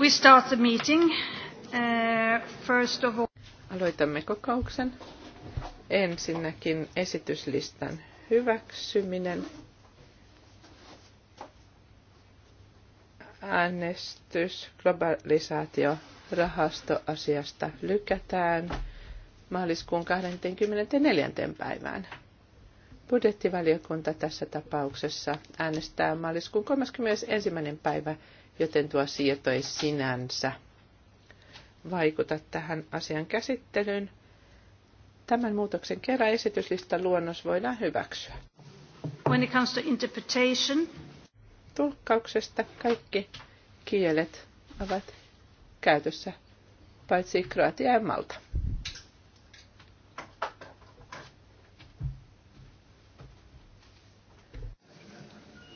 We start the meeting. Uh, first of all... Aloitamme kokouksen. Ensinnäkin esityslistan hyväksyminen. Äänestys globalisaatiorahastoasiasta rahastoasiasta lykätään maaliskuun 24. päivään. Budjettivaliokunta tässä tapauksessa äänestää maaliskuun 31. päivä joten tuo sieto ei sinänsä vaikuta tähän asian käsittelyyn. Tämän muutoksen kerran esityslistan luonnos voidaan hyväksyä. When it comes to interpretation. Tulkkauksesta kaikki kielet ovat käytössä, paitsi kroatia ja malta.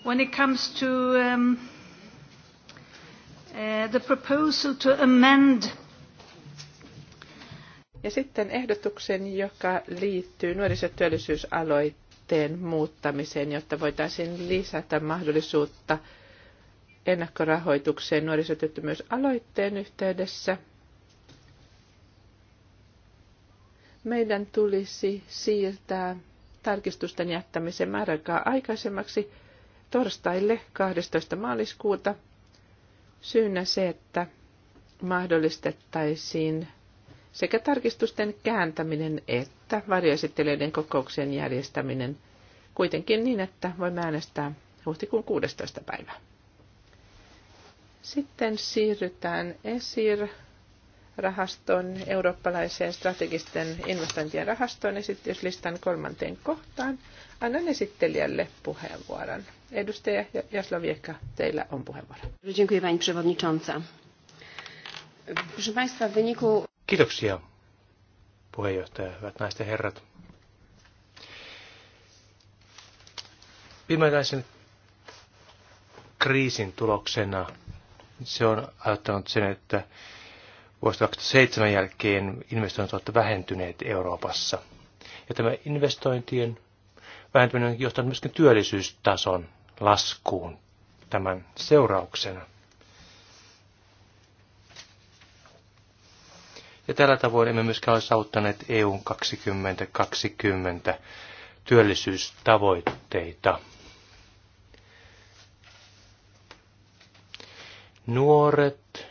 When it comes to um, Eh, the proposal to amend. Ja sitten ehdotuksen, joka liittyy nuorisotyöllisyysaloitteen muuttamiseen, jotta voitaisiin lisätä mahdollisuutta ennakkorahoitukseen nuorisotyöttömyysaloitteen yhteydessä. Meidän tulisi siirtää tarkistusten jättämisen määräaikaa aikaisemmaksi torstaille 12. maaliskuuta – syynä se, että mahdollistettaisiin sekä tarkistusten kääntäminen että varjoesittelijöiden kokouksien järjestäminen kuitenkin niin, että voimme äänestää huhtikuun 16. päivää. Sitten siirrytään ESIR-rahaston eurooppalaiseen strategisten investointien rahastoon esityslistan kolmanteen kohtaan. Annan esittelijälle puheenvuoron. Edustaja Jaslowiecka, teillä on puheenvuoro. Dziękuję pani przewodnicząca. Proszę państwa, w wyniku... Kiitoksia, puheenjohtaja, hyvät herrat. Viimeisen kriisin tuloksena se on aiheuttanut sen, että vuosi 2007 jälkeen investoinnit ovat vähentyneet Euroopassa. Ja tämä investointien vähentyminen on johtanut myöskin työllisyystason laskuun tämän seurauksena. Ja tällä tavoin emme myöskään ole saavuttaneet EUn 2020 työllisyystavoitteita. Nuoret,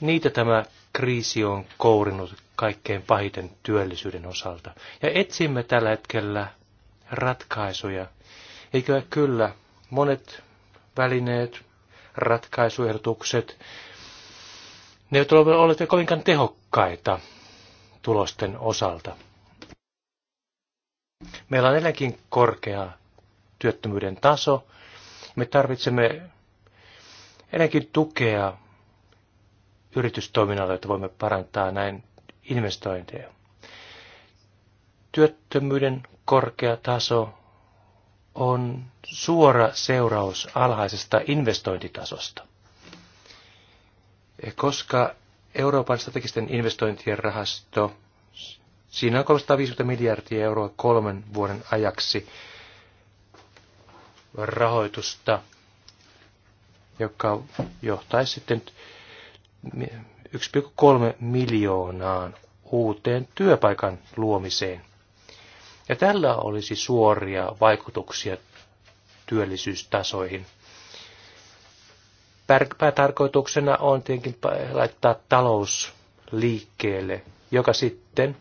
niitä tämä kriisi on kourinut kaikkein pahiten työllisyyden osalta. Ja etsimme tällä hetkellä ratkaisuja Eikö kyllä monet välineet, ratkaisuehdotukset, ne eivät ole olleet kovinkaan tehokkaita tulosten osalta. Meillä on edelläkin korkea työttömyyden taso. Me tarvitsemme edelläkin tukea yritystoiminnalle, että voimme parantaa näin investointeja. Työttömyyden korkea taso on suora seuraus alhaisesta investointitasosta. Eh, koska Euroopan strategisten investointien rahasto, siinä on 350 miljardia euroa kolmen vuoden ajaksi rahoitusta, joka johtaisi sitten 1,3 miljoonaan uuteen työpaikan luomiseen – ja tällä olisi suoria vaikutuksia työllisyystasoihin. Päätarkoituksena on tietenkin laittaa talous liikkeelle, joka sitten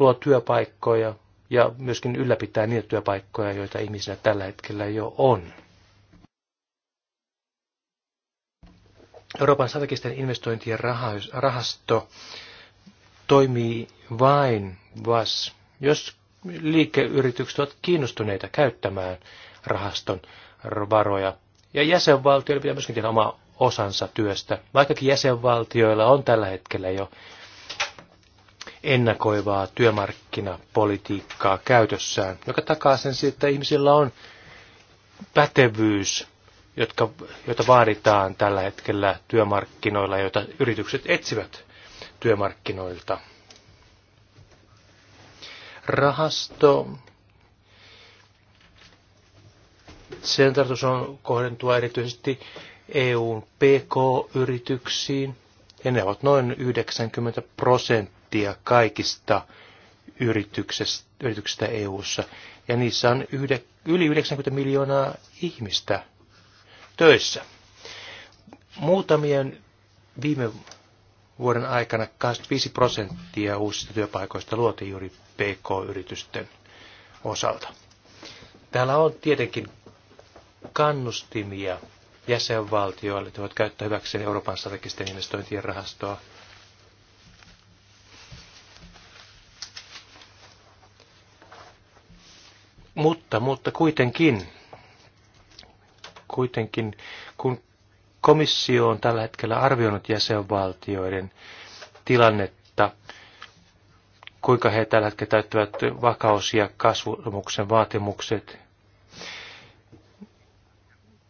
luo työpaikkoja ja myöskin ylläpitää niitä työpaikkoja, joita ihmisillä tällä hetkellä jo on. Euroopan strategisten investointien rahasto toimii vain, vas, jos liikeyritykset ovat kiinnostuneita käyttämään rahaston varoja. Ja jäsenvaltioilla pitää myöskin tehdä oma osansa työstä, vaikkakin jäsenvaltioilla on tällä hetkellä jo ennakoivaa työmarkkinapolitiikkaa käytössään, joka takaa sen, että ihmisillä on pätevyys, jotka, jota vaaditaan tällä hetkellä työmarkkinoilla, joita yritykset etsivät työmarkkinoilta rahasto, sen tarkoitus on kohdentua erityisesti EUn PK-yrityksiin, ja ne ovat noin 90 prosenttia kaikista yrityksestä, yrityksistä EU:ssa, ja niissä on yhde, yli 90 miljoonaa ihmistä töissä. Muutamien viime vuoden aikana 25 prosenttia uusista työpaikoista luotiin juuri PK-yritysten osalta. Täällä on tietenkin kannustimia jäsenvaltioille, jotka voivat käyttää hyväkseen Euroopan strategisten investointien rahastoa. Mutta, mutta kuitenkin, kuitenkin, kun komissio on tällä hetkellä arvioinut jäsenvaltioiden tilannetta kuinka he tällä hetkellä täyttävät vakaus- ja kasvumuksen vaatimukset,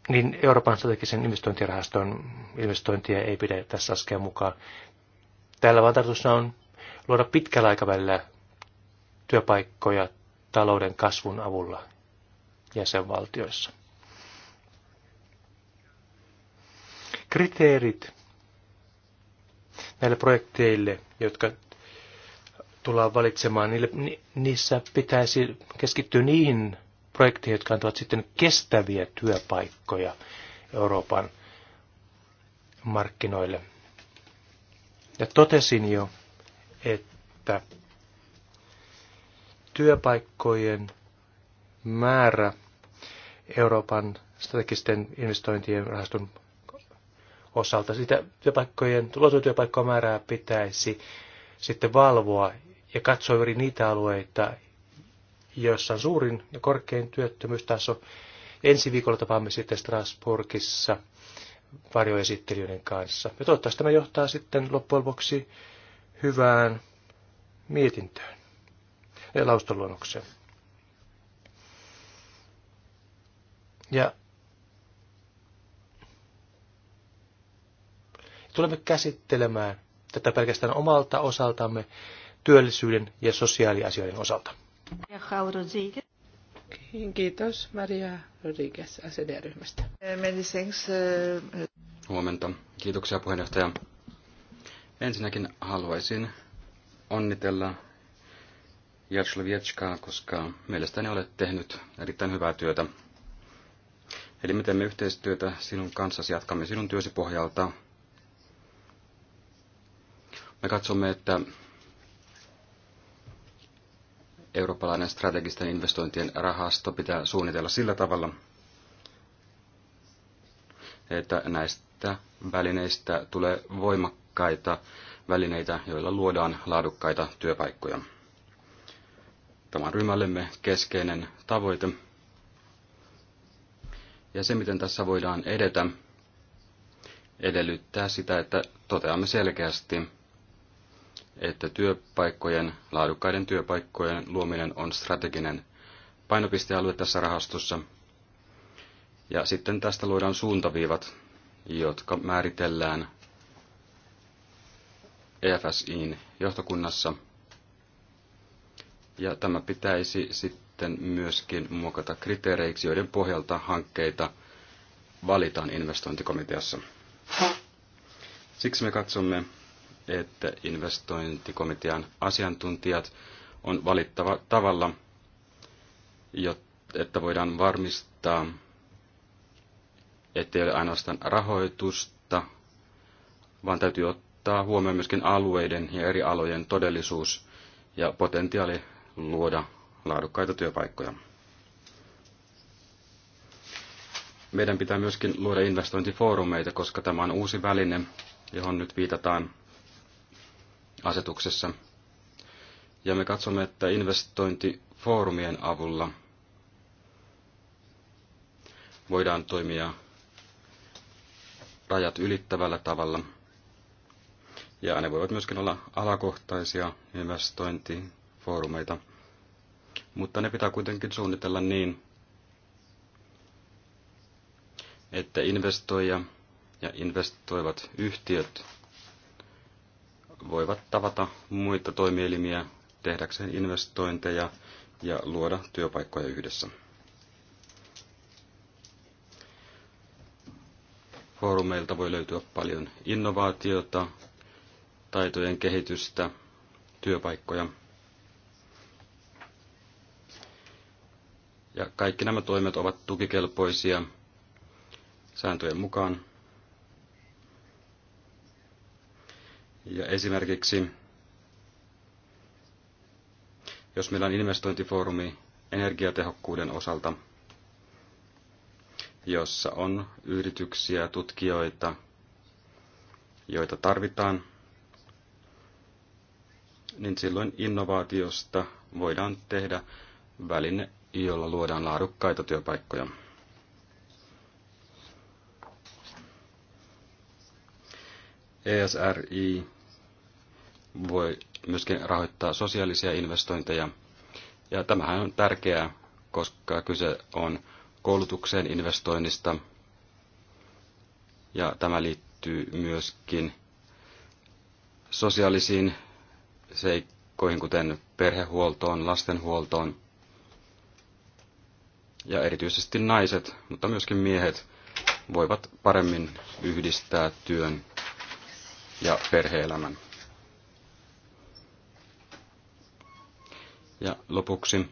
niin Euroopan strategisen investointirahaston investointia ei pidä tässä askeen mukaan. Tällä vaan on luoda pitkällä aikavälillä työpaikkoja talouden kasvun avulla jäsenvaltioissa. Kriteerit näille projekteille, jotka tullaan valitsemaan, niissä pitäisi keskittyä niihin projekteihin, jotka antavat sitten kestäviä työpaikkoja Euroopan markkinoille. Ja totesin jo, että työpaikkojen määrä Euroopan strategisten investointien rahaston osalta, sitä työpaikkojen, luotuja työpaikkojen määrää pitäisi sitten valvoa ja katsoi juuri niitä alueita, joissa on suurin ja korkein työttömyystaso. Ensi viikolla tapaamme sitten Strasbourgissa varjoesittelijöiden kanssa. Ja toivottavasti tämä johtaa sitten loppujen lopuksi hyvään mietintöön ja laustoluonnokseen. Ja tulemme käsittelemään tätä pelkästään omalta osaltamme työllisyyden ja sosiaaliasioiden osalta. Kiitos Maria Rodriguez acd ryhmästä Huomenta. Kiitoksia puheenjohtaja. Ensinnäkin haluaisin onnitella Jatslovietskaa, koska mielestäni olet tehnyt erittäin hyvää työtä. Eli me teemme yhteistyötä sinun kanssasi, jatkamme sinun työsi pohjalta. Me katsomme, että eurooppalainen strategisten investointien rahasto pitää suunnitella sillä tavalla, että näistä välineistä tulee voimakkaita välineitä, joilla luodaan laadukkaita työpaikkoja. Tämä on ryhmällemme keskeinen tavoite. Ja se, miten tässä voidaan edetä, edellyttää sitä, että toteamme selkeästi, että työpaikkojen, laadukkaiden työpaikkojen luominen on strateginen painopistealue tässä rahastossa. Ja sitten tästä luodaan suuntaviivat, jotka määritellään EFSIin johtokunnassa. Ja tämä pitäisi sitten myöskin muokata kriteereiksi, joiden pohjalta hankkeita valitaan investointikomiteassa. Siksi me katsomme, että investointikomitean asiantuntijat on valittava tavalla, että voidaan varmistaa, ettei ole ainoastaan rahoitusta, vaan täytyy ottaa huomioon myöskin alueiden ja eri alojen todellisuus ja potentiaali luoda laadukkaita työpaikkoja. Meidän pitää myöskin luoda investointifoorumeita, koska tämä on uusi väline, johon nyt viitataan asetuksessa. Ja me katsomme, että investointifoorumien avulla voidaan toimia rajat ylittävällä tavalla. Ja ne voivat myöskin olla alakohtaisia investointifoorumeita. Mutta ne pitää kuitenkin suunnitella niin, että investoija ja investoivat yhtiöt voivat tavata muita toimielimiä tehdäkseen investointeja ja luoda työpaikkoja yhdessä. Foorumeilta voi löytyä paljon innovaatiota, taitojen kehitystä, työpaikkoja. Ja kaikki nämä toimet ovat tukikelpoisia sääntöjen mukaan. Ja esimerkiksi, jos meillä on investointifoorumi energiatehokkuuden osalta, jossa on yrityksiä, tutkijoita, joita tarvitaan, niin silloin innovaatiosta voidaan tehdä väline, jolla luodaan laadukkaita työpaikkoja. ESRI voi myöskin rahoittaa sosiaalisia investointeja. Ja tämähän on tärkeää, koska kyse on koulutukseen investoinnista. Ja tämä liittyy myöskin sosiaalisiin seikkoihin, kuten perhehuoltoon, lastenhuoltoon. Ja erityisesti naiset, mutta myöskin miehet, voivat paremmin yhdistää työn ja perheelämän. Ja lopuksi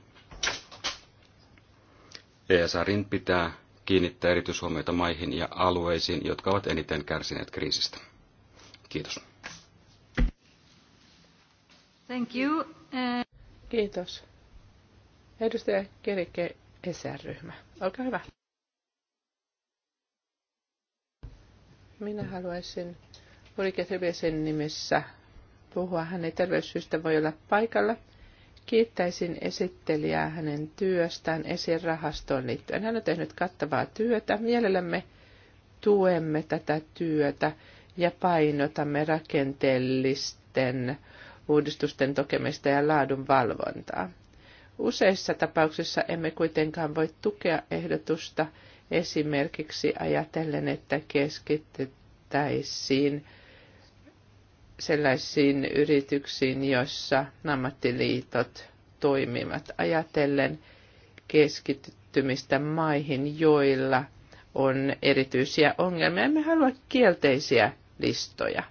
ESRin pitää kiinnittää erityishuomiota maihin ja alueisiin, jotka ovat eniten kärsineet kriisistä. Kiitos. Thank you. Eh. Kiitos. Edustaja Kerike ESR-ryhmä. Olkaa hyvä. Minä haluaisin Ulrike Trebesen nimissä puhua. Hän ei terveyssyistä voi olla paikalla. Kiittäisin esittelijää hänen työstään esirahastoon liittyen. Hän on tehnyt kattavaa työtä. Mielellämme tuemme tätä työtä ja painotamme rakenteellisten uudistusten tokemista ja laadun valvontaa. Useissa tapauksissa emme kuitenkaan voi tukea ehdotusta esimerkiksi ajatellen, että keskityttäisiin sellaisiin yrityksiin, joissa ammattiliitot toimivat ajatellen keskittymistä maihin, joilla on erityisiä ongelmia. me halua kielteisiä listoja.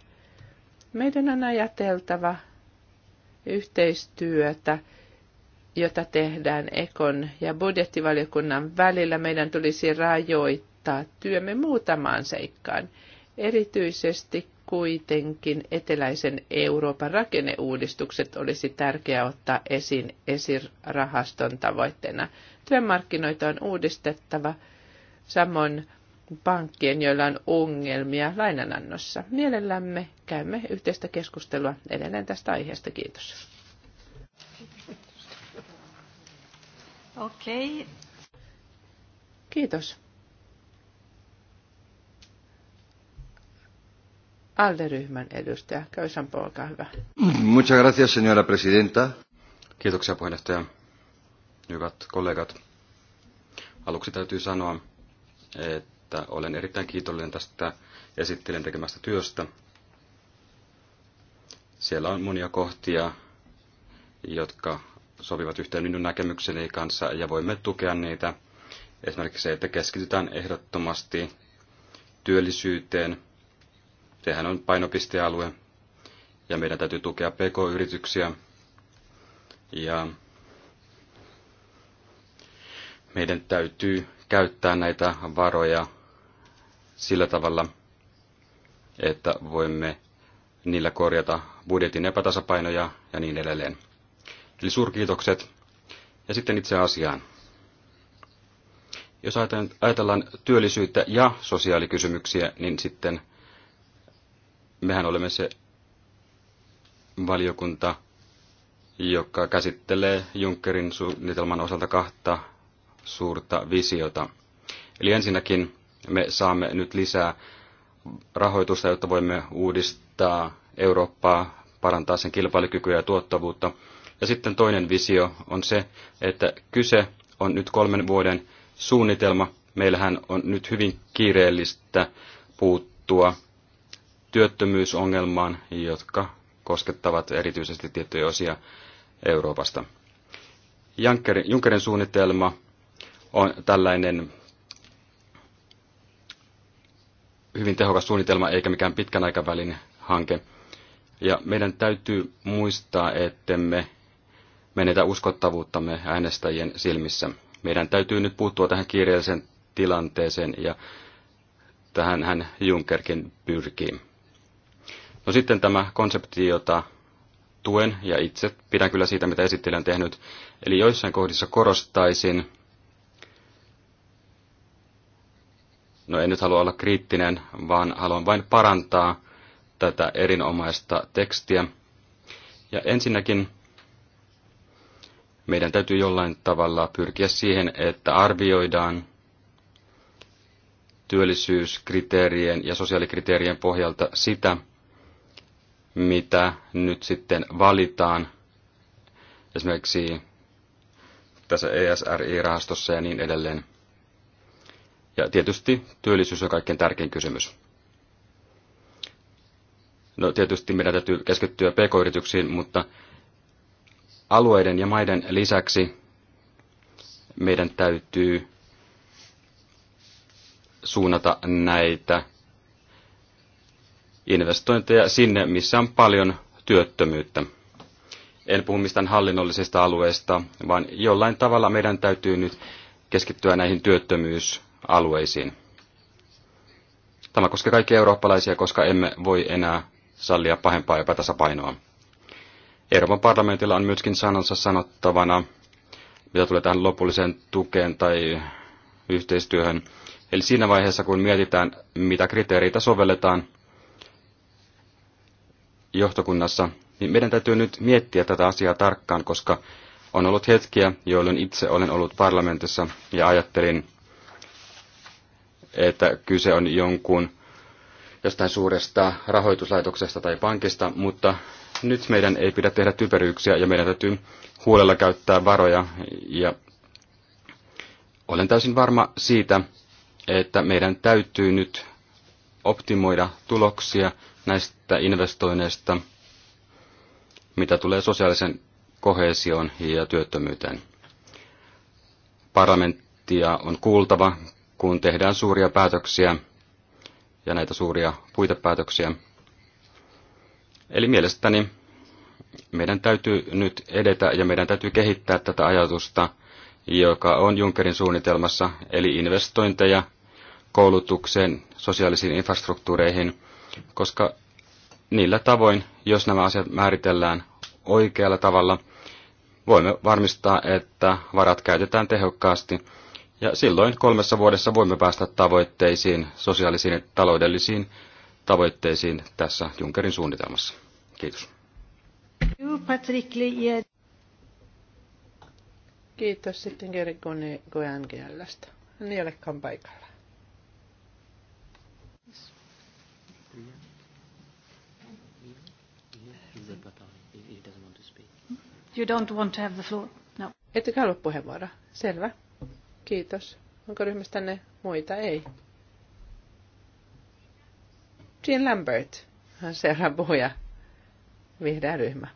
Meidän on ajateltava yhteistyötä, jota tehdään Ekon ja budjettivaliokunnan välillä. Meidän tulisi rajoittaa työmme muutamaan seikkaan, erityisesti kuitenkin eteläisen Euroopan rakenneuudistukset olisi tärkeää ottaa esiin esirahaston tavoitteena. Työmarkkinoita on uudistettava, samoin pankkien, joilla on ongelmia lainanannossa. Mielellämme käymme yhteistä keskustelua edelleen tästä aiheesta. Kiitos. Okei. Okay. Kiitos. ALDE-ryhmän edustaja. Köysampo, olkaa hyvä. Muchas gracias, señora presidenta. Kiitoksia puheenjohtaja. Hyvät kollegat. Aluksi täytyy sanoa, että olen erittäin kiitollinen tästä esittelen tekemästä työstä. Siellä on monia kohtia, jotka sopivat yhteen minun näkemykseni kanssa ja voimme tukea niitä. Esimerkiksi se, että keskitytään ehdottomasti työllisyyteen, Sehän on painopistealue. Ja meidän täytyy tukea PK-yrityksiä. Ja meidän täytyy käyttää näitä varoja sillä tavalla, että voimme niillä korjata budjetin epätasapainoja ja niin edelleen. Eli suurkiitokset. Ja sitten itse asiaan. Jos ajatellaan työllisyyttä ja sosiaalikysymyksiä, niin sitten – mehän olemme se valiokunta, joka käsittelee Junckerin suunnitelman osalta kahta suurta visiota. Eli ensinnäkin me saamme nyt lisää rahoitusta, jotta voimme uudistaa Eurooppaa, parantaa sen kilpailukykyä ja tuottavuutta. Ja sitten toinen visio on se, että kyse on nyt kolmen vuoden suunnitelma. Meillähän on nyt hyvin kiireellistä puuttua työttömyysongelmaan, jotka koskettavat erityisesti tiettyjä osia Euroopasta. Junckerin, Junckerin suunnitelma on tällainen hyvin tehokas suunnitelma eikä mikään pitkän aikavälin hanke. Ja meidän täytyy muistaa, ettemme menetä uskottavuuttamme äänestäjien silmissä. Meidän täytyy nyt puuttua tähän kiireelliseen tilanteeseen ja tähän hän Junckerkin pyrkii. No sitten tämä konsepti, jota tuen ja itse pidän kyllä siitä, mitä esittelijä on tehnyt. Eli joissain kohdissa korostaisin, no en nyt halua olla kriittinen, vaan haluan vain parantaa tätä erinomaista tekstiä. Ja ensinnäkin meidän täytyy jollain tavalla pyrkiä siihen, että arvioidaan työllisyyskriteerien ja sosiaalikriteerien pohjalta sitä, mitä nyt sitten valitaan esimerkiksi tässä ESRI-rahastossa ja niin edelleen. Ja tietysti työllisyys on kaikkein tärkein kysymys. No tietysti meidän täytyy keskittyä pk-yrityksiin, mutta alueiden ja maiden lisäksi meidän täytyy suunnata näitä investointeja sinne, missä on paljon työttömyyttä. En puhu mistään hallinnollisesta alueesta, vaan jollain tavalla meidän täytyy nyt keskittyä näihin työttömyysalueisiin. Tämä koskee kaikkia eurooppalaisia, koska emme voi enää sallia pahempaa epätasapainoa. Euroopan parlamentilla on myöskin sanansa sanottavana, mitä tulee tähän lopulliseen tukeen tai yhteistyöhön. Eli siinä vaiheessa, kun mietitään, mitä kriteereitä sovelletaan, johtokunnassa, niin meidän täytyy nyt miettiä tätä asiaa tarkkaan, koska on ollut hetkiä, jolloin itse olen ollut parlamentissa ja ajattelin, että kyse on jonkun jostain suuresta rahoituslaitoksesta tai pankista, mutta nyt meidän ei pidä tehdä typeryyksiä ja meidän täytyy huolella käyttää varoja. Ja olen täysin varma siitä, että meidän täytyy nyt optimoida tuloksia näistä investoinneista, mitä tulee sosiaalisen kohesioon ja työttömyyteen. Parlamenttia on kuultava, kun tehdään suuria päätöksiä ja näitä suuria puitepäätöksiä. Eli mielestäni meidän täytyy nyt edetä ja meidän täytyy kehittää tätä ajatusta, joka on Junckerin suunnitelmassa, eli investointeja koulutukseen, sosiaalisiin infrastruktuureihin – koska niillä tavoin, jos nämä asiat määritellään oikealla tavalla, voimme varmistaa, että varat käytetään tehokkaasti, ja silloin kolmessa vuodessa voimme päästä tavoitteisiin, sosiaalisiin ja taloudellisiin tavoitteisiin tässä Junckerin suunnitelmassa. Kiitos. Kiitos sitten Gerikoni Goengelasta. Hän ei olekaan paikalla. You don't want to have the floor? No. Ettekö halua puheenvuoroa? Selvä. Kiitos. Onko ryhmästänne muita? Ei. Jean Lambert, seuraava puhuja, vihreä ryhmä.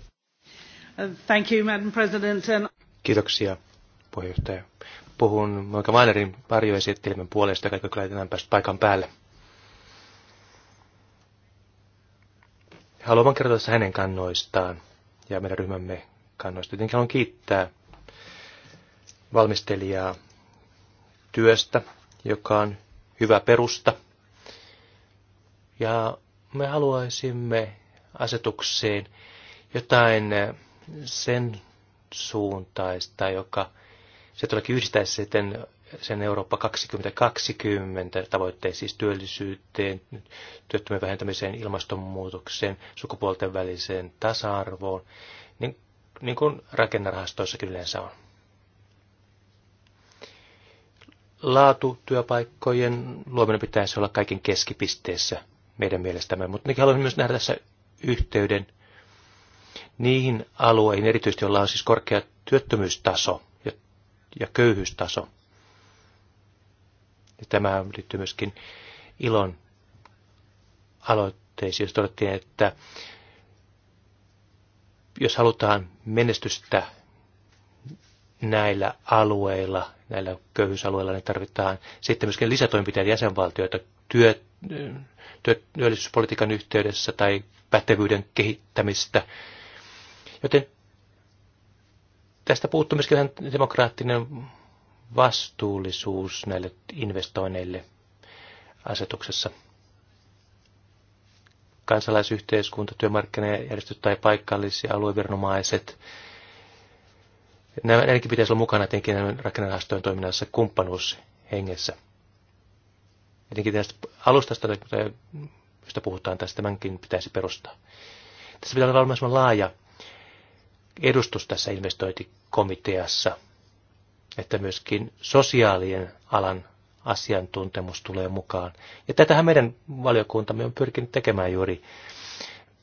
Uh, thank you, Madam President. Kiitoksia, puheenjohtaja. Puhun Moika Mainerin varjoesittelemän puolesta, joka kyllä tänään päästä paikan päälle. Haluan kertoa hänen kannoistaan ja meidän ryhmämme kannoista. Tietenkin haluan kiittää valmistelijaa työstä, joka on hyvä perusta. Ja me haluaisimme asetukseen jotain sen suuntaista, joka se todellakin yhdistäisi sitten sen Eurooppa 2020 tavoitteisiin, siis työllisyyteen, työttömyyden vähentämiseen, ilmastonmuutokseen, sukupuolten väliseen tasa-arvoon, niin, niin kuin rakennerahastoissakin yleensä on. Laatu työpaikkojen luominen pitäisi olla kaiken keskipisteessä meidän mielestämme, mutta nekin haluan myös nähdä tässä yhteyden niihin alueihin, erityisesti joilla on siis korkea työttömyystaso ja, ja köyhyystaso – Tämä liittyy myöskin ilon aloitteisiin, jos todettiin, että jos halutaan menestystä näillä alueilla, näillä köyhyysalueilla, niin tarvitaan sitten myöskin lisätoimenpiteitä jäsenvaltioita työ, työ, työllisyyspolitiikan yhteydessä tai pätevyyden kehittämistä. Joten tästä puuttuu myöskin demokraattinen vastuullisuus näille investoinneille asetuksessa. Kansalaisyhteiskunta, työmarkkinajärjestöt tai ja alueviranomaiset, nämä ainakin pitäisi olla mukana etenkin rakennerahastojen toiminnassa kumppanuushengessä. Etenkin tästä alustasta, josta puhutaan tästä, tämänkin pitäisi perustaa. Tässä pitää olla laaja edustus tässä investointikomiteassa – että myöskin sosiaalien alan asiantuntemus tulee mukaan. Ja tätähän meidän valiokuntamme on pyrkinyt tekemään juuri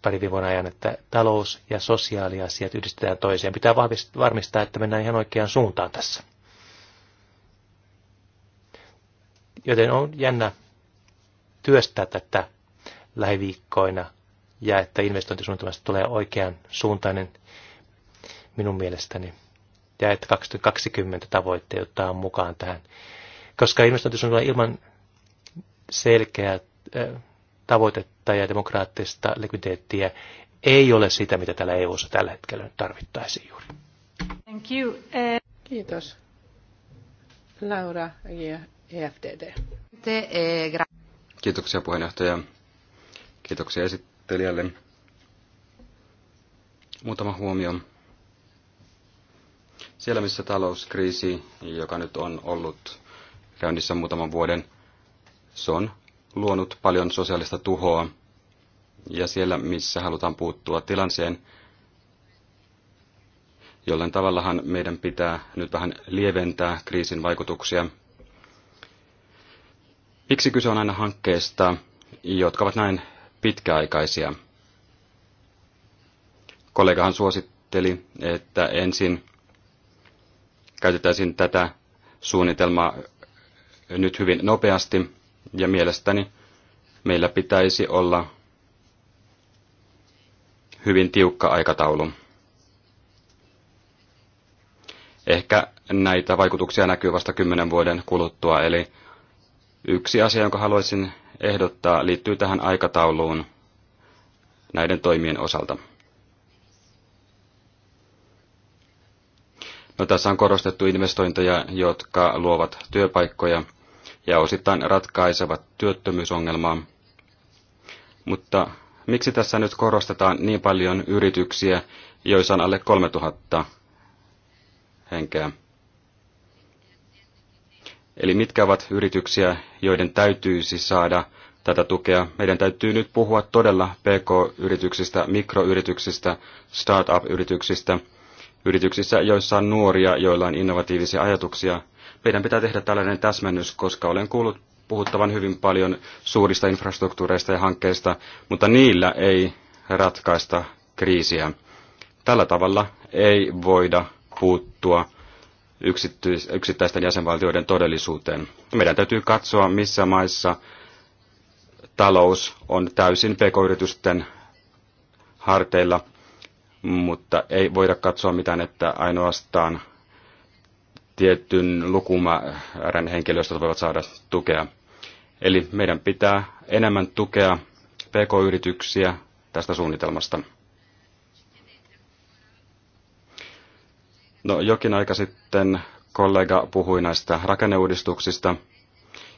pari viikon ajan, että talous- ja sosiaaliasiat yhdistetään toiseen. Pitää varmistaa, että mennään ihan oikeaan suuntaan tässä. Joten on jännä työstää tätä lähiviikkoina ja että investointisuunnitelmasta tulee oikean suuntainen minun mielestäni ja että 2020 tavoitteet ottaa mukaan tähän. Koska on ilman selkeää äh, tavoitetta ja demokraattista likviditeettiä ei ole sitä, mitä täällä EU:ssa tällä hetkellä tarvittaisiin juuri. Thank you. Eh, Kiitos. Laura ja e eh, EFDD. Kiitoksia puheenjohtaja. Kiitoksia esittelijälle. Muutama huomio siellä missä talouskriisi, joka nyt on ollut käynnissä muutaman vuoden, se on luonut paljon sosiaalista tuhoa. Ja siellä missä halutaan puuttua tilanteen, jollain tavallahan meidän pitää nyt vähän lieventää kriisin vaikutuksia. Miksi kyse on aina hankkeista, jotka ovat näin pitkäaikaisia? Kollegahan suositteli, että ensin käytettäisiin tätä suunnitelmaa nyt hyvin nopeasti ja mielestäni meillä pitäisi olla hyvin tiukka aikataulu. Ehkä näitä vaikutuksia näkyy vasta kymmenen vuoden kuluttua, eli yksi asia, jonka haluaisin ehdottaa, liittyy tähän aikatauluun näiden toimien osalta. No, tässä on korostettu investointeja, jotka luovat työpaikkoja ja osittain ratkaisevat työttömyysongelmaa. Mutta miksi tässä nyt korostetaan niin paljon yrityksiä, joissa on alle 3000 henkeä? Eli mitkä ovat yrityksiä, joiden täytyisi saada tätä tukea? Meidän täytyy nyt puhua todella PK-yrityksistä, mikroyrityksistä, startup-yrityksistä – Yrityksissä, joissa on nuoria, joilla on innovatiivisia ajatuksia, meidän pitää tehdä tällainen täsmännys, koska olen kuullut puhuttavan hyvin paljon suurista infrastruktuureista ja hankkeista, mutta niillä ei ratkaista kriisiä. Tällä tavalla ei voida puuttua yksittäisten jäsenvaltioiden todellisuuteen. Meidän täytyy katsoa, missä maissa talous on täysin pk-yritysten harteilla mutta ei voida katsoa mitään, että ainoastaan tietyn lukumäärän henkilöstöt voivat saada tukea. Eli meidän pitää enemmän tukea pk-yrityksiä tästä suunnitelmasta. No, jokin aika sitten kollega puhui näistä rakenneuudistuksista,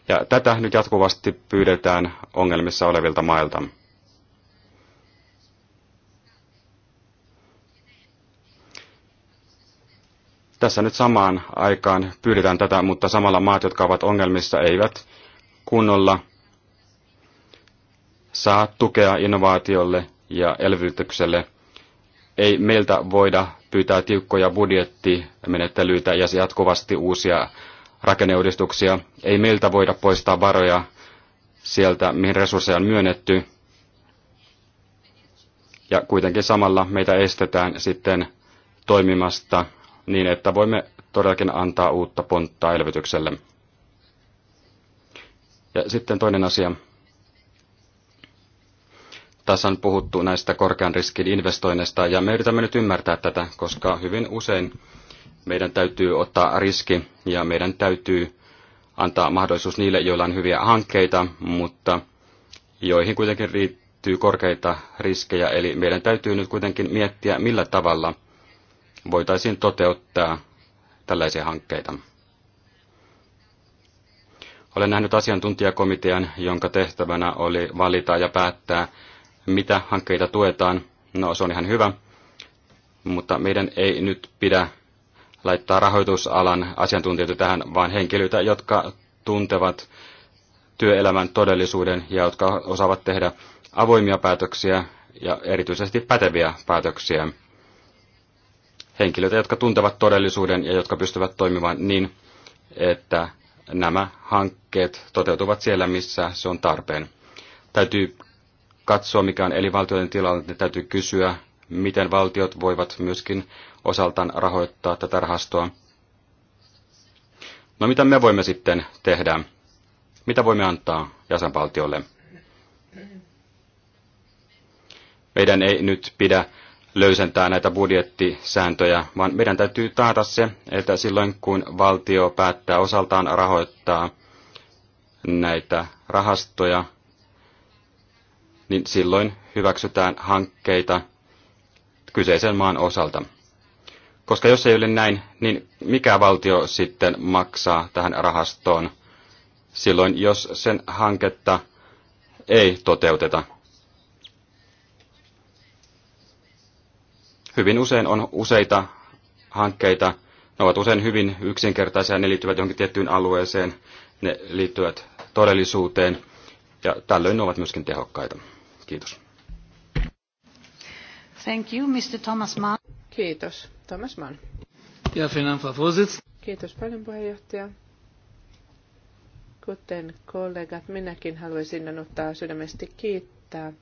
ja tätä nyt jatkuvasti pyydetään ongelmissa olevilta mailta. Tässä nyt samaan aikaan pyydetään tätä, mutta samalla maat, jotka ovat ongelmissa, eivät kunnolla saa tukea innovaatiolle ja elvytykselle. Ei meiltä voida pyytää tiukkoja budjettimenettelyitä ja jatkuvasti uusia rakenneuudistuksia. Ei meiltä voida poistaa varoja sieltä, mihin resursseja on myönnetty. Ja kuitenkin samalla meitä estetään sitten toimimasta niin että voimme todellakin antaa uutta ponttaa elvytykselle. Ja sitten toinen asia. Tässä on puhuttu näistä korkean riskin investoinneista ja me yritämme nyt ymmärtää tätä, koska hyvin usein meidän täytyy ottaa riski ja meidän täytyy antaa mahdollisuus niille, joilla on hyviä hankkeita, mutta joihin kuitenkin riittyy korkeita riskejä. Eli meidän täytyy nyt kuitenkin miettiä, millä tavalla voitaisiin toteuttaa tällaisia hankkeita. Olen nähnyt asiantuntijakomitean, jonka tehtävänä oli valita ja päättää, mitä hankkeita tuetaan. No, se on ihan hyvä, mutta meidän ei nyt pidä laittaa rahoitusalan asiantuntijoita tähän, vaan henkilöitä, jotka tuntevat työelämän todellisuuden ja jotka osaavat tehdä avoimia päätöksiä ja erityisesti päteviä päätöksiä henkilöitä, jotka tuntevat todellisuuden ja jotka pystyvät toimimaan niin, että nämä hankkeet toteutuvat siellä, missä se on tarpeen. Täytyy katsoa, mikä on eli valtioiden tilanne, täytyy kysyä, miten valtiot voivat myöskin osaltaan rahoittaa tätä rahastoa. No mitä me voimme sitten tehdä? Mitä voimme antaa jäsenvaltiolle? Meidän ei nyt pidä löysentää näitä budjettisääntöjä, vaan meidän täytyy taata se, että silloin kun valtio päättää osaltaan rahoittaa näitä rahastoja, niin silloin hyväksytään hankkeita kyseisen maan osalta. Koska jos ei ole näin, niin mikä valtio sitten maksaa tähän rahastoon silloin, jos sen hanketta ei toteuteta? hyvin usein on useita hankkeita. Ne ovat usein hyvin yksinkertaisia, ne liittyvät johonkin tiettyyn alueeseen, ne liittyvät todellisuuteen ja tällöin ne ovat myöskin tehokkaita. Kiitos. Thank you, Mr. Thomas Mann. Kiitos, Thomas Mann. Ja Kiitos paljon puheenjohtaja. Kuten kollegat, minäkin haluaisin ottaa sydämesti kiittää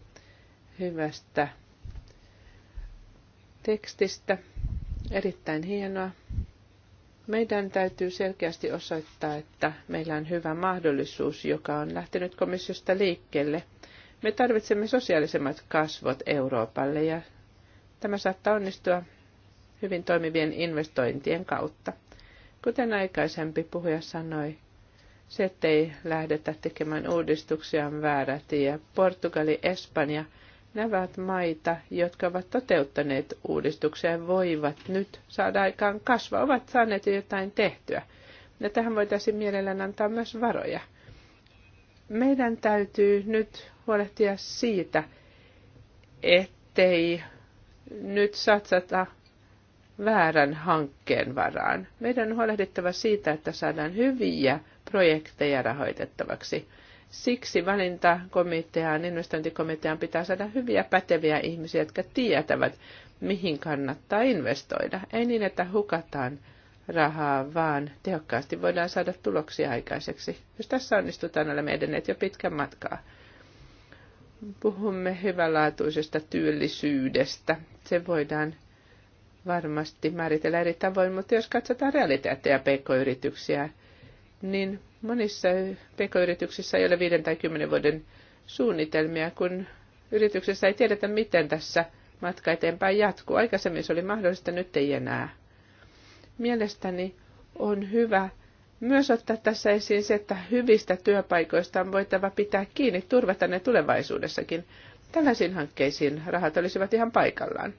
hyvästä tekstistä. Erittäin hienoa. Meidän täytyy selkeästi osoittaa, että meillä on hyvä mahdollisuus, joka on lähtenyt komissiosta liikkeelle. Me tarvitsemme sosiaalisemmat kasvot Euroopalle ja tämä saattaa onnistua hyvin toimivien investointien kautta. Kuten aikaisempi puhuja sanoi, se, ettei lähdetä tekemään uudistuksia on väärä tie. Portugali, Espanja – Nämä ovat maita, jotka ovat toteuttaneet uudistuksia, voivat nyt saada aikaan kasvaa, ovat saaneet jotain tehtyä. Ja tähän voitaisiin mielellään antaa myös varoja. Meidän täytyy nyt huolehtia siitä, ettei nyt satsata väärän hankkeen varaan. Meidän on huolehdittava siitä, että saadaan hyviä projekteja rahoitettavaksi – Siksi valintakomiteaan, investointikomiteaan pitää saada hyviä päteviä ihmisiä, jotka tietävät, mihin kannattaa investoida. Ei niin, että hukataan rahaa, vaan tehokkaasti voidaan saada tuloksia aikaiseksi. Jos tässä onnistutaan, olemme edenneet jo pitkän matkaa. Puhumme hyvänlaatuisesta työllisyydestä. Se voidaan varmasti määritellä eri tavoin, mutta jos katsotaan realiteetteja pk-yrityksiä, niin Monissa pk-yrityksissä ei ole viiden tai kymmenen vuoden suunnitelmia, kun yrityksessä ei tiedetä, miten tässä matka eteenpäin jatkuu. Aikaisemmin se oli mahdollista, nyt ei enää. Mielestäni on hyvä myös ottaa tässä esiin se, että hyvistä työpaikoista on voitava pitää kiinni, turvata ne tulevaisuudessakin. Tällaisiin hankkeisiin rahat olisivat ihan paikallaan.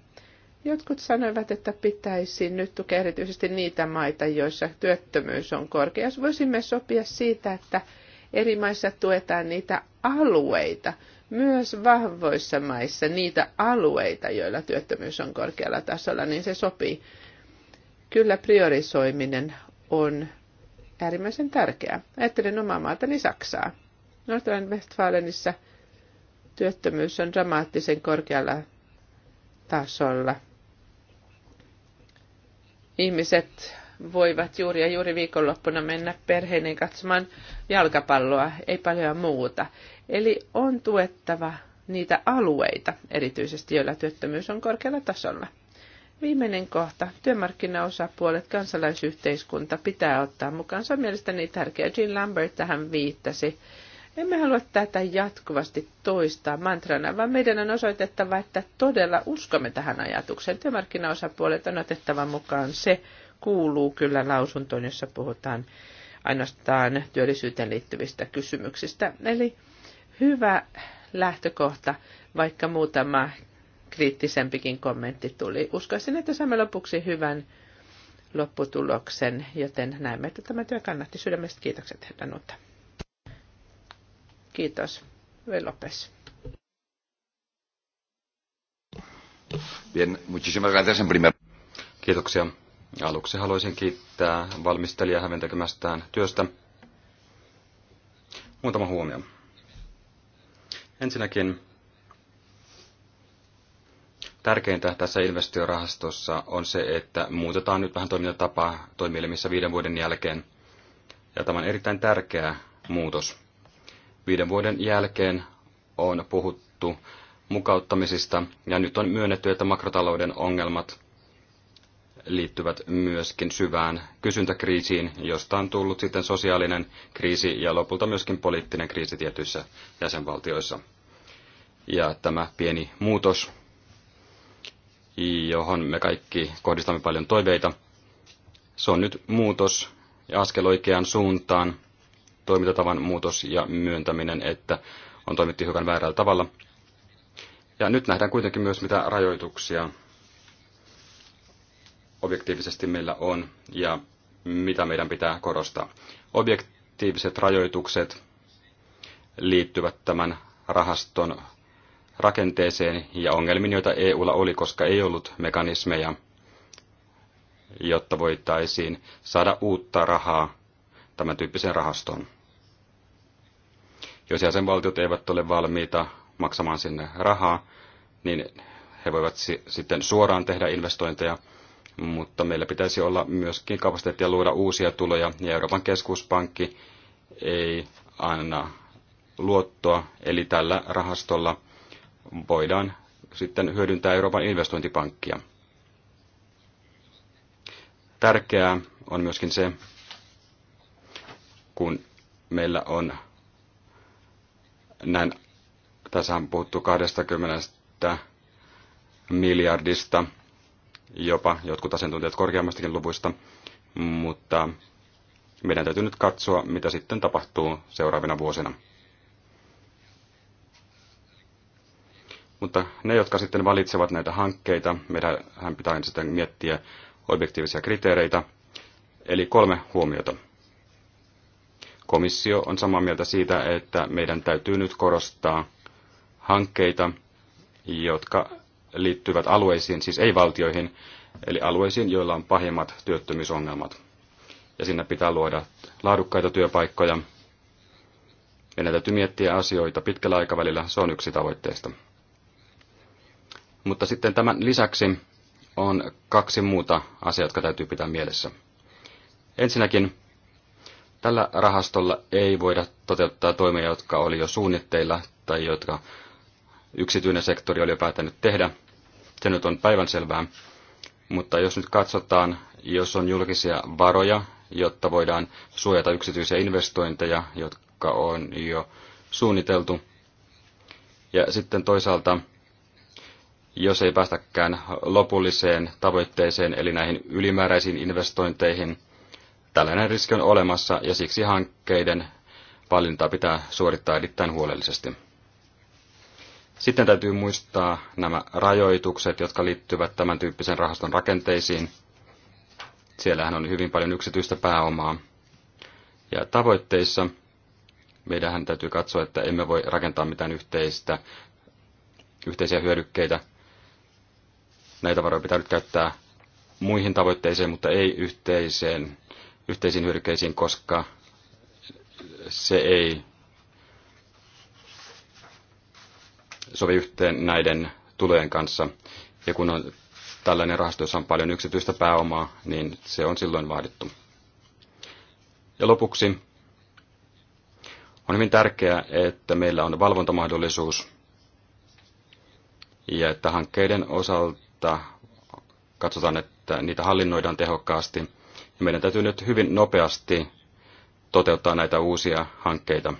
Jotkut sanoivat, että pitäisi nyt tukea erityisesti niitä maita, joissa työttömyys on korkea. Jos voisimme sopia siitä, että eri maissa tuetaan niitä alueita, myös vahvoissa maissa niitä alueita, joilla työttömyys on korkealla tasolla, niin se sopii. Kyllä priorisoiminen on äärimmäisen tärkeää. Ajattelen omaa maatani Saksaa. Nordrhein-Westfalenissa työttömyys on dramaattisen korkealla tasolla ihmiset voivat juuri ja juuri viikonloppuna mennä perheineen katsomaan jalkapalloa, ei paljon muuta. Eli on tuettava niitä alueita, erityisesti joilla työttömyys on korkealla tasolla. Viimeinen kohta. Työmarkkinaosapuolet, kansalaisyhteiskunta pitää ottaa on Mielestäni tärkeä Jean Lambert tähän viittasi. Emme halua tätä jatkuvasti toistaa mantrana, vaan meidän on osoitettava, että todella uskomme tähän ajatukseen. Työmarkkinaosapuolet on otettava mukaan. Se kuuluu kyllä lausuntoon, jossa puhutaan ainoastaan työllisyyteen liittyvistä kysymyksistä. Eli hyvä lähtökohta, vaikka muutama kriittisempikin kommentti tuli. Uskoisin, että saamme lopuksi hyvän lopputuloksen, joten näemme, että tämä työ kannatti sydämestä. Kiitokset, Herra Kiitos. Lopes. Bien, muchísimas gracias en primer... Kiitoksia. Aluksi haluaisin kiittää valmistelijaa hänen tekemästään työstä. Muutama huomio. Ensinnäkin tärkeintä tässä investiorahastossa on se, että muutetaan nyt vähän toimintatapaa toimielimissä viiden vuoden jälkeen. Ja tämä on erittäin tärkeä muutos viiden vuoden jälkeen on puhuttu mukauttamisista ja nyt on myönnetty, että makrotalouden ongelmat liittyvät myöskin syvään kysyntäkriisiin, josta on tullut sitten sosiaalinen kriisi ja lopulta myöskin poliittinen kriisi tietyissä jäsenvaltioissa. Ja tämä pieni muutos, johon me kaikki kohdistamme paljon toiveita, se on nyt muutos ja askel oikeaan suuntaan, toimintatavan muutos ja myöntäminen, että on toimittu hiukan väärällä tavalla. Ja nyt nähdään kuitenkin myös, mitä rajoituksia objektiivisesti meillä on ja mitä meidän pitää korostaa. Objektiiviset rajoitukset liittyvät tämän rahaston rakenteeseen ja ongelmiin, joita EUlla oli, koska ei ollut mekanismeja, jotta voitaisiin saada uutta rahaa tämän tyyppiseen rahastoon. Jos jäsenvaltiot eivät ole valmiita maksamaan sinne rahaa, niin he voivat sitten suoraan tehdä investointeja, mutta meillä pitäisi olla myöskin kapasiteettia luoda uusia tuloja, ja Euroopan keskuspankki ei anna luottoa, eli tällä rahastolla voidaan sitten hyödyntää Euroopan investointipankkia. Tärkeää on myöskin se, kun meillä on näin, tässä on puhuttu 20 miljardista, jopa jotkut asiantuntijat korkeammastakin luvuista, mutta meidän täytyy nyt katsoa, mitä sitten tapahtuu seuraavina vuosina. Mutta ne, jotka sitten valitsevat näitä hankkeita, meidän pitää sitten miettiä objektiivisia kriteereitä. Eli kolme huomiota. Komissio on samaa mieltä siitä, että meidän täytyy nyt korostaa hankkeita, jotka liittyvät alueisiin, siis ei valtioihin, eli alueisiin, joilla on pahimmat työttömyysongelmat. Ja sinne pitää luoda laadukkaita työpaikkoja. Meidän täytyy miettiä asioita pitkällä aikavälillä, se on yksi tavoitteista. Mutta sitten tämän lisäksi on kaksi muuta asiaa, jotka täytyy pitää mielessä. Ensinnäkin Tällä rahastolla ei voida toteuttaa toimia, jotka oli jo suunnitteilla tai jotka yksityinen sektori oli jo päättänyt tehdä. Se nyt on päivänselvää. Mutta jos nyt katsotaan, jos on julkisia varoja, jotta voidaan suojata yksityisiä investointeja, jotka on jo suunniteltu. Ja sitten toisaalta, jos ei päästäkään lopulliseen tavoitteeseen, eli näihin ylimääräisiin investointeihin – tällainen riski on olemassa ja siksi hankkeiden valintaa pitää suorittaa erittäin huolellisesti. Sitten täytyy muistaa nämä rajoitukset, jotka liittyvät tämän tyyppisen rahaston rakenteisiin. Siellähän on hyvin paljon yksityistä pääomaa. Ja tavoitteissa meidän täytyy katsoa, että emme voi rakentaa mitään yhteistä, yhteisiä hyödykkeitä. Näitä varoja pitää nyt käyttää muihin tavoitteisiin, mutta ei yhteiseen yhteisiin hyödykkeisiin, koska se ei sovi yhteen näiden tulojen kanssa. Ja kun on tällainen rahasto, jossa on paljon yksityistä pääomaa, niin se on silloin vaadittu. Ja lopuksi on hyvin tärkeää, että meillä on valvontamahdollisuus ja että hankkeiden osalta katsotaan, että niitä hallinnoidaan tehokkaasti ja meidän täytyy nyt hyvin nopeasti toteuttaa näitä uusia hankkeita.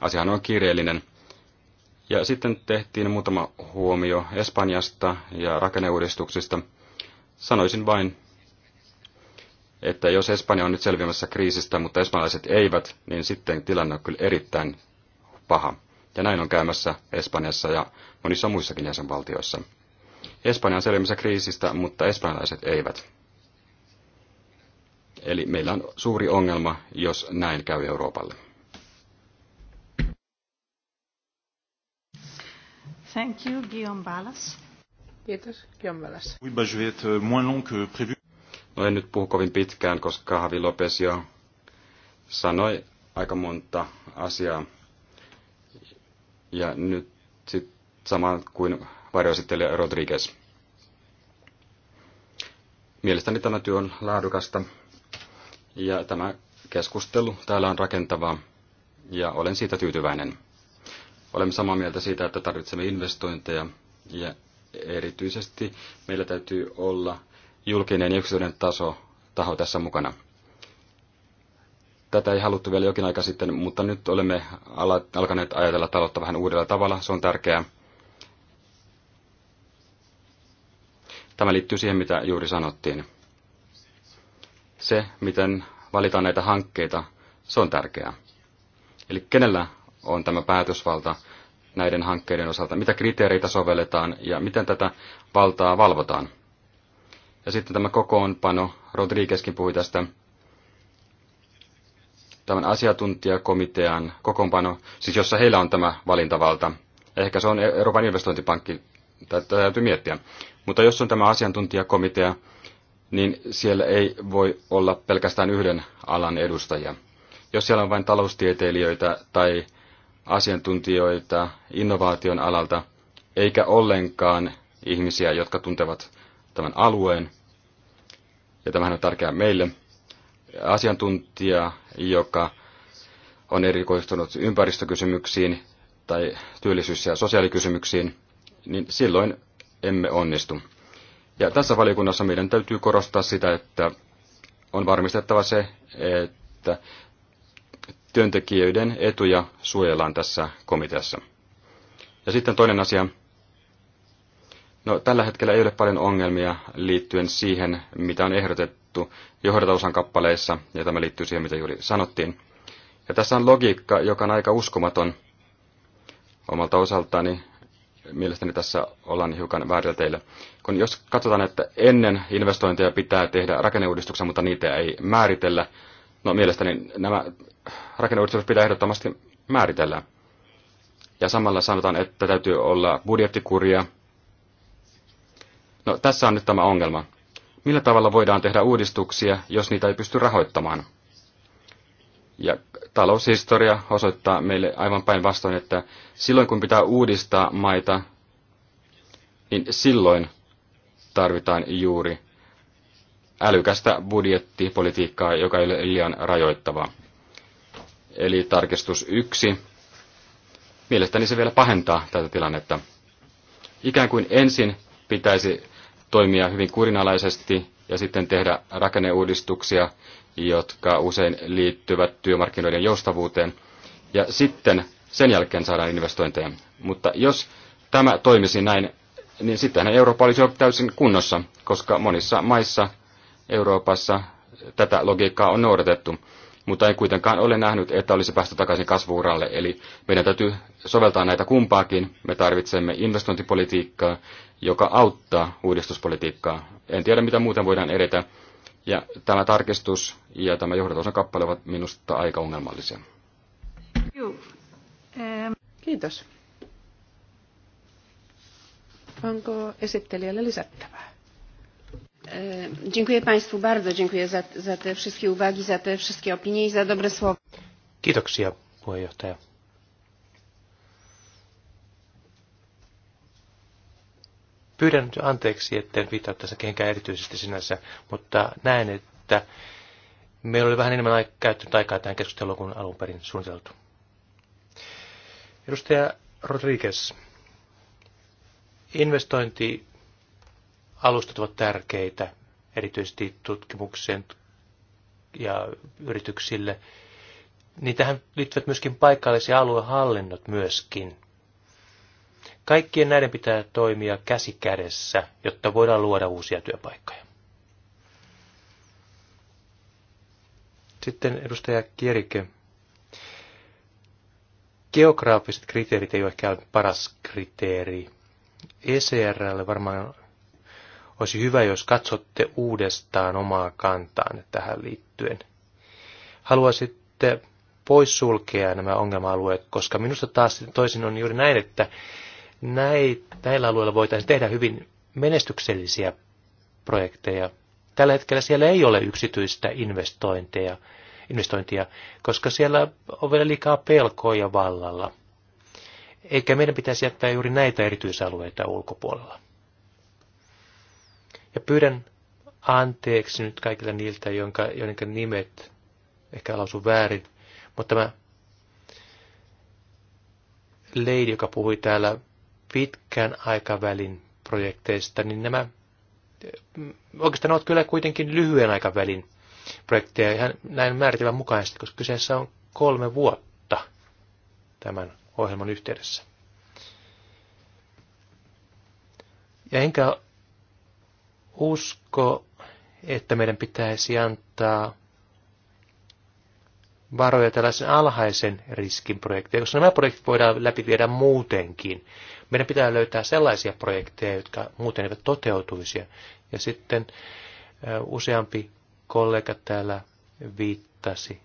Asiahan on kiireellinen. Ja sitten tehtiin muutama huomio Espanjasta ja rakenneuudistuksista. Sanoisin vain, että jos Espanja on nyt selviämässä kriisistä, mutta espanjalaiset eivät, niin sitten tilanne on kyllä erittäin paha. Ja näin on käymässä Espanjassa ja monissa muissakin jäsenvaltioissa. Espanja on selvimmässä kriisistä, mutta espanjalaiset eivät. Eli meillä on suuri ongelma, jos näin käy Euroopalle. Thank you, Guillaume Ballas. Kiitos, Guillaume Ballas. Oui, bah, je vais être moins long que prévu. No en nyt puhu kovin pitkään, koska Havi Lopes jo sanoi aika monta asiaa. Ja nyt sitten sama kuin varjoesittelijä Rodriguez. Mielestäni tämä työ on laadukasta ja tämä keskustelu täällä on rakentavaa ja olen siitä tyytyväinen. Olemme samaa mieltä siitä, että tarvitsemme investointeja ja erityisesti meillä täytyy olla julkinen ja yksityinen taso, taho tässä mukana. Tätä ei haluttu vielä jokin aika sitten, mutta nyt olemme alkaneet ajatella taloutta vähän uudella tavalla. Se on tärkeää. Tämä liittyy siihen, mitä juuri sanottiin. Se, miten valitaan näitä hankkeita, se on tärkeää. Eli kenellä on tämä päätösvalta näiden hankkeiden osalta, mitä kriteereitä sovelletaan ja miten tätä valtaa valvotaan. Ja sitten tämä kokoonpano, Rodriguezkin puhui tästä, tämän asiantuntijakomitean kokoonpano, siis jossa heillä on tämä valintavalta. Ehkä se on Euroopan investointipankki, tätä täytyy miettiä. Mutta jos on tämä asiantuntijakomitea, niin siellä ei voi olla pelkästään yhden alan edustajia. Jos siellä on vain taloustieteilijöitä tai asiantuntijoita innovaation alalta, eikä ollenkaan ihmisiä, jotka tuntevat tämän alueen, ja tämähän on tärkeää meille, asiantuntija, joka on erikoistunut ympäristökysymyksiin tai työllisyys- ja sosiaalikysymyksiin, niin silloin emme onnistu. Ja tässä valiokunnassa meidän täytyy korostaa sitä, että on varmistettava se, että työntekijöiden etuja suojellaan tässä komiteassa. Ja sitten toinen asia. No, tällä hetkellä ei ole paljon ongelmia liittyen siihen, mitä on ehdotettu johdatausan kappaleissa, ja tämä liittyy siihen, mitä juuri sanottiin. Ja tässä on logiikka, joka on aika uskomaton omalta osaltani mielestäni tässä ollaan hiukan väärillä teillä. Kun jos katsotaan, että ennen investointeja pitää tehdä rakenneuudistuksia, mutta niitä ei määritellä, no mielestäni nämä rakenneuudistukset pitää ehdottomasti määritellä. Ja samalla sanotaan, että täytyy olla budjettikuria. No tässä on nyt tämä ongelma. Millä tavalla voidaan tehdä uudistuksia, jos niitä ei pysty rahoittamaan? Ja taloushistoria osoittaa meille aivan päinvastoin, että silloin kun pitää uudistaa maita, niin silloin tarvitaan juuri älykästä budjettipolitiikkaa, joka ei ole liian rajoittavaa. Eli tarkistus yksi. Mielestäni se vielä pahentaa tätä tilannetta. Ikään kuin ensin pitäisi toimia hyvin kurinalaisesti ja sitten tehdä rakenneuudistuksia jotka usein liittyvät työmarkkinoiden joustavuuteen, ja sitten sen jälkeen saadaan investointeja. Mutta jos tämä toimisi näin, niin sittenhän Eurooppa olisi jo täysin kunnossa, koska monissa maissa Euroopassa tätä logiikkaa on noudatettu, mutta en kuitenkaan ole nähnyt, että olisi päästy takaisin kasvuuralle. Eli meidän täytyy soveltaa näitä kumpaakin. Me tarvitsemme investointipolitiikkaa, joka auttaa uudistuspolitiikkaa. En tiedä, mitä muuten voidaan edetä, ja tämä tarkistus ja tämä johdatosan kappale ovat minusta aika ongelmallisia. Kiitos. Onko esittelijälle lisättävää? Ehm, dziękuję Państwu bardzo, dziękuję za, za te wszystkie uwagi, za te wszystkie opinie i za dobre słowa. Kiitoksia puheenjohtaja. Pyydän nyt anteeksi, etten viittaa tässä kehenkään erityisesti sinänsä, mutta näen, että meillä oli vähän enemmän aikaa, käyttänyt aikaa tähän keskusteluun kuin alun perin suunniteltu. Edustaja Rodriguez, investointialustat ovat tärkeitä, erityisesti tutkimuksen ja yrityksille. Niin tähän liittyvät myöskin paikallisia aluehallinnot myöskin – Kaikkien näiden pitää toimia käsi kädessä, jotta voidaan luoda uusia työpaikkoja. Sitten edustaja Kierike. Geograafiset kriteerit ei ole ehkä paras kriteeri. ECRlle varmaan olisi hyvä, jos katsotte uudestaan omaa kantaan tähän liittyen. Haluaisitte poissulkea nämä ongelma-alueet, koska minusta taas toisin on juuri näin, että näin, näillä alueilla voitaisiin tehdä hyvin menestyksellisiä projekteja. Tällä hetkellä siellä ei ole yksityistä investointeja, investointia, koska siellä on vielä liikaa pelkoja vallalla. Eikä meidän pitäisi jättää juuri näitä erityisalueita ulkopuolella. Ja pyydän anteeksi nyt kaikilta niiltä, jonka, joiden nimet ehkä lausun väärin, mutta tämä lady, joka puhui täällä pitkän aikavälin projekteista, niin nämä oikeastaan ovat kyllä kuitenkin lyhyen aikavälin projekteja ihan näin määritelmän mukaisesti, koska kyseessä on kolme vuotta tämän ohjelman yhteydessä. Ja enkä usko, että meidän pitäisi antaa varoja tällaisen alhaisen riskin projekteja, koska nämä projektit voidaan läpiviedä muutenkin. Meidän pitää löytää sellaisia projekteja, jotka muuten eivät toteutuisi. Ja sitten useampi kollega täällä viittasi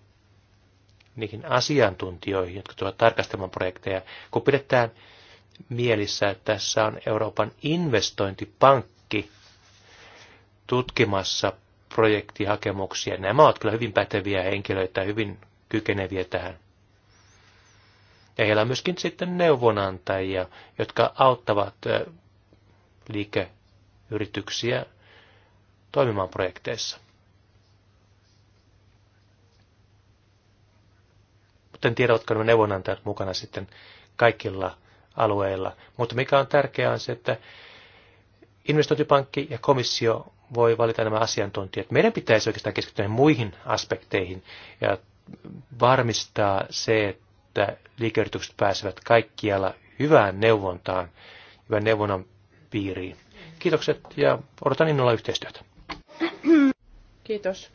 niihin asiantuntijoihin, jotka tulevat tarkastamaan projekteja, kun pidetään mielissä, että tässä on Euroopan investointipankki tutkimassa projektihakemuksia. Nämä ovat kyllä hyvin päteviä henkilöitä, hyvin kykeneviä tähän. Ja heillä on myöskin sitten neuvonantajia, jotka auttavat liikeyrityksiä toimimaan projekteissa. Mutta en tiedä, ovatko nämä neuvonantajat mukana sitten kaikilla alueilla. Mutta mikä on tärkeää on se, että investointipankki ja komissio voi valita nämä asiantuntijat. Meidän pitäisi oikeastaan keskittyä muihin aspekteihin ja varmistaa se, että liikeyritykset pääsevät kaikkialla hyvään neuvontaan, hyvän neuvonnan piiriin. Kiitokset ja odotan innolla yhteistyötä. Kiitos.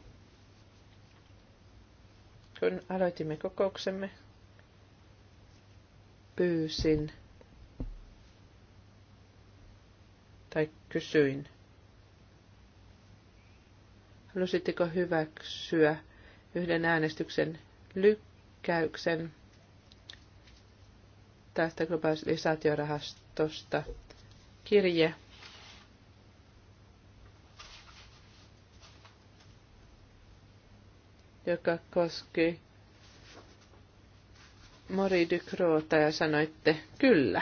Kun aloitimme kokouksemme, pyysin tai kysyin, halusitteko hyväksyä yhden äänestyksen lykkäyksen tästä globalisaatiorahastosta kirje. joka koski Mori Ducrota ja sanoitte kyllä.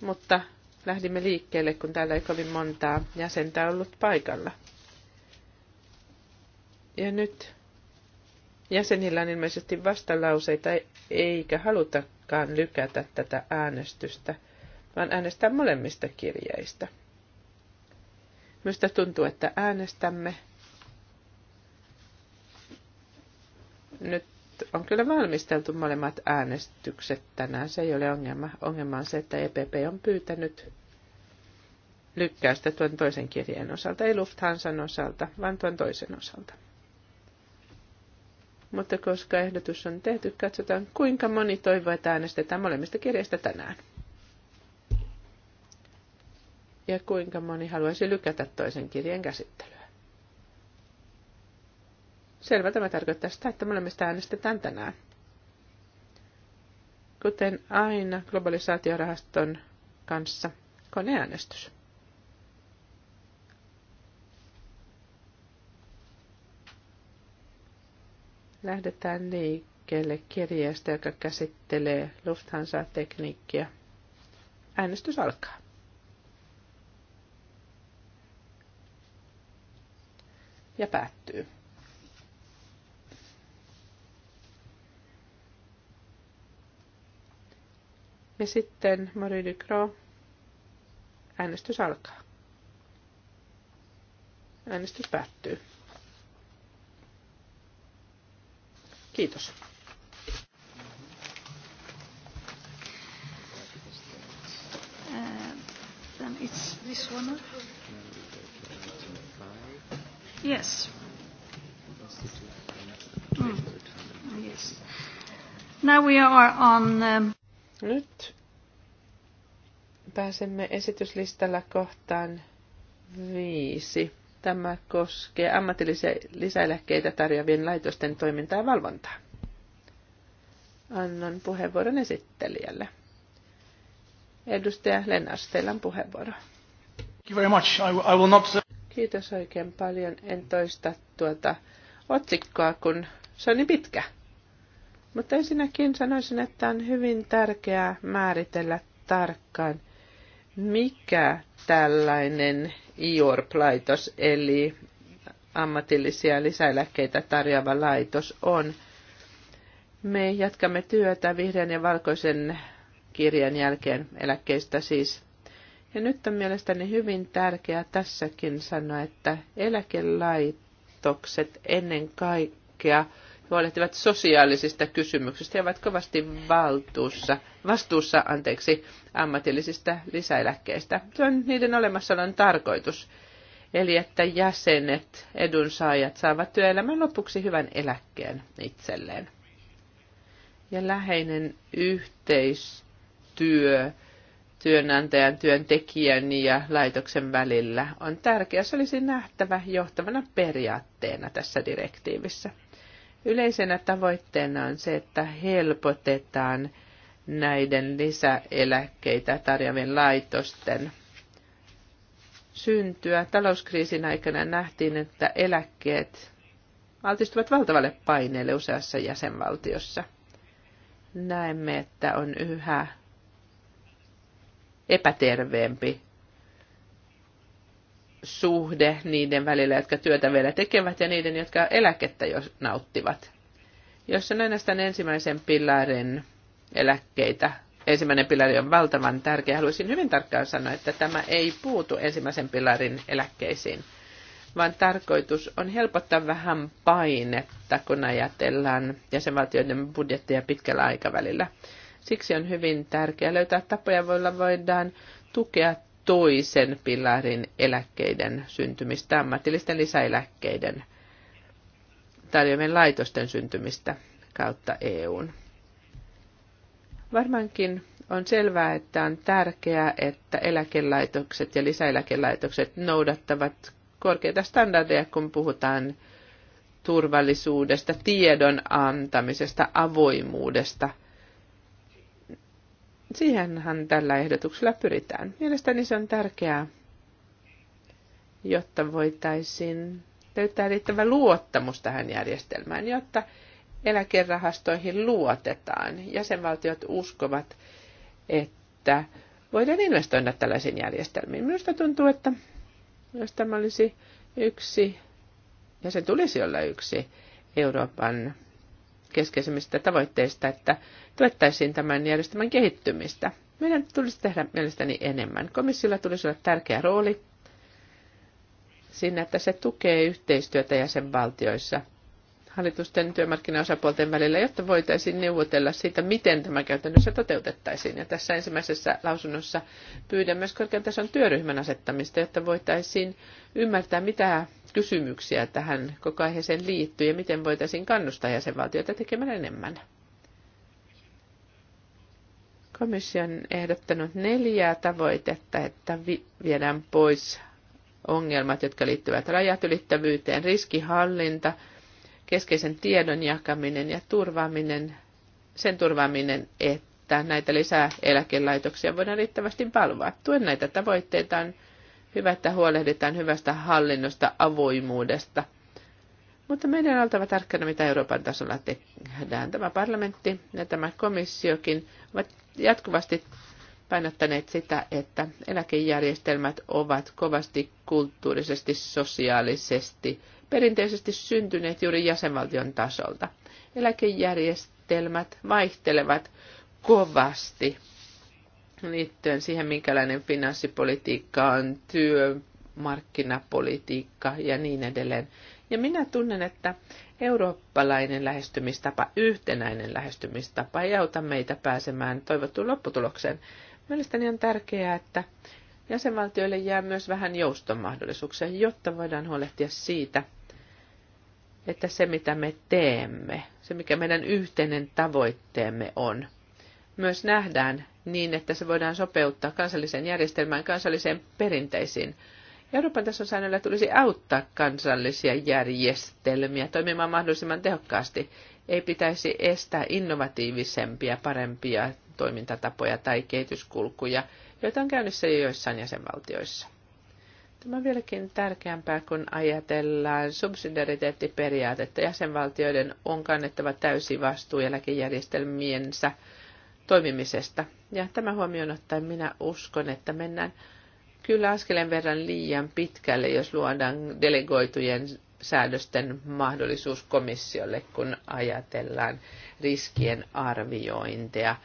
Mutta lähdimme liikkeelle, kun täällä ei kovin montaa jäsentä ollut paikalla. Ja nyt jäsenillä on ilmeisesti vastalauseita, eikä halutakaan lykätä tätä äänestystä, vaan äänestää molemmista kirjeistä. Myös tuntuu, että äänestämme. Nyt on kyllä valmisteltu molemmat äänestykset tänään. Se ei ole ongelma. Ongelma on se, että EPP on pyytänyt lykkäystä tuon toisen kirjeen osalta, ei Lufthansan osalta, vaan tuon toisen osalta mutta koska ehdotus on tehty, katsotaan kuinka moni toivoo, että äänestetään molemmista kirjeistä tänään. Ja kuinka moni haluaisi lykätä toisen kirjeen käsittelyä. Selvä tämä tarkoittaa sitä, että molemmista äänestetään tänään. Kuten aina globalisaatiorahaston kanssa, koneäänestys. Lähdetään liikkeelle kirjeestä, joka käsittelee Lufthansa-tekniikkiä. Äänestys alkaa. Ja päättyy. Ja sitten Marie Ducro. Äänestys alkaa. Äänestys päättyy. Kiitos. Uh, mm. Yes. Now we are on. Um... Nyt pääsemme esityslistalla kohtaan viisi. Tämä koskee ammatillisia lisäeläkkeitä tarjoavien laitosten toimintaa ja valvontaa. Annan puheenvuoron esittelijälle. Edustaja Lennars, teillä on puheenvuoro. Kiitos oikein paljon. En toista tuota otsikkoa, kun se on niin pitkä. Mutta ensinnäkin sanoisin, että on hyvin tärkeää määritellä tarkkaan, mikä tällainen IORP-laitos, eli ammatillisia lisäeläkkeitä tarjoava laitos on. Me jatkamme työtä vihreän ja valkoisen kirjan jälkeen eläkkeistä siis. Ja nyt on mielestäni hyvin tärkeää tässäkin sanoa, että eläkelaitokset ennen kaikkea – huolehtivat sosiaalisista kysymyksistä ja ovat kovasti valtuussa, vastuussa anteeksi, ammatillisista lisäeläkkeistä. Se on niiden olemassaolon tarkoitus. Eli että jäsenet, edunsaajat saavat työelämän lopuksi hyvän eläkkeen itselleen. Ja läheinen yhteistyö työnantajan, työntekijän ja laitoksen välillä on tärkeä. Se olisi nähtävä johtavana periaatteena tässä direktiivissä. Yleisenä tavoitteena on se, että helpotetaan näiden lisäeläkkeitä tarjoavien laitosten syntyä. Talouskriisin aikana nähtiin, että eläkkeet altistuvat valtavalle paineelle useassa jäsenvaltiossa. Näemme, että on yhä epäterveempi suhde niiden välillä, jotka työtä vielä tekevät ja niiden, jotka eläkettä jo nauttivat. Jos on ainoastaan ensimmäisen pilarin eläkkeitä, ensimmäinen pilari on valtavan tärkeä. Haluaisin hyvin tarkkaan sanoa, että tämä ei puutu ensimmäisen pilarin eläkkeisiin, vaan tarkoitus on helpottaa vähän painetta, kun ajatellaan jäsenvaltioiden budjettia pitkällä aikavälillä. Siksi on hyvin tärkeää löytää tapoja, joilla voidaan tukea toisen pilarin eläkkeiden syntymistä, ammatillisten lisäeläkkeiden tarjoamien laitosten syntymistä kautta EUn. Varmaankin on selvää, että on tärkeää, että eläkelaitokset ja lisäeläkelaitokset noudattavat korkeita standardeja, kun puhutaan turvallisuudesta, tiedon antamisesta, avoimuudesta – Siihenhän tällä ehdotuksella pyritään. Mielestäni se on tärkeää, jotta voitaisiin löytää riittävä luottamus tähän järjestelmään, jotta eläkerahastoihin luotetaan. Jäsenvaltiot uskovat, että voidaan investoida tällaisiin järjestelmiin. Minusta tuntuu, että jos tämä olisi yksi, ja sen tulisi olla yksi Euroopan keskeisimmistä tavoitteista, että tuettaisiin tämän järjestelmän kehittymistä. Meidän tulisi tehdä mielestäni enemmän. Komissiolla tulisi olla tärkeä rooli siinä, että se tukee yhteistyötä jäsenvaltioissa – hallitusten työmarkkinaosapuolten välillä, jotta voitaisiin neuvotella siitä, miten tämä käytännössä toteutettaisiin. Ja tässä ensimmäisessä lausunnossa pyydän myös korkean tason työryhmän asettamista, jotta voitaisiin ymmärtää, mitä kysymyksiä tähän koko aiheeseen liittyy ja miten voitaisiin kannustaa jäsenvaltioita tekemään enemmän. Komissio on ehdottanut neljää tavoitetta, että viedään pois ongelmat, jotka liittyvät rajat ylittävyyteen, riskihallinta, keskeisen tiedon jakaminen ja turvaaminen, sen turvaaminen, että näitä lisää eläkelaitoksia voidaan riittävästi valvoa. Tuen näitä tavoitteita on hyvä, että huolehditaan hyvästä hallinnosta, avoimuudesta. Mutta meidän on oltava tarkkana, mitä Euroopan tasolla tehdään. Tämä parlamentti ja tämä komissiokin ovat jatkuvasti painottaneet sitä, että eläkejärjestelmät ovat kovasti kulttuurisesti, sosiaalisesti perinteisesti syntyneet juuri jäsenvaltion tasolta. Eläkejärjestelmät vaihtelevat kovasti liittyen siihen, minkälainen finanssipolitiikka on, työmarkkinapolitiikka ja niin edelleen. Ja minä tunnen, että eurooppalainen lähestymistapa, yhtenäinen lähestymistapa ei auta meitä pääsemään toivottuun lopputulokseen. Mielestäni on tärkeää, että jäsenvaltioille jää myös vähän joustomahdollisuuksia, jotta voidaan huolehtia siitä, että se mitä me teemme, se mikä meidän yhteinen tavoitteemme on, myös nähdään niin, että se voidaan sopeuttaa kansalliseen järjestelmään, kansalliseen perinteisiin. Euroopan tason säännöllä tulisi auttaa kansallisia järjestelmiä toimimaan mahdollisimman tehokkaasti. Ei pitäisi estää innovatiivisempia, parempia toimintatapoja tai kehityskulkuja, joita on käynnissä jo joissain jäsenvaltioissa. Tämä on vieläkin tärkeämpää, kun ajatellaan subsidiariteettiperiaatetta. Jäsenvaltioiden on kannettava täysi vastuu eläkejärjestelmiensä toimimisesta. Ja tämä huomioon ottaen minä uskon, että mennään kyllä askeleen verran liian pitkälle, jos luodaan delegoitujen säädösten mahdollisuus komissiolle, kun ajatellaan riskien arviointia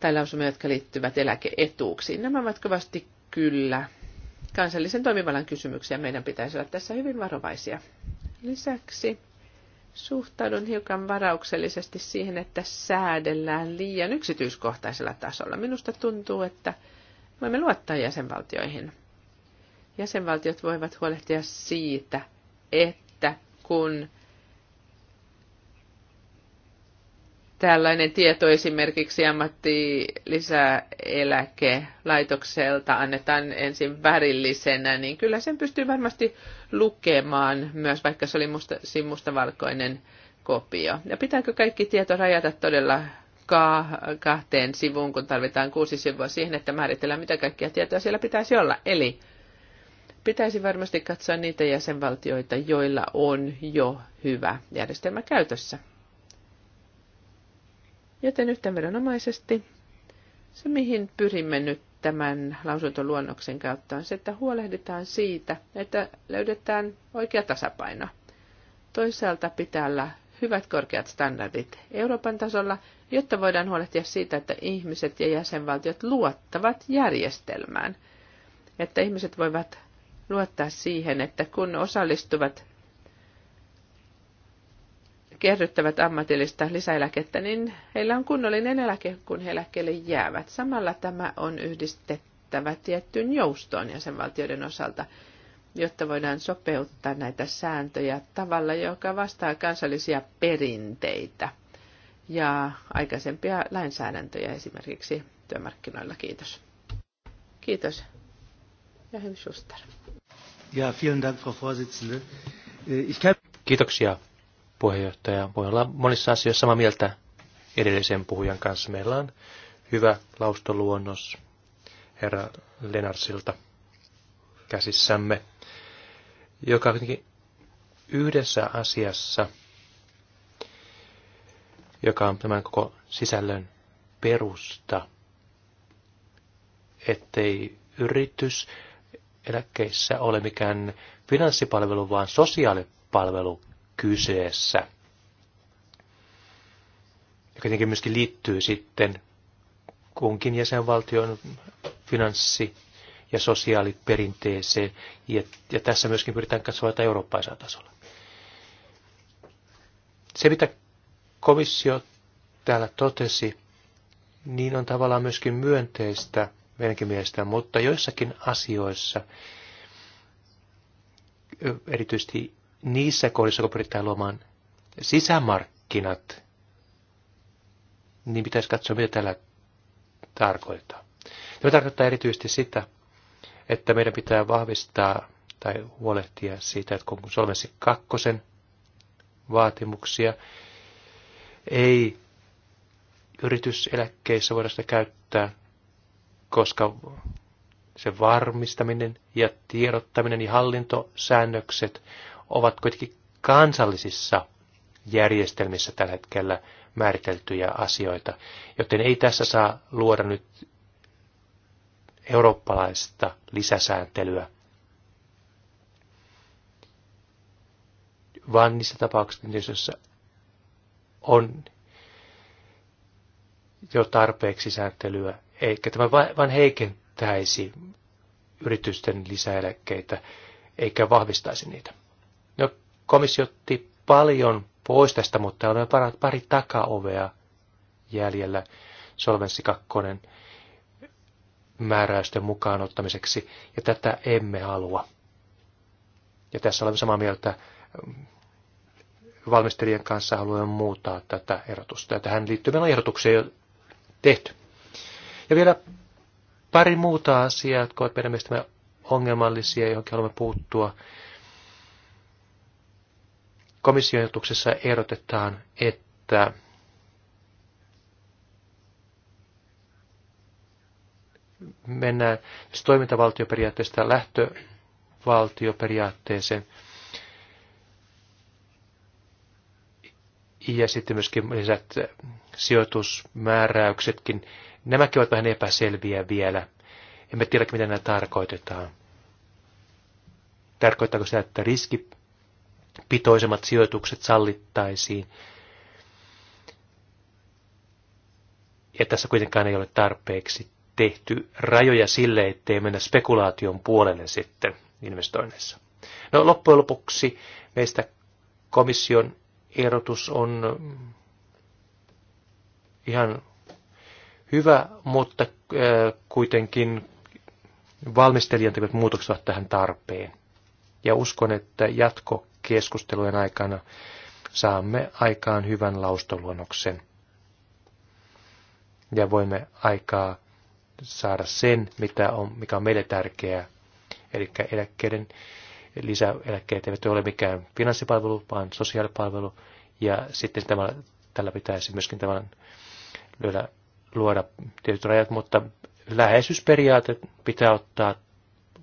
tai lausumia, jotka liittyvät eläkeetuuksiin. Nämä ovat kovasti kyllä kansallisen toimivallan kysymyksiä. Meidän pitäisi olla tässä hyvin varovaisia. Lisäksi suhtaudun hiukan varauksellisesti siihen, että säädellään liian yksityiskohtaisella tasolla. Minusta tuntuu, että voimme luottaa jäsenvaltioihin. Jäsenvaltiot voivat huolehtia siitä, että kun tällainen tieto esimerkiksi ammattilisäeläkelaitokselta annetaan ensin värillisenä, niin kyllä sen pystyy varmasti lukemaan myös, vaikka se oli musta, mustavalkoinen kopio. Ja pitääkö kaikki tieto rajata todella kahteen sivuun, kun tarvitaan kuusi sivua siihen, että määritellään, mitä kaikkia tietoa siellä pitäisi olla. Eli pitäisi varmasti katsoa niitä jäsenvaltioita, joilla on jo hyvä järjestelmä käytössä. Joten yhteenvedonomaisesti se, mihin pyrimme nyt tämän lausuntoluonnoksen kautta, on se, että huolehditaan siitä, että löydetään oikea tasapaino. Toisaalta pitää olla hyvät korkeat standardit Euroopan tasolla, jotta voidaan huolehtia siitä, että ihmiset ja jäsenvaltiot luottavat järjestelmään. Että ihmiset voivat luottaa siihen, että kun osallistuvat kerryttävät ammatillista lisäeläkettä, niin heillä on kunnollinen eläke, kun he eläkkeelle jäävät. Samalla tämä on yhdistettävä tiettyyn joustoon jäsenvaltioiden osalta, jotta voidaan sopeuttaa näitä sääntöjä tavalla, joka vastaa kansallisia perinteitä ja aikaisempia lainsäädäntöjä esimerkiksi työmarkkinoilla. Kiitos. Kiitos. Joachim Schuster. Ja, vielen Dank, Frau Vorsitzende. Äh, Kiitoksia, puheenjohtaja. Voi olla monissa asioissa samaa mieltä edellisen puhujan kanssa. Meillä on hyvä laustoluonnos herra Lenarsilta käsissämme, joka yhdessä asiassa, joka on tämän koko sisällön perusta, ettei yritys eläkkeissä ole mikään finanssipalvelu, vaan sosiaalipalvelu kyseessä. Ja kuitenkin myöskin liittyy sitten kunkin jäsenvaltion finanssi- ja sosiaaliperinteeseen, ja, ja tässä myöskin pyritään katsomaan tätä eurooppaisella tasolla. Se, mitä komissio täällä totesi, niin on tavallaan myöskin myönteistä meidänkin mielestä, mutta joissakin asioissa, erityisesti niissä kohdissa, kun pyritään luomaan sisämarkkinat, niin pitäisi katsoa, mitä tällä tarkoittaa. Tämä tarkoittaa erityisesti sitä, että meidän pitää vahvistaa tai huolehtia siitä, että kun solmessi kakkosen vaatimuksia ei yrityseläkkeissä voida sitä käyttää, koska se varmistaminen ja tiedottaminen ja hallintosäännökset ovat kuitenkin kansallisissa järjestelmissä tällä hetkellä määriteltyjä asioita, joten ei tässä saa luoda nyt eurooppalaista lisäsääntelyä, vaan niissä tapauksissa, joissa on jo tarpeeksi sääntelyä, eikä tämä vain heikentäisi yritysten lisäeläkkeitä, eikä vahvistaisi niitä. No, komissio otti paljon pois tästä, mutta on pari, pari takaovea jäljellä Solvenssi 2 määräysten mukaan ottamiseksi, ja tätä emme halua. Ja tässä olemme samaa mieltä mm, valmistelijan kanssa haluamme muuttaa tätä erotusta. Ja tähän liittyy meillä on ehdotuksia jo tehty. Ja vielä pari muuta asiaa, jotka ovat meidän mielestämme ongelmallisia, johonkin haluamme puuttua. Komission ehdotetaan, että mennään siis toimintavaltioperiaatteesta lähtövaltioperiaatteeseen. Ja sitten myöskin lisät sijoitusmääräyksetkin. Nämäkin ovat vähän epäselviä vielä. Emme tiedä, mitä nämä tarkoitetaan. Tarkoittaako se, että riski pitoisemmat sijoitukset sallittaisiin. Ja tässä kuitenkaan ei ole tarpeeksi tehty rajoja sille, ettei mennä spekulaation puolelle sitten investoinneissa. No loppujen lopuksi meistä komission ehdotus on ihan hyvä, mutta kuitenkin valmistelijan tekemät muutokset ovat tähän tarpeen. Ja uskon, että jatko keskustelujen aikana saamme aikaan hyvän laustoluonnoksen. Ja voimme aikaa saada sen, mitä on, mikä on meille tärkeää. Eli eläkkeiden lisäeläkkeet eivät ole mikään finanssipalvelu, vaan sosiaalipalvelu. Ja sitten tämä, tällä pitäisi myöskin tämän löydä luoda tietyt rajat, mutta läheisyysperiaate pitää ottaa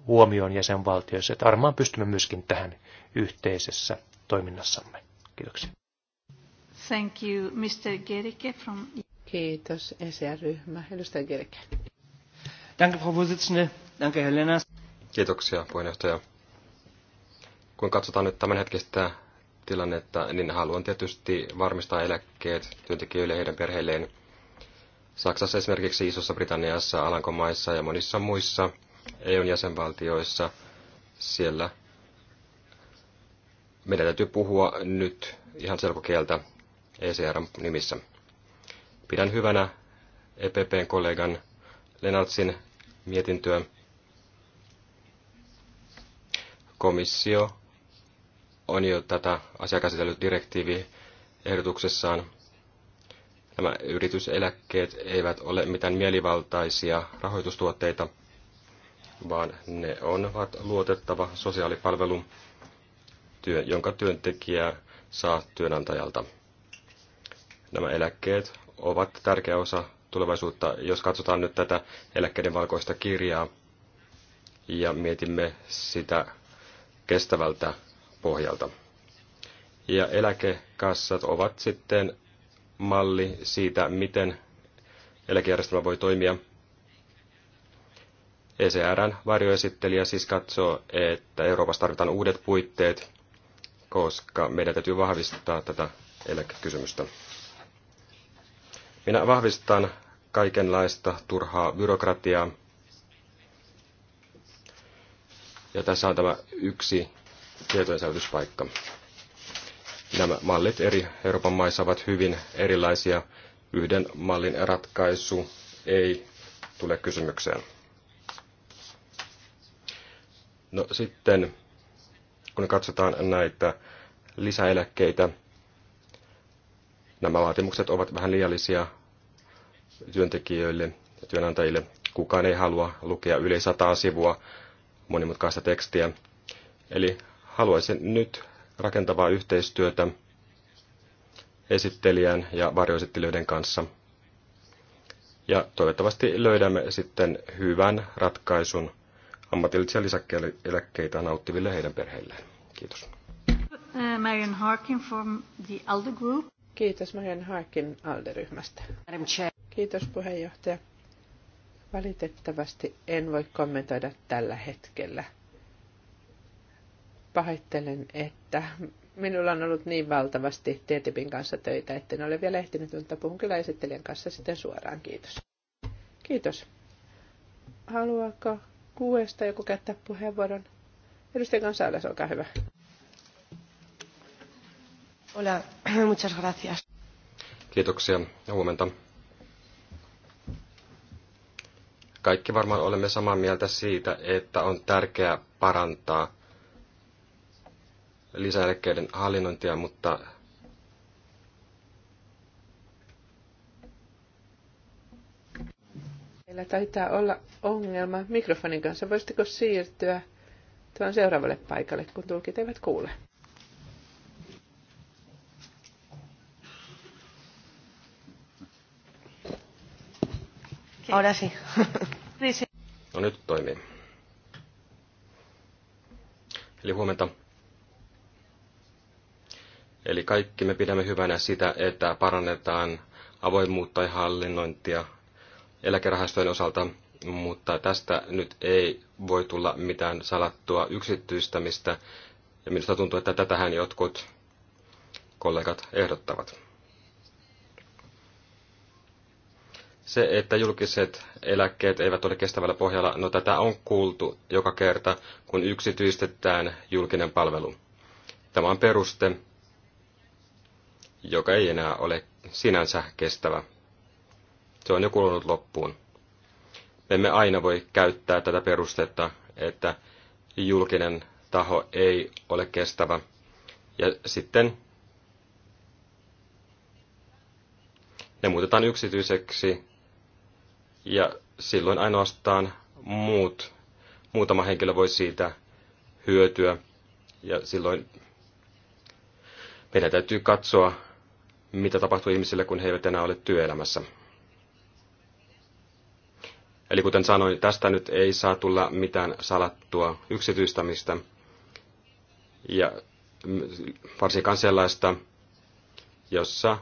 huomioon jäsenvaltioissa, että varmaan pystymme myöskin tähän yhteisessä toiminnassamme. Kiitoksia. Thank you, Mr. Gerike from... Kiitos, ESR-ryhmä. Edustaja Gerike. Danke, Frau Vorsitzende. Danke, Helena. Kiitoksia, puheenjohtaja. Kun katsotaan nyt tämänhetkistä tilannetta, niin haluan tietysti varmistaa eläkkeet työntekijöille ja heidän perheilleen. Saksassa esimerkiksi Isossa Britanniassa, Alankomaissa ja monissa muissa eu jäsenvaltioissa siellä meidän täytyy puhua nyt ihan selkokieltä ecr nimissä. Pidän hyvänä EPPn kollegan Lenartsin mietintöä. Komissio on jo tätä asiaa käsitellyt ehdotuksessaan. Nämä yrityseläkkeet eivät ole mitään mielivaltaisia rahoitustuotteita, vaan ne ovat luotettava sosiaalipalvelu työ, jonka työntekijä saa työnantajalta. Nämä eläkkeet ovat tärkeä osa tulevaisuutta. Jos katsotaan nyt tätä eläkkeiden valkoista kirjaa ja mietimme sitä kestävältä pohjalta. Ja eläkekassat ovat sitten malli siitä, miten eläkejärjestelmä voi toimia. ECRn varjoesittelijä siis katsoo, että Euroopassa tarvitaan uudet puitteet, koska meidän täytyy vahvistaa tätä eläkekysymystä. Minä vahvistan kaikenlaista turhaa byrokratiaa. Ja tässä on tämä yksi tietojensäilytyspaikka. Nämä mallit eri Euroopan maissa ovat hyvin erilaisia. Yhden mallin ratkaisu ei tule kysymykseen. No sitten kun katsotaan näitä lisäeläkkeitä, nämä vaatimukset ovat vähän liiallisia työntekijöille ja työnantajille. Kukaan ei halua lukea yli sataa sivua monimutkaista tekstiä. Eli haluaisin nyt rakentavaa yhteistyötä esittelijän ja varjoesittelijöiden kanssa. Ja toivottavasti löydämme sitten hyvän ratkaisun ammatillisia lisäkkeitä nauttiville heidän perheilleen. Kiitos. Eh, Marian Harkin from the Alder Group. Kiitos Marian Harkin Alder-ryhmästä. Kiitos puheenjohtaja. Valitettavasti en voi kommentoida tällä hetkellä. Pahoittelen, että minulla on ollut niin valtavasti TTIPin kanssa töitä, en ole vielä ehtinyt, mutta puhun kyllä esittelijän kanssa sitten suoraan. Kiitos. Kiitos. Haluaako kuuesta joku käyttää puheenvuoron. Edustaja Kansaales, olkaa hyvä. Hola, muchas gracias. Kiitoksia ja huomenta. Kaikki varmaan olemme samaa mieltä siitä, että on tärkeää parantaa lisäeläkkeiden hallinnointia, mutta Meillä taitaa olla ongelma mikrofonin kanssa. Voisitteko siirtyä tuon seuraavalle paikalle, kun tulkit eivät kuule? Ahora sí. no nyt toimii. Eli huomenta. Eli kaikki me pidämme hyvänä sitä, että parannetaan avoimuutta ja hallinnointia eläkerahastojen osalta, mutta tästä nyt ei voi tulla mitään salattua yksityistämistä, ja minusta tuntuu, että tätähän jotkut kollegat ehdottavat. Se, että julkiset eläkkeet eivät ole kestävällä pohjalla, no tätä on kuultu joka kerta, kun yksityistetään julkinen palvelu. Tämä on peruste, joka ei enää ole sinänsä kestävä se on jo kulunut loppuun. Me emme aina voi käyttää tätä perustetta, että julkinen taho ei ole kestävä. Ja sitten ne muutetaan yksityiseksi ja silloin ainoastaan muut, muutama henkilö voi siitä hyötyä. Ja silloin meidän täytyy katsoa, mitä tapahtuu ihmisille, kun he eivät enää ole työelämässä. Eli kuten sanoin, tästä nyt ei saa tulla mitään salattua yksityistämistä ja varsinkaan sellaista, jossa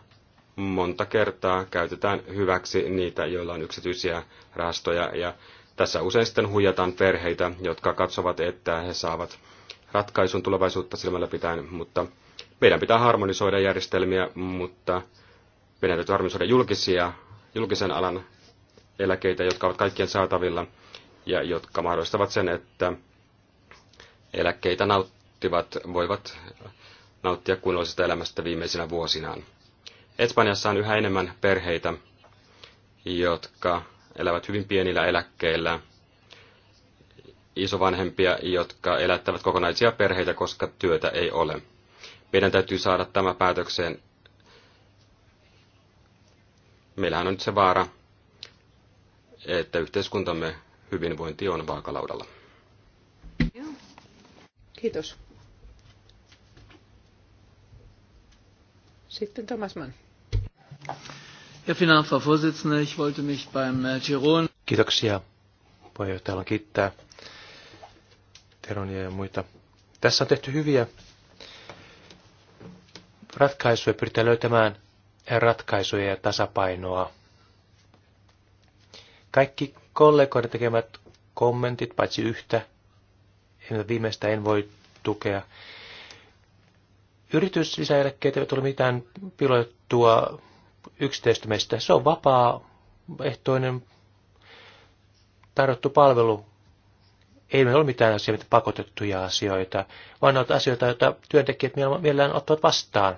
monta kertaa käytetään hyväksi niitä, joilla on yksityisiä rahastoja ja tässä usein sitten huijataan perheitä, jotka katsovat, että he saavat ratkaisun tulevaisuutta silmällä pitäen, mutta meidän pitää harmonisoida järjestelmiä, mutta meidän täytyy harmonisoida julkisia, julkisen alan eläkeitä, jotka ovat kaikkien saatavilla ja jotka mahdollistavat sen, että eläkkeitä nauttivat voivat nauttia kunnollisesta elämästä viimeisinä vuosinaan. Espanjassa on yhä enemmän perheitä, jotka elävät hyvin pienillä eläkkeillä, isovanhempia, jotka elättävät kokonaisia perheitä, koska työtä ei ole. Meidän täytyy saada tämä päätökseen. Meillähän on nyt se vaara, että yhteiskuntamme hyvinvointi on vaakalaudalla. Kiitos. Sitten Thomas Mann. Ja vielen Vorsitzende. Ich wollte mich beim äh, Giron... Kiitoksia. on kiittää Teronia ja muita. Tässä on tehty hyviä ratkaisuja. Pyritään löytämään ratkaisuja ja tasapainoa kaikki kollegoiden tekemät kommentit, paitsi yhtä, viimeistä en voi tukea. Yrityslisäeläkkeet eivät ole mitään piloittua yksityistymistä. Se on vapaaehtoinen tarjottu palvelu. Ei meillä ole mitään asioita, pakotettuja asioita, vaan on asioita, joita työntekijät mielellään ottavat vastaan.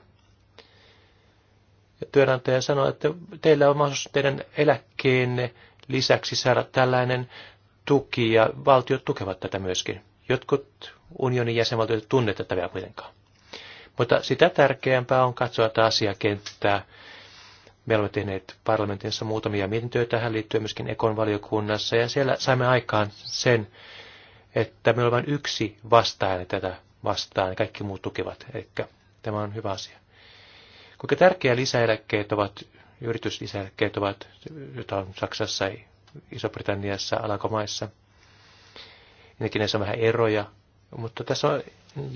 Ja työnantaja sanoo, että teillä on mahdollisuus teidän eläkkeenne lisäksi saada tällainen tuki, ja valtiot tukevat tätä myöskin. Jotkut unionin jäsenvaltiot tunne tätä vielä kuitenkaan. Mutta sitä tärkeämpää on katsoa tätä asiakenttää. Me olemme tehneet parlamentissa muutamia mietintöjä tähän liittyen myöskin Ekon valiokunnassa, ja siellä saimme aikaan sen, että meillä on vain yksi vastainen tätä vastaan, ja kaikki muut tukevat. Eli tämä on hyvä asia. Kuinka tärkeä lisäeläkkeet ovat yrityslisäkkeet ovat, joita on Saksassa, Iso-Britanniassa, Alakomaissa. Ennenkin näissä on vähän eroja, mutta tässä on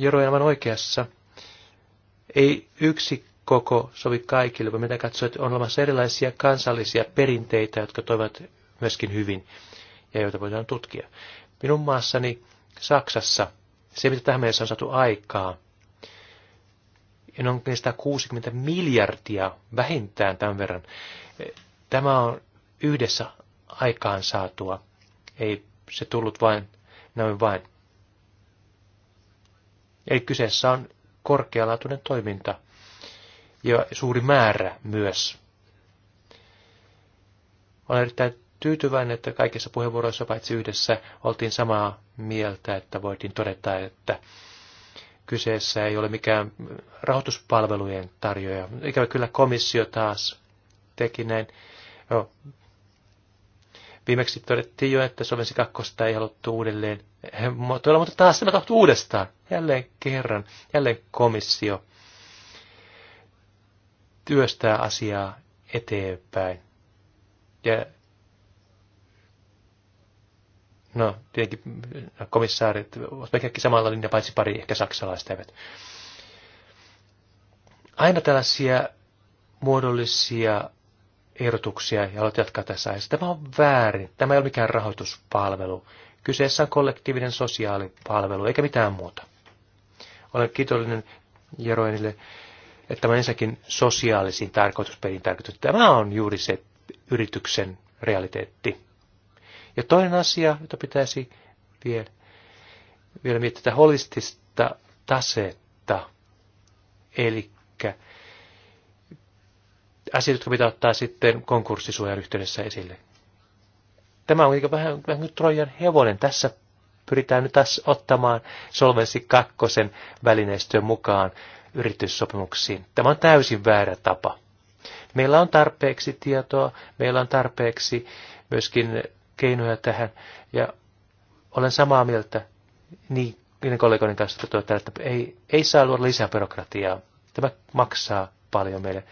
eroja aivan oikeassa. Ei yksi koko sovi kaikille, vaan mitä katsoo, että on olemassa erilaisia kansallisia perinteitä, jotka toivat myöskin hyvin ja joita voidaan tutkia. Minun maassani Saksassa se, mitä tähän mennessä on saatu aikaa, ja noin 60 miljardia vähintään tämän verran. Tämä on yhdessä aikaan saatua. Ei se tullut vain noin vain. Eli kyseessä on korkealaatuinen toiminta ja suuri määrä myös. Olen erittäin tyytyväinen, että kaikissa puheenvuoroissa paitsi yhdessä oltiin samaa mieltä, että voitiin todeta, että kyseessä ei ole mikään rahoituspalvelujen tarjoaja. Ikävä kyllä komissio taas teki näin. No. Viimeksi todettiin jo, että Solvensi 2 ei haluttu uudelleen. Tuolla, mutta taas tämä tapahtui uudestaan. Jälleen kerran. Jälleen komissio työstää asiaa eteenpäin. Ja No, tietenkin äh, komissaarit ovat kaikki samalla linjalla, paitsi pari ehkä saksalaista eivät. Aina tällaisia muodollisia ehdotuksia ja haluat jatkaa tässä aiheessa. Tämä on väärin. Tämä ei ole mikään rahoituspalvelu. Kyseessä on kollektiivinen sosiaalipalvelu, eikä mitään muuta. Olen kiitollinen Jeroenille, että tämä ensinnäkin sosiaalisiin tarkoitusperiin tarkoitus. Tämä on juuri se yrityksen realiteetti. Ja toinen asia, jota pitäisi vielä, vielä miettiä, tätä holistista tasetta. Eli asiat, jotka pitää ottaa sitten konkurssisuojan yhteydessä esille. Tämä on vähän, vähän kuin Trojan hevonen. Tässä pyritään nyt taas ottamaan Solvenssi kakkosen välineistön mukaan yrityssopimuksiin. Tämä on täysin väärä tapa. Meillä on tarpeeksi tietoa, meillä on tarpeeksi myöskin keinoja tähän. Ja olen samaa mieltä niin, niin kollegoiden kanssa, että, tuota, että ei, ei saa luoda lisää byrokratiaa. Tämä maksaa paljon meille.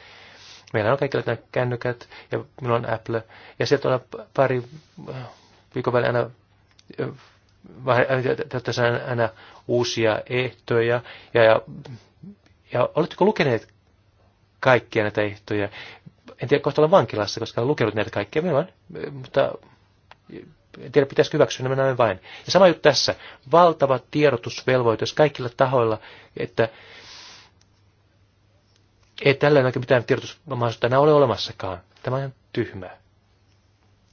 Meillä on kaikilla nämä kännykät ja minulla on Apple. Ja sieltä on pari äh, viikon välein aina äh, äh, tässä on aina uusia ehtoja. Ja, ja, ja oletteko lukeneet kaikkia näitä ehtoja? En tiedä, kohta olla vankilassa, koska olen lukenut näitä kaikkia. Minä olen, mutta en tiedä, pitäisikö hyväksyä niin nämä vain. Ja sama juttu tässä. Valtava tiedotusvelvoite kaikilla tahoilla, että ei tällä oikein mitään tiedotusmahdollisuutta enää ole olemassakaan. Tämä on tyhmää.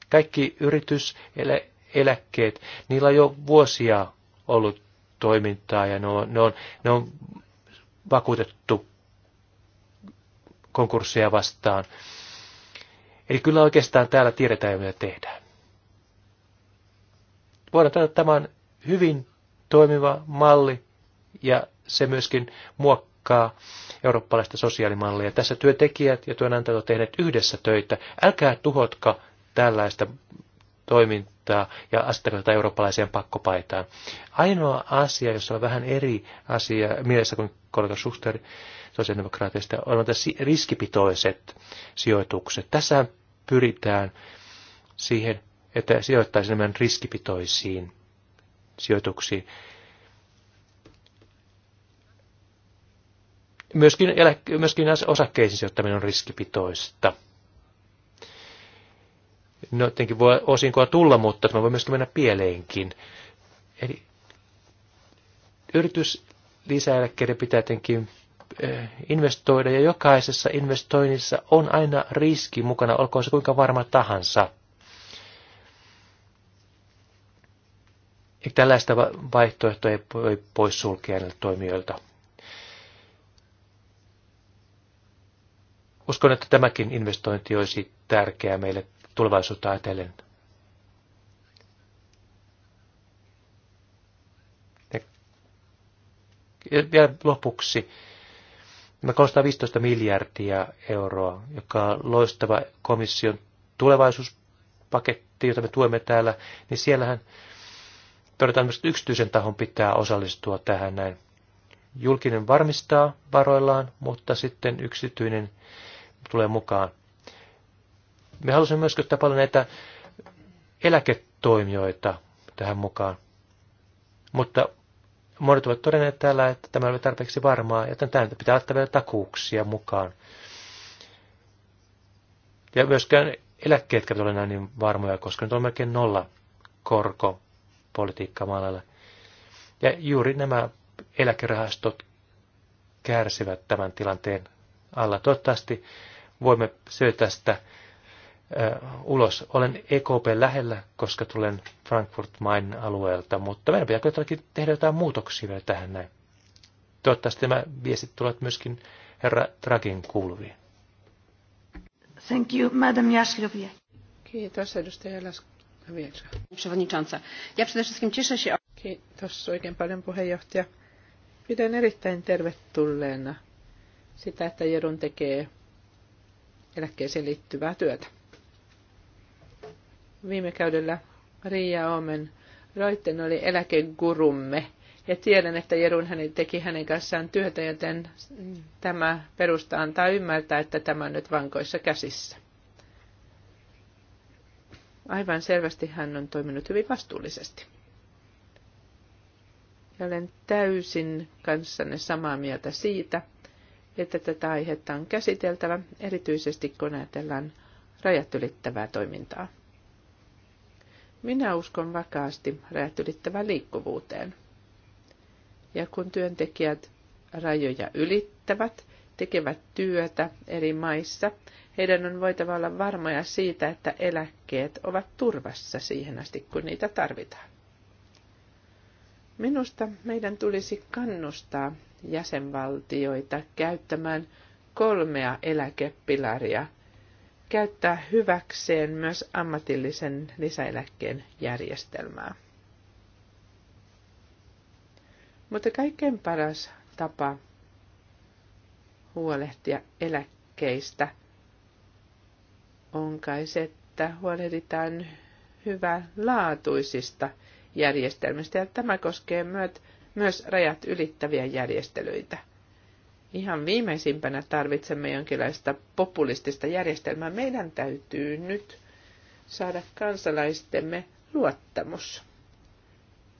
Kaikki yritys, elä, eläkkeet, niillä on jo vuosia ollut toimintaa ja ne on, ne on, ne on vakuutettu konkursseja vastaan. Eli kyllä oikeastaan täällä tiedetään mitä tehdään voidaan todeta, että tämä on hyvin toimiva malli ja se myöskin muokkaa eurooppalaista sosiaalimallia. Tässä työntekijät ja työnantajat ovat tehneet yhdessä töitä. Älkää tuhotka tällaista toimintaa ja asettako tätä eurooppalaiseen pakkopaitaan. Ainoa asia, jossa on vähän eri asia mielessä kuin kollega Schuster sosiaalidemokraateista, on tässä riskipitoiset sijoitukset. Tässä pyritään siihen että sijoittaisi enemmän riskipitoisiin sijoituksiin. Myöskin, eläke, myöskin osakkeisiin sijoittaminen on riskipitoista. No tietenkin voi osinkoa tulla, mutta tämä voi myöskin mennä pieleenkin. Eli yritys lisäeläkkeiden pitää tietenkin eh, investoida ja jokaisessa investoinnissa on aina riski mukana, olkoon se kuinka varma tahansa. Eikä tällaista vaihtoehtoa ei voi poissulkea näiltä toimijoilta. Uskon, että tämäkin investointi olisi tärkeää meille tulevaisuutta ajatellen. Ja vielä lopuksi. Tämä 315 miljardia euroa, joka on loistava komission tulevaisuuspaketti, jota me tuemme täällä, niin siellähän todetaan myös, että yksityisen tahon pitää osallistua tähän näin. Julkinen varmistaa varoillaan, mutta sitten yksityinen tulee mukaan. Me halusimme myös ottaa paljon näitä eläketoimijoita tähän mukaan. Mutta monet ovat todenneet täällä, että tämä ei ole tarpeeksi varmaa, joten tämä pitää ottaa vielä takuuksia mukaan. Ja myöskään eläkkeet eivät ole näin niin varmoja, koska nyt on melkein nolla korko politiikkaa maalailla. Ja juuri nämä eläkerahastot kärsivät tämän tilanteen alla. Toivottavasti voimme syötä sitä ulos. Olen EKP lähellä, koska tulen Frankfurt Main alueelta, mutta meidän pitää kuitenkin tehdä jotain muutoksia vielä tähän näin. Toivottavasti nämä viestit tulevat myöskin herra Tragin kuuluviin. Thank you, Madam Jaslövia. Kiitos, edustaja Lasko. Przewodnicząca. Ja przede wszystkim cieszę się... Kiitos oikein paljon puheenjohtaja. Pidän erittäin tervetulleena sitä, että Jerun tekee eläkkeeseen liittyvää työtä. Viime käydellä Riia Omen Roitten oli eläkegurumme ja tiedän, että Jerun hänen teki hänen kanssaan työtä, joten tämä perusta antaa ymmärtää, että tämä on nyt vankoissa käsissä. Aivan selvästi hän on toiminut hyvin vastuullisesti. Ja olen täysin kanssanne samaa mieltä siitä, että tätä aihetta on käsiteltävä, erityisesti kun ajatellaan rajat ylittävää toimintaa. Minä uskon vakaasti rajat ylittävään liikkuvuuteen. Ja kun työntekijät rajoja ylittävät, tekevät työtä eri maissa, heidän on voitava olla varmoja siitä, että eläkkeet ovat turvassa siihen asti, kun niitä tarvitaan. Minusta meidän tulisi kannustaa jäsenvaltioita käyttämään kolmea eläkepilaria, käyttää hyväkseen myös ammatillisen lisäeläkkeen järjestelmää. Mutta kaikkein paras tapa huolehtia eläkkeistä – on kai se, että huolehditaan hyvälaatuisista järjestelmistä, ja tämä koskee myös rajat ylittäviä järjestelyitä. Ihan viimeisimpänä tarvitsemme jonkinlaista populistista järjestelmää. Meidän täytyy nyt saada kansalaistemme luottamus,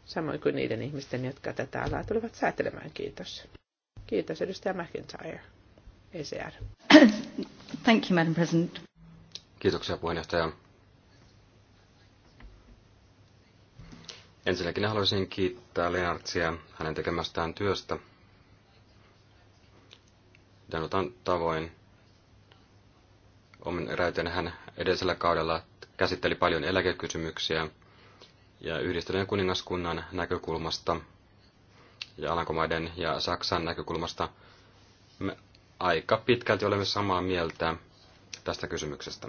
samoin kuin niiden ihmisten, jotka tätä alaa tulevat säätelemään. Kiitos. Kiitos, edustaja McIntyre, ECR. Thank you, Madam President. Kiitoksia puheenjohtaja. Ensinnäkin haluaisin kiittää Leartsia hänen tekemästään työstä. Danutan tavoin omin räyten hän edellisellä kaudella käsitteli paljon eläkekysymyksiä ja yhdistelyjen kuningaskunnan näkökulmasta ja Alankomaiden ja Saksan näkökulmasta me aika pitkälti olemme samaa mieltä tästä kysymyksestä.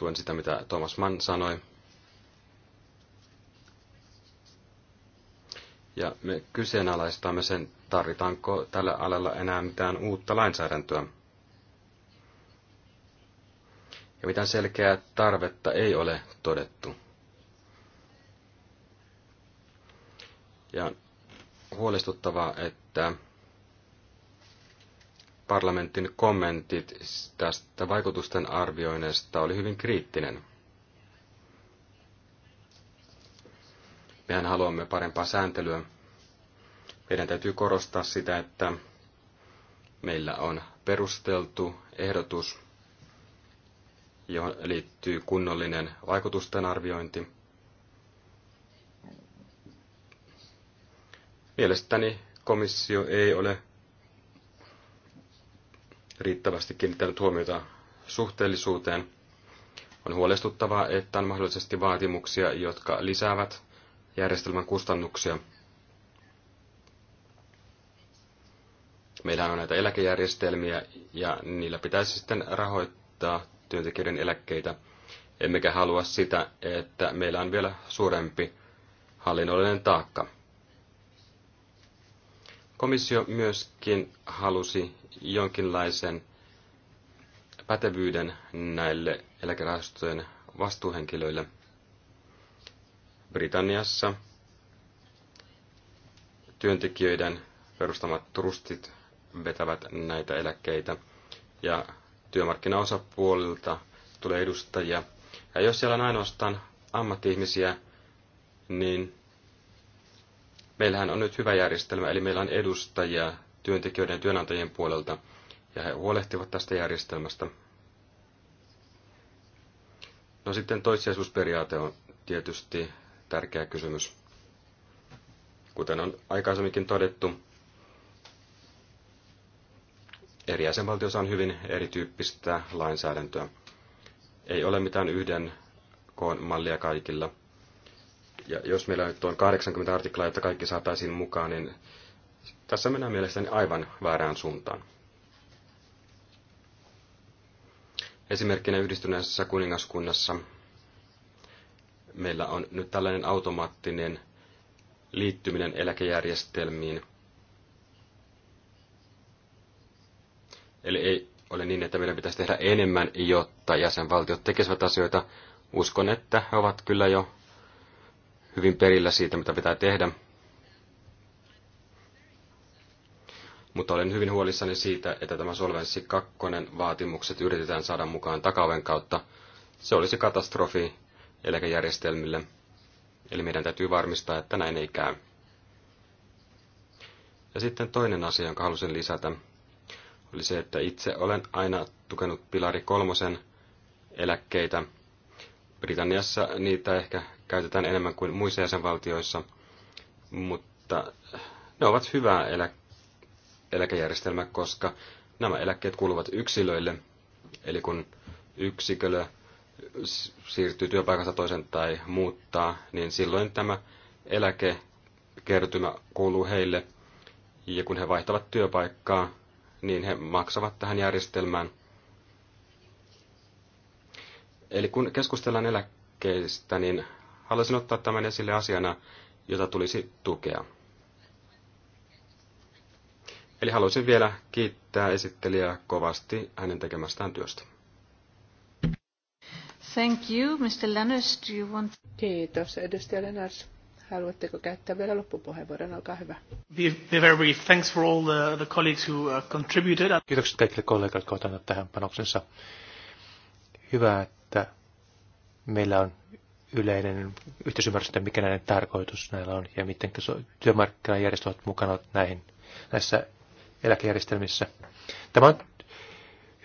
Tuen sitä, mitä Thomas Mann sanoi. Ja me kyseenalaistamme sen, tarvitaanko tällä alalla enää mitään uutta lainsäädäntöä. Ja mitään selkeää tarvetta ei ole todettu. Ja huolestuttavaa, että parlamentin kommentit tästä vaikutusten arvioinnista oli hyvin kriittinen. Mehän haluamme parempaa sääntelyä. Meidän täytyy korostaa sitä, että meillä on perusteltu ehdotus, johon liittyy kunnollinen vaikutusten arviointi. Mielestäni komissio ei ole riittävästi kiinnittänyt huomiota suhteellisuuteen. On huolestuttavaa, että on mahdollisesti vaatimuksia, jotka lisäävät järjestelmän kustannuksia. Meillä on näitä eläkejärjestelmiä ja niillä pitäisi sitten rahoittaa työntekijöiden eläkkeitä. Emmekä halua sitä, että meillä on vielä suurempi hallinnollinen taakka. Komissio myöskin halusi jonkinlaisen pätevyyden näille eläkerahastojen vastuuhenkilöille Britanniassa. Työntekijöiden perustamat trustit vetävät näitä eläkkeitä ja työmarkkinaosapuolilta tulee edustajia. Ja jos siellä on ainoastaan ammatti-ihmisiä, niin Meillähän on nyt hyvä järjestelmä, eli meillä on edustajia työntekijöiden ja työnantajien puolelta, ja he huolehtivat tästä järjestelmästä. No sitten toissijaisuusperiaate on tietysti tärkeä kysymys. Kuten on aikaisemminkin todettu, eri jäsenvaltioissa on hyvin erityyppistä lainsäädäntöä. Ei ole mitään yhden koon mallia kaikilla. Ja jos meillä nyt on 80 artiklaa, jotta kaikki saataisiin mukaan, niin tässä mennään mielestäni aivan väärään suuntaan. Esimerkkinä yhdistyneessä kuningaskunnassa meillä on nyt tällainen automaattinen liittyminen eläkejärjestelmiin. Eli ei ole niin, että meidän pitäisi tehdä enemmän, jotta jäsenvaltiot tekisivät asioita. Uskon, että he ovat kyllä jo hyvin perillä siitä, mitä pitää tehdä. Mutta olen hyvin huolissani siitä, että tämä Solvenssi 2 vaatimukset yritetään saada mukaan takaven kautta. Se olisi katastrofi eläkejärjestelmille. Eli meidän täytyy varmistaa, että näin ei käy. Ja sitten toinen asia, jonka halusin lisätä, oli se, että itse olen aina tukenut Pilari kolmosen eläkkeitä. Britanniassa niitä ehkä käytetään enemmän kuin muissa jäsenvaltioissa, mutta ne ovat hyvää elä, eläkejärjestelmä, koska nämä eläkkeet kuuluvat yksilöille, eli kun yksikölö siirtyy työpaikasta toisen tai muuttaa, niin silloin tämä eläkekertymä kuuluu heille, ja kun he vaihtavat työpaikkaa, niin he maksavat tähän järjestelmään. Eli kun keskustellaan eläkkeistä, niin Haluaisin ottaa tämän esille asiana, jota tulisi tukea. Eli haluaisin vielä kiittää esittelijää kovasti hänen tekemästään työstä. Thank you. Mr. Lenners, do you want... Kiitos. Edustaja Lenners, haluatteko käyttää vielä loppupuheenvuoron? Olkaa hyvä. Be, be very Thanks for all the, the colleagues who uh, contributed. Kiitokset kaikille kollegat, jotka ovat tähän panoksensa. Hyvä, että meillä on yleinen yhteisymmärrys, että mikä näiden tarkoitus näillä on ja miten työmarkkinajärjestöt ovat mukana näihin, näissä eläkejärjestelmissä. Tämä on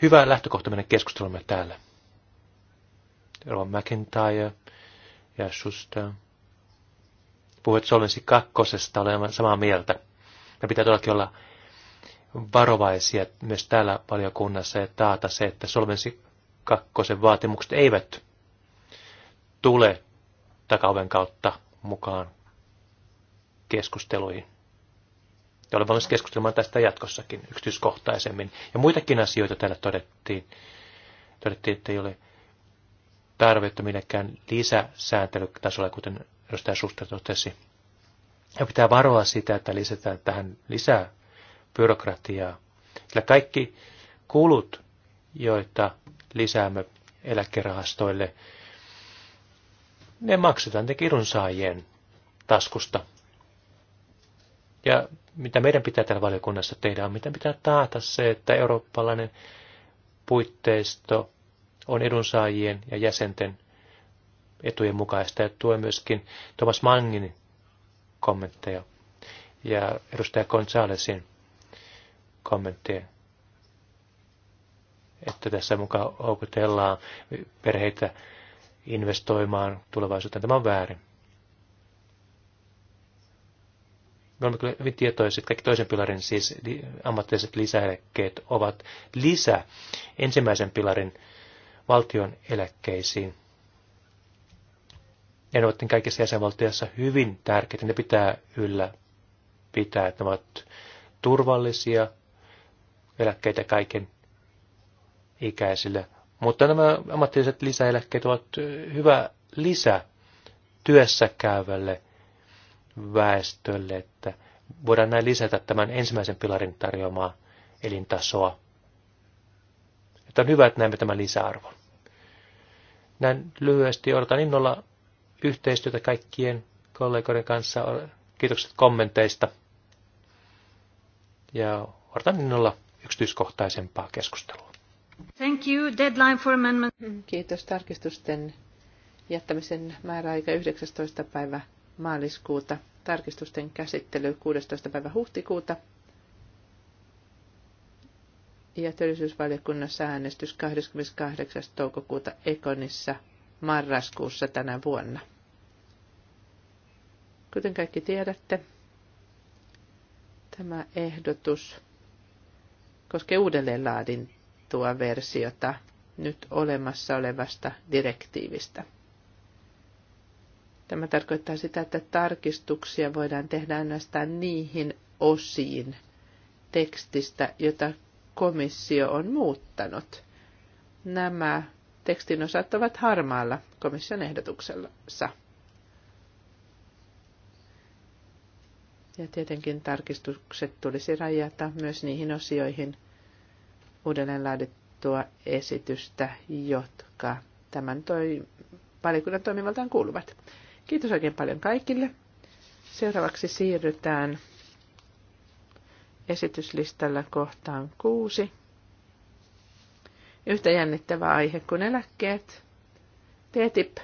hyvä lähtökohta meidän keskustelumme täällä. Rowan McIntyre ja Schuster. Puhuit Solvensi kakkosesta, olen samaa mieltä. Me pitää todellakin olla varovaisia myös täällä valiokunnassa ja taata se, että Solvensi kakkosen vaatimukset eivät tule takauven kautta mukaan keskusteluihin. Ja olen valmis keskustelemaan tästä jatkossakin yksityiskohtaisemmin. Ja muitakin asioita täällä todettiin. Todettiin, että ei ole tarvetta millekään lisäsääntelytasolla, kuten edustaja Suster totesi. Ja pitää varoa sitä, että lisätään tähän lisää byrokratiaa. Sillä kaikki kulut, joita lisäämme eläkerahastoille, ne maksetaan te edunsaajien taskusta. Ja mitä meidän pitää täällä valiokunnassa tehdä on, mitä pitää taata se, että eurooppalainen puitteisto on edunsaajien ja jäsenten etujen mukaista. Ja tuo myöskin Thomas Mangin kommentteja ja edustaja Gonzalesin kommentteja, että tässä mukaan houkutellaan perheitä investoimaan tulevaisuuteen. Tämä on väärin. Me olemme kyllä hyvin tietoisia, että kaikki toisen pilarin, siis ammatilliset lisäeläkkeet, ovat lisä ensimmäisen pilarin valtion eläkkeisiin. Ja ne ovat kaikissa jäsenvaltioissa hyvin tärkeitä. Ne pitää yllä pitää, että ne ovat turvallisia eläkkeitä kaiken ikäisille. Mutta nämä ammatilliset lisäeläkkeet ovat hyvä lisä työssä käyvälle väestölle, että voidaan näin lisätä tämän ensimmäisen pilarin tarjoamaa elintasoa. Että on hyvä, että näemme tämän lisäarvon. Näin lyhyesti odotan innolla yhteistyötä kaikkien kollegoiden kanssa. Kiitokset kommenteista. Ja odotan innolla yksityiskohtaisempaa keskustelua. Thank you. Deadline for amendment. Kiitos tarkistusten jättämisen määräaika 19. päivä maaliskuuta. Tarkistusten käsittely 16. päivä huhtikuuta. Ja työllisyysvaliokunnassa äänestys 28. toukokuuta Ekonissa marraskuussa tänä vuonna. Kuten kaikki tiedätte, tämä ehdotus koskee uudelleenlaadintaa parannettua versiota nyt olemassa olevasta direktiivistä. Tämä tarkoittaa sitä, että tarkistuksia voidaan tehdä ainoastaan niihin osiin tekstistä, jota komissio on muuttanut. Nämä tekstin osat ovat harmaalla komission ehdotuksessa. Ja tietenkin tarkistukset tulisi rajata myös niihin osioihin, uudelleen laadittua esitystä, jotka tämän toi, valikunnan toimivaltaan kuuluvat. Kiitos oikein paljon kaikille. Seuraavaksi siirrytään esityslistalla kohtaan kuusi. Yhtä jännittävä aihe kuin eläkkeet. TTIP.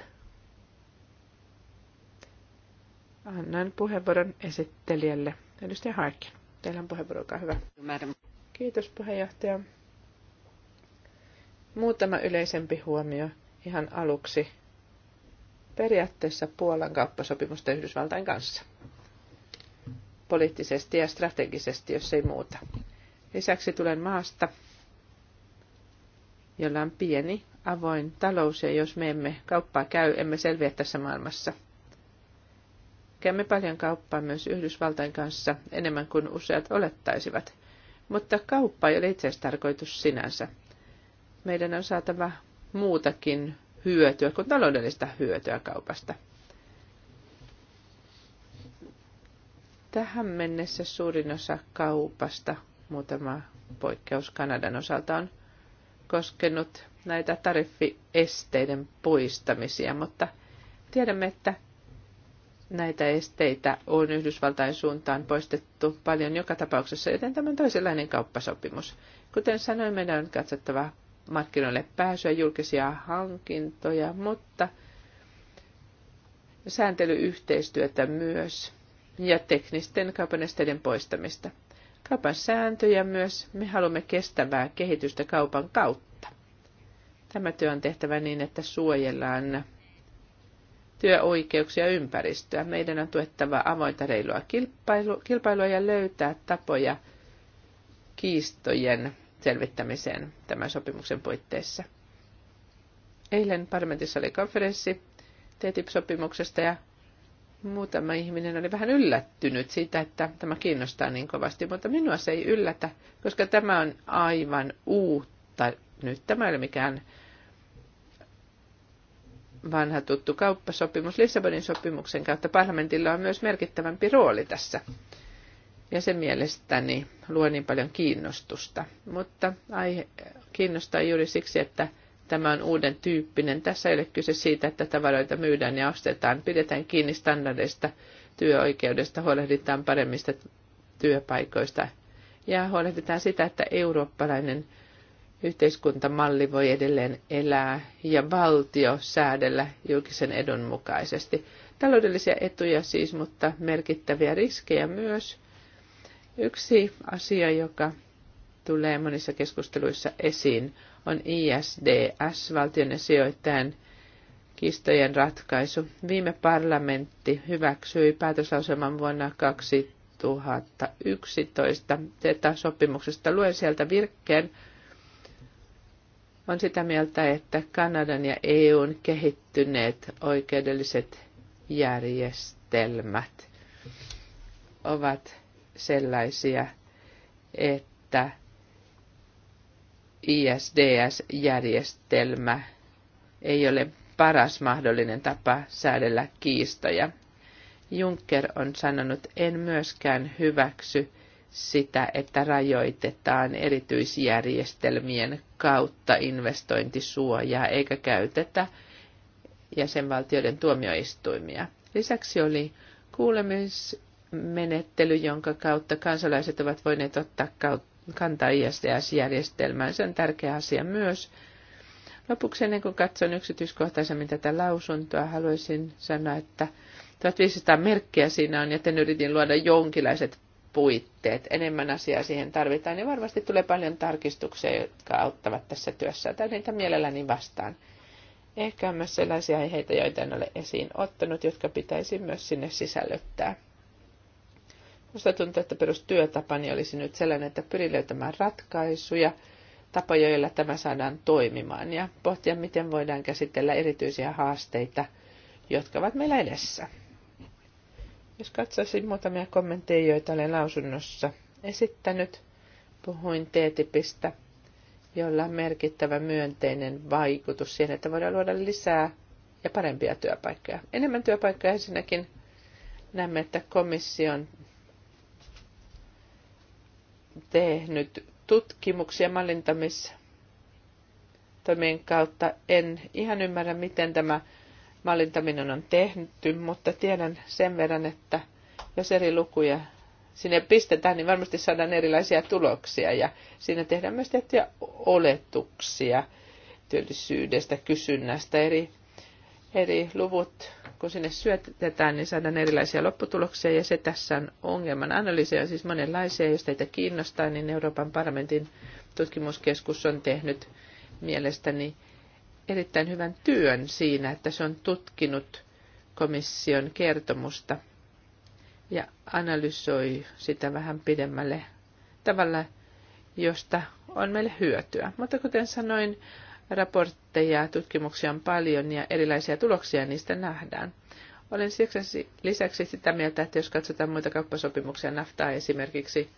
Annan puheenvuoron esittelijälle. Edustaja Harkin, teillä on puheenvuoro, olkaa hyvä. Kiitos puheenjohtaja. Muutama yleisempi huomio ihan aluksi. Periaatteessa Puolan kauppasopimusta Yhdysvaltain kanssa. Poliittisesti ja strategisesti, jos ei muuta. Lisäksi tulen maasta, jolla on pieni, avoin talous, ja jos me emme kauppaa käy, emme selviä tässä maailmassa. Käymme paljon kauppaa myös Yhdysvaltain kanssa, enemmän kuin useat olettaisivat. Mutta kauppa ei ole tarkoitus sinänsä – meidän on saatava muutakin hyötyä kuin taloudellista hyötyä kaupasta. Tähän mennessä suurin osa kaupasta, muutama poikkeus Kanadan osalta, on koskenut näitä tariffiesteiden poistamisia, mutta tiedämme, että näitä esteitä on Yhdysvaltain suuntaan poistettu paljon joka tapauksessa, joten tämä on toisenlainen kauppasopimus. Kuten sanoin, meidän on katsottava markkinoille pääsyä, julkisia hankintoja, mutta sääntelyyhteistyötä myös ja teknisten kaupan esteiden poistamista. Kaupan sääntöjä myös me haluamme kestävää kehitystä kaupan kautta. Tämä työ on tehtävä niin, että suojellaan työoikeuksia ja ympäristöä. Meidän on tuettava avointa reilua kilpailu, kilpailua ja löytää tapoja kiistojen selvittämiseen tämän sopimuksen puitteissa. Eilen parlamentissa oli konferenssi TTIP-sopimuksesta ja muutama ihminen oli vähän yllättynyt siitä, että tämä kiinnostaa niin kovasti, mutta minua se ei yllätä, koska tämä on aivan uutta nyt. Tämä ei ole mikään vanha tuttu kauppasopimus. Lissabonin sopimuksen kautta parlamentilla on myös merkittävämpi rooli tässä ja se mielestäni luo niin paljon kiinnostusta. Mutta aihe kiinnostaa juuri siksi, että tämä on uuden tyyppinen. Tässä ei ole kyse siitä, että tavaroita myydään ja ostetaan. Pidetään kiinni standardeista, työoikeudesta, huolehditaan paremmista työpaikoista ja huolehditaan sitä, että eurooppalainen yhteiskuntamalli voi edelleen elää ja valtio säädellä julkisen edun mukaisesti. Taloudellisia etuja siis, mutta merkittäviä riskejä myös. Yksi asia, joka tulee monissa keskusteluissa esiin, on ISDS, valtion ja sijoittajan kistojen ratkaisu. Viime parlamentti hyväksyi päätöslauselman vuonna 2011 Tätä sopimuksesta Luen sieltä virkkeen. On sitä mieltä, että Kanadan ja EUn kehittyneet oikeudelliset järjestelmät ovat sellaisia, että ISDS-järjestelmä ei ole paras mahdollinen tapa säädellä kiistoja. Juncker on sanonut, en myöskään hyväksy sitä, että rajoitetaan erityisjärjestelmien kautta investointisuojaa eikä käytetä jäsenvaltioiden tuomioistuimia. Lisäksi oli kuulemis- menettely, jonka kautta kansalaiset ovat voineet ottaa kantaa ISDS-järjestelmään. Se on tärkeä asia myös. Lopuksi ennen kuin katson yksityiskohtaisemmin tätä lausuntoa, haluaisin sanoa, että 1500 merkkiä siinä on, joten yritin luoda jonkinlaiset puitteet. Enemmän asiaa siihen tarvitaan ja varmasti tulee paljon tarkistuksia, jotka auttavat tässä työssä. Otan niitä mielelläni vastaan. Ehkä on myös sellaisia aiheita, joita en ole esiin ottanut, jotka pitäisi myös sinne sisällyttää. Minusta tuntuu, että perustyötapani olisi nyt sellainen, että pyrin löytämään ratkaisuja, tapoja, joilla tämä saadaan toimimaan ja pohtia, miten voidaan käsitellä erityisiä haasteita, jotka ovat meillä edessä. Jos katsoisin muutamia kommentteja, joita olen lausunnossa esittänyt, puhuin TTIPistä, jolla on merkittävä myönteinen vaikutus siihen, että voidaan luoda lisää ja parempia työpaikkoja. Enemmän työpaikkoja ensinnäkin näemme, että komission tehnyt tutkimuksia mallintamistoimien kautta. En ihan ymmärrä, miten tämä mallintaminen on tehty, mutta tiedän sen verran, että jos eri lukuja sinne pistetään, niin varmasti saadaan erilaisia tuloksia ja siinä tehdään myös tiettyjä oletuksia työllisyydestä, kysynnästä. Eri, eri luvut kun sinne syötetään, niin saadaan erilaisia lopputuloksia, ja se tässä on ongelman analyysejä, on siis monenlaisia. Jos teitä kiinnostaa, niin Euroopan parlamentin tutkimuskeskus on tehnyt mielestäni erittäin hyvän työn siinä, että se on tutkinut komission kertomusta ja analysoi sitä vähän pidemmälle tavalla, josta on meille hyötyä. Mutta kuten sanoin, Raportteja, tutkimuksia on paljon ja erilaisia tuloksia niistä nähdään. Olen siksi, lisäksi sitä mieltä, että jos katsotaan muita kauppasopimuksia, naftaa esimerkiksi,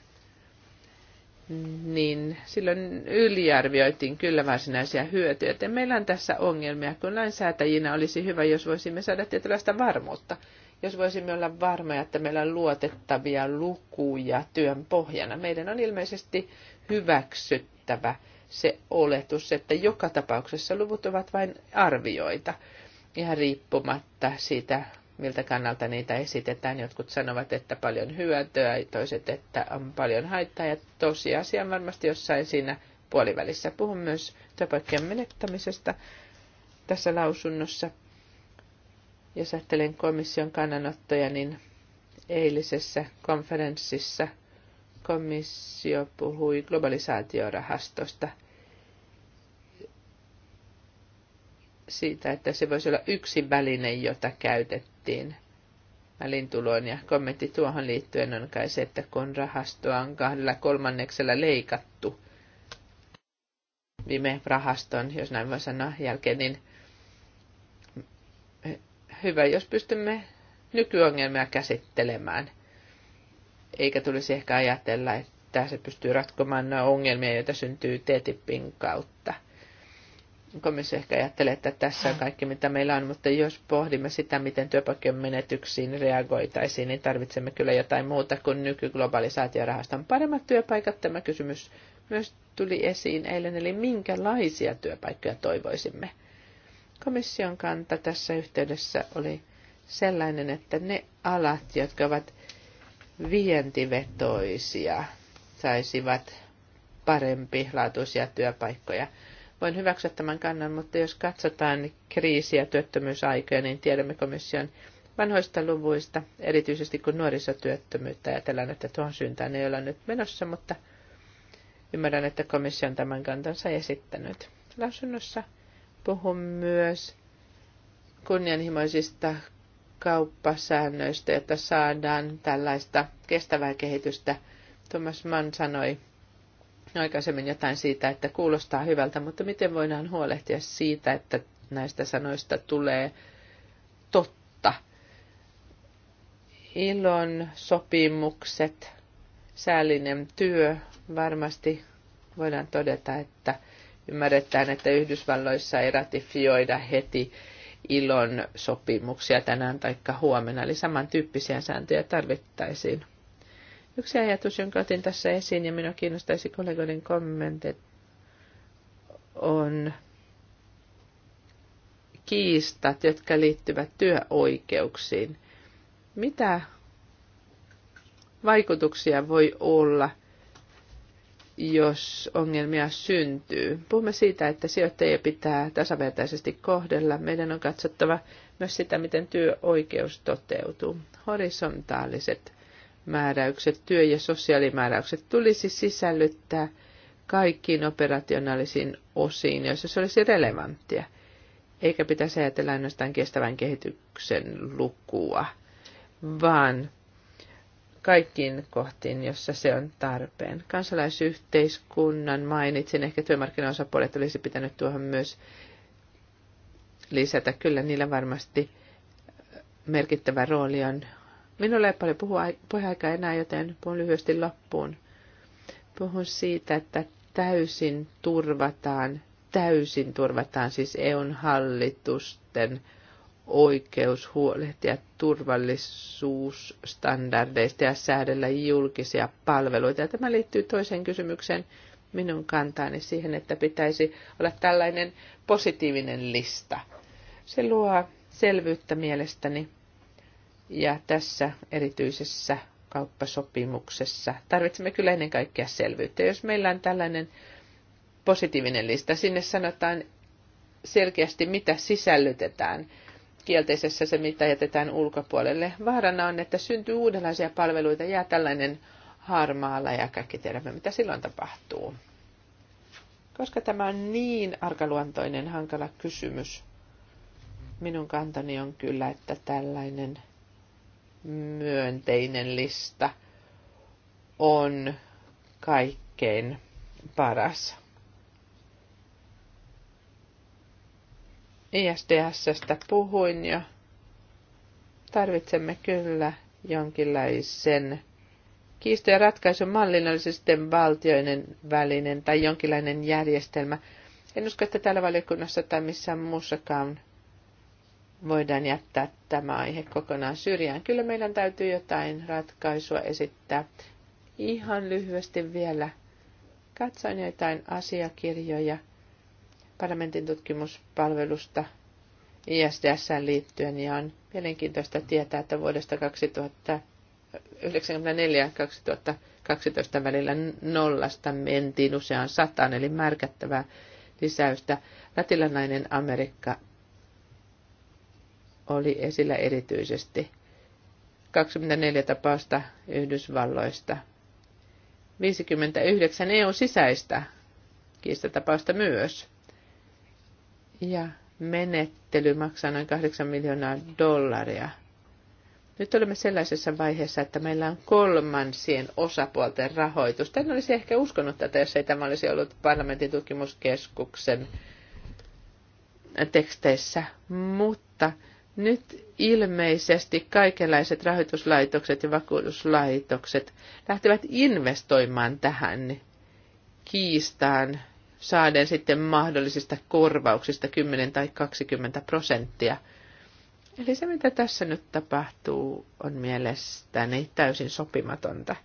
niin silloin yliarvioitiin kyllä varsinaisia hyötyjä. Ja meillä on tässä ongelmia, kun lainsäätäjinä olisi hyvä, jos voisimme saada tietynlaista varmuutta. Jos voisimme olla varmoja, että meillä on luotettavia lukuja työn pohjana. Meidän on ilmeisesti hyväksyttävä se oletus, että joka tapauksessa luvut ovat vain arvioita, ihan riippumatta siitä, miltä kannalta niitä esitetään. Jotkut sanovat, että paljon hyötyä, toiset, että on paljon haittaa, ja tosiasia on varmasti jossain siinä puolivälissä. Puhun myös työpaikkojen menettämisestä tässä lausunnossa. Jos ajattelen komission kannanottoja, niin eilisessä konferenssissa – komissio puhui globalisaatiorahastosta siitä, että se voisi olla yksi väline, jota käytettiin välintuloon. Ja kommentti tuohon liittyen on kai se, että kun rahastoa on kahdella kolmanneksella leikattu viime rahaston, jos näin voi sanoa, jälkeen, niin hyvä, jos pystymme nykyongelmia käsittelemään – eikä tulisi ehkä ajatella, että se pystyy ratkomaan nämä ongelmia, joita syntyy TTIPin kautta. Komissio ehkä ajattelee, että tässä on kaikki, mitä meillä on, mutta jos pohdimme sitä, miten työpaikkojen menetyksiin reagoitaisiin, niin tarvitsemme kyllä jotain muuta kuin nykyglobalisaatiorahaston paremmat työpaikat. Tämä kysymys myös tuli esiin eilen, eli minkälaisia työpaikkoja toivoisimme. Komission kanta tässä yhteydessä oli sellainen, että ne alat, jotka ovat vientivetoisia saisivat parempi laatuisia työpaikkoja. Voin hyväksyä tämän kannan, mutta jos katsotaan kriisiä työttömyysaikoja, niin tiedämme komission vanhoista luvuista, erityisesti kun nuorisotyöttömyyttä ajatellaan, että tuohon syntään ei olla nyt menossa, mutta ymmärrän, että komissio on tämän kantansa esittänyt. Lausunnossa puhun myös kunnianhimoisista kauppasäännöistä, että saadaan tällaista kestävää kehitystä. Thomas Mann sanoi aikaisemmin jotain siitä, että kuulostaa hyvältä, mutta miten voidaan huolehtia siitä, että näistä sanoista tulee totta. Ilon sopimukset, säällinen työ, varmasti voidaan todeta, että ymmärretään, että Yhdysvalloissa ei ratifioida heti ilon sopimuksia tänään tai huomenna, eli samantyyppisiä sääntöjä tarvittaisiin. Yksi ajatus, jonka otin tässä esiin ja minua kiinnostaisi kollegoiden kommentit, on kiistat, jotka liittyvät työoikeuksiin. Mitä vaikutuksia voi olla – jos ongelmia syntyy. Puhumme siitä, että sijoittajia pitää tasavertaisesti kohdella. Meidän on katsottava myös sitä, miten työoikeus toteutuu. Horisontaaliset määräykset, työ- ja sosiaalimääräykset tulisi sisällyttää kaikkiin operationaalisiin osiin, joissa se olisi relevanttia. Eikä pitäisi ajatella ainoastaan kestävän kehityksen lukua, vaan kaikkiin kohtiin, jossa se on tarpeen. Kansalaisyhteiskunnan mainitsin, ehkä työmarkkinaosapuolet olisi pitänyt tuohon myös lisätä. Kyllä niillä varmasti merkittävä rooli on. Minulla ei paljon puhua, puheaikaa enää, joten puhun lyhyesti loppuun. Puhun siitä, että täysin turvataan, täysin turvataan siis EUn hallitusten oikeus huolehtia turvallisuusstandardeista ja säädellä julkisia palveluita. Ja tämä liittyy toiseen kysymykseen minun kantaani siihen, että pitäisi olla tällainen positiivinen lista. Se luo selvyyttä mielestäni ja tässä erityisessä kauppasopimuksessa tarvitsemme kyllä ennen kaikkea selvyyttä. Jos meillä on tällainen positiivinen lista, sinne sanotaan selkeästi, mitä sisällytetään – kielteisessä se, mitä jätetään ulkopuolelle. Vaarana on, että syntyy uudenlaisia palveluita, jää tällainen harmaalla ja kaikki tiedämme, mitä silloin tapahtuu. Koska tämä on niin arkaluontoinen, hankala kysymys, minun kantani on kyllä, että tällainen myönteinen lista on kaikkein paras. ISDSstä puhuin jo. Tarvitsemme kyllä jonkinlaisen kiistojen ratkaisun mallin olisi sitten valtioiden välinen tai jonkinlainen järjestelmä. En usko, että täällä valiokunnassa tai missään muussakaan voidaan jättää tämä aihe kokonaan syrjään. Kyllä meidän täytyy jotain ratkaisua esittää. Ihan lyhyesti vielä katsoin joitain asiakirjoja – parlamentin tutkimuspalvelusta ISDS liittyen ja on mielenkiintoista tietää, että vuodesta 1994-2012 välillä nollasta mentiin useaan sataan, eli märkättävää lisäystä. Latinalainen Amerikka oli esillä erityisesti 24 tapausta Yhdysvalloista, 59 EU-sisäistä kiistatapausta myös – ja menettely maksaa noin 8 miljoonaa dollaria. Nyt olemme sellaisessa vaiheessa, että meillä on kolmansien osapuolten rahoitus. En olisi ehkä uskonut tätä, jos ei tämä olisi ollut parlamentin tutkimuskeskuksen teksteissä, mutta nyt ilmeisesti kaikenlaiset rahoituslaitokset ja vakuutuslaitokset lähtevät investoimaan tähän kiistaan saaden sitten mahdollisista korvauksista 10 tai 20 prosenttia. Eli se, mitä tässä nyt tapahtuu, on mielestäni täysin sopimatonta.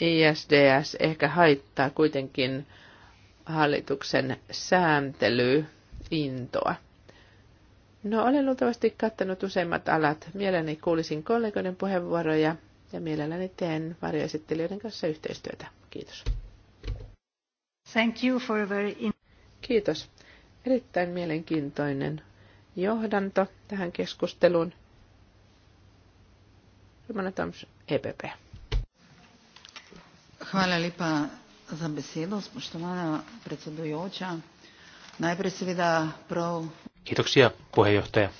ISDS ehkä haittaa kuitenkin hallituksen sääntelyintoa. No, olen luultavasti kattanut useimmat alat. Mielelläni kuulisin kollegoiden puheenvuoroja ja mielelläni teen varjoesittelijöiden kanssa yhteistyötä. Kiitos. Thank you for a very in- Kiitos. Erittäin mielenkiintoinen johdanto tähän keskusteluun. Romana Toms, EPP. Hvala lipa za besedo, spoštovana predsedujoča. Najprej seveda prav... Kiitoksia, puheenjohtaja.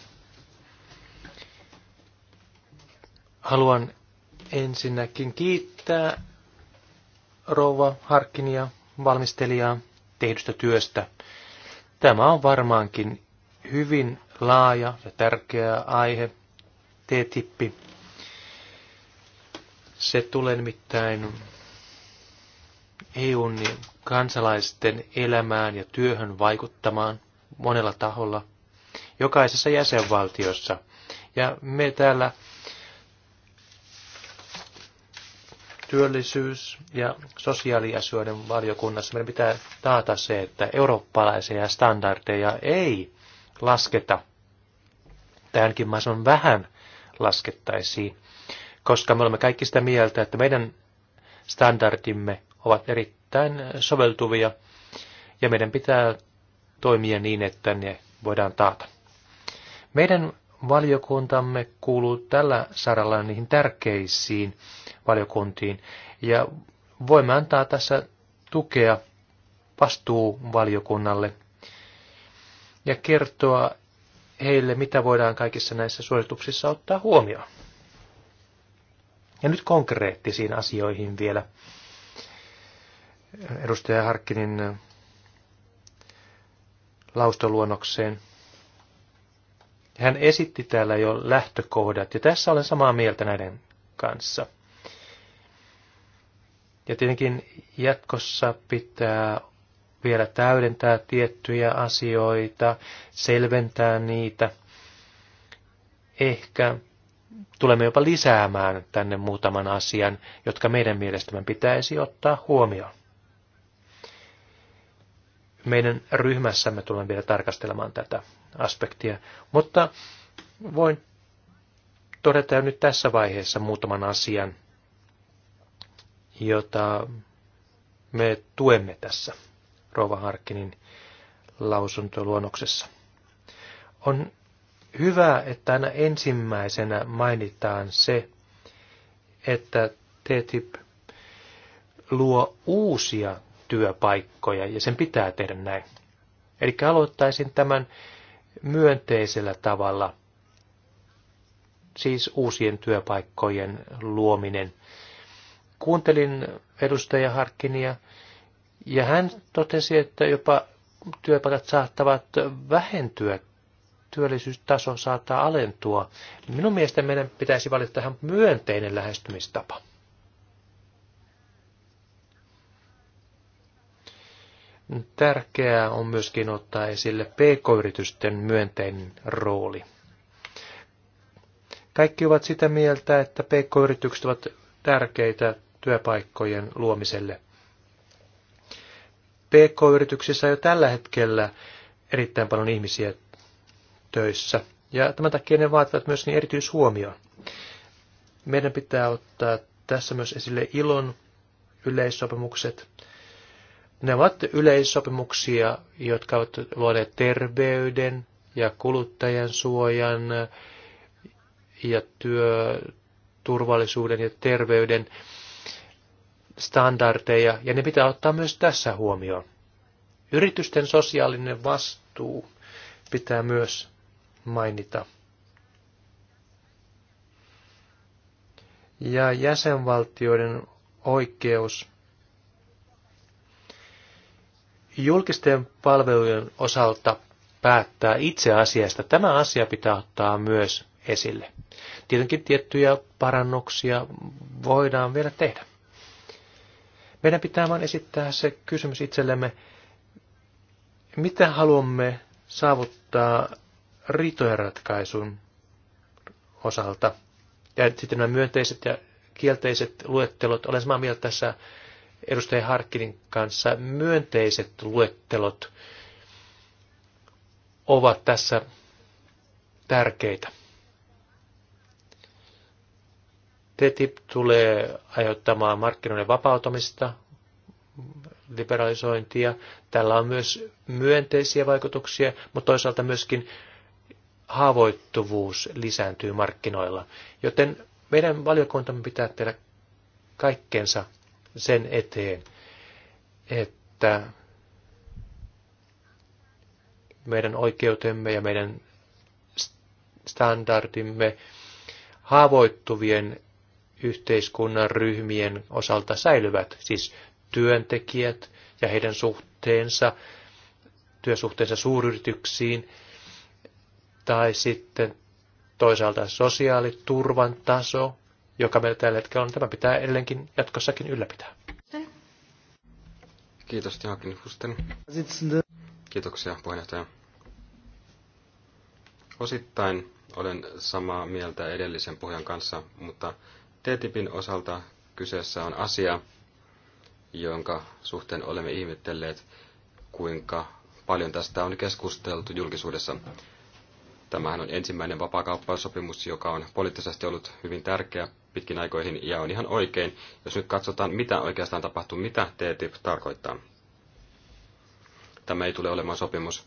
Haluan ensinnäkin kiittää rouva Harkinia valmistelijaa tehdystä työstä. Tämä on varmaankin hyvin laaja ja tärkeä aihe, T-tippi. Se tulee nimittäin EUn kansalaisten elämään ja työhön vaikuttamaan monella taholla, jokaisessa jäsenvaltiossa. Ja me täällä työllisyys- ja sosiaaliasioiden valiokunnassa meidän pitää taata se, että eurooppalaisia standardeja ei lasketa, tai ainakin mahdollisimman vähän laskettaisiin, koska me olemme kaikki sitä mieltä, että meidän standardimme ovat erittäin soveltuvia, ja meidän pitää toimia niin, että ne voidaan taata. Meidän valiokuntamme kuuluu tällä saralla niihin tärkeisiin valiokuntiin. Ja voimme antaa tässä tukea vastuuvaliokunnalle ja kertoa heille, mitä voidaan kaikissa näissä suosituksissa ottaa huomioon. Ja nyt konkreettisiin asioihin vielä. Edustaja Harkkinin laustoluonnokseen. Hän esitti täällä jo lähtökohdat, ja tässä olen samaa mieltä näiden kanssa. Ja tietenkin jatkossa pitää vielä täydentää tiettyjä asioita, selventää niitä. Ehkä tulemme jopa lisäämään tänne muutaman asian, jotka meidän mielestämme pitäisi ottaa huomioon. Meidän ryhmässämme tulemme vielä tarkastelemaan tätä aspektia, mutta voin todeta jo nyt tässä vaiheessa muutaman asian, jota me tuemme tässä Rova Harkkinin lausuntoluonnoksessa. On hyvä, että aina ensimmäisenä mainitaan se, että TTIP luo uusia työpaikkoja ja sen pitää tehdä näin. Eli aloittaisin tämän myönteisellä tavalla, siis uusien työpaikkojen luominen kuuntelin edustaja Harkkinia, ja hän totesi, että jopa työpaikat saattavat vähentyä, työllisyystaso saattaa alentua. Minun mielestä meidän pitäisi valita tähän myönteinen lähestymistapa. Tärkeää on myöskin ottaa esille pk-yritysten myönteinen rooli. Kaikki ovat sitä mieltä, että pk-yritykset ovat tärkeitä työpaikkojen luomiselle. PK-yrityksissä on jo tällä hetkellä erittäin paljon ihmisiä töissä, ja tämän takia ne vaativat myös niin erityishuomioon. Meidän pitää ottaa tässä myös esille ilon yleissopimukset. Ne ovat yleissopimuksia, jotka ovat luoneet terveyden ja kuluttajan suojan ja työturvallisuuden ja terveyden standardeja, ja ne pitää ottaa myös tässä huomioon. Yritysten sosiaalinen vastuu pitää myös mainita. Ja jäsenvaltioiden oikeus julkisten palvelujen osalta päättää itse asiasta. Tämä asia pitää ottaa myös esille. Tietenkin tiettyjä parannuksia voidaan vielä tehdä. Meidän pitää vain esittää se kysymys itsellemme, mitä haluamme saavuttaa riitojen ratkaisun osalta. Ja sitten nämä myönteiset ja kielteiset luettelot, olen samaa mieltä tässä edustaja Harkkinin kanssa, myönteiset luettelot ovat tässä tärkeitä. TTIP tulee aiheuttamaan markkinoiden vapautumista, liberalisointia. Tällä on myös myönteisiä vaikutuksia, mutta toisaalta myöskin haavoittuvuus lisääntyy markkinoilla. Joten meidän valiokuntamme pitää tehdä kaikkensa sen eteen, että meidän oikeutemme ja meidän standardimme haavoittuvien yhteiskunnan ryhmien osalta säilyvät, siis työntekijät ja heidän suhteensa, työsuhteensa suuryrityksiin, tai sitten toisaalta sosiaaliturvan taso, joka meillä tällä hetkellä on. Tämä pitää edelleenkin jatkossakin ylläpitää. Kiitos, Jaakin Husten. Kiitoksia, puheenjohtaja. Osittain olen samaa mieltä edellisen puhujan kanssa, mutta TTIPin osalta kyseessä on asia, jonka suhteen olemme ihmetelleet, kuinka paljon tästä on keskusteltu julkisuudessa. Tämähän on ensimmäinen vapaakauppasopimus, joka on poliittisesti ollut hyvin tärkeä pitkin aikoihin, ja on ihan oikein, jos nyt katsotaan, mitä oikeastaan tapahtuu, mitä TTIP tarkoittaa. Tämä ei tule olemaan sopimus,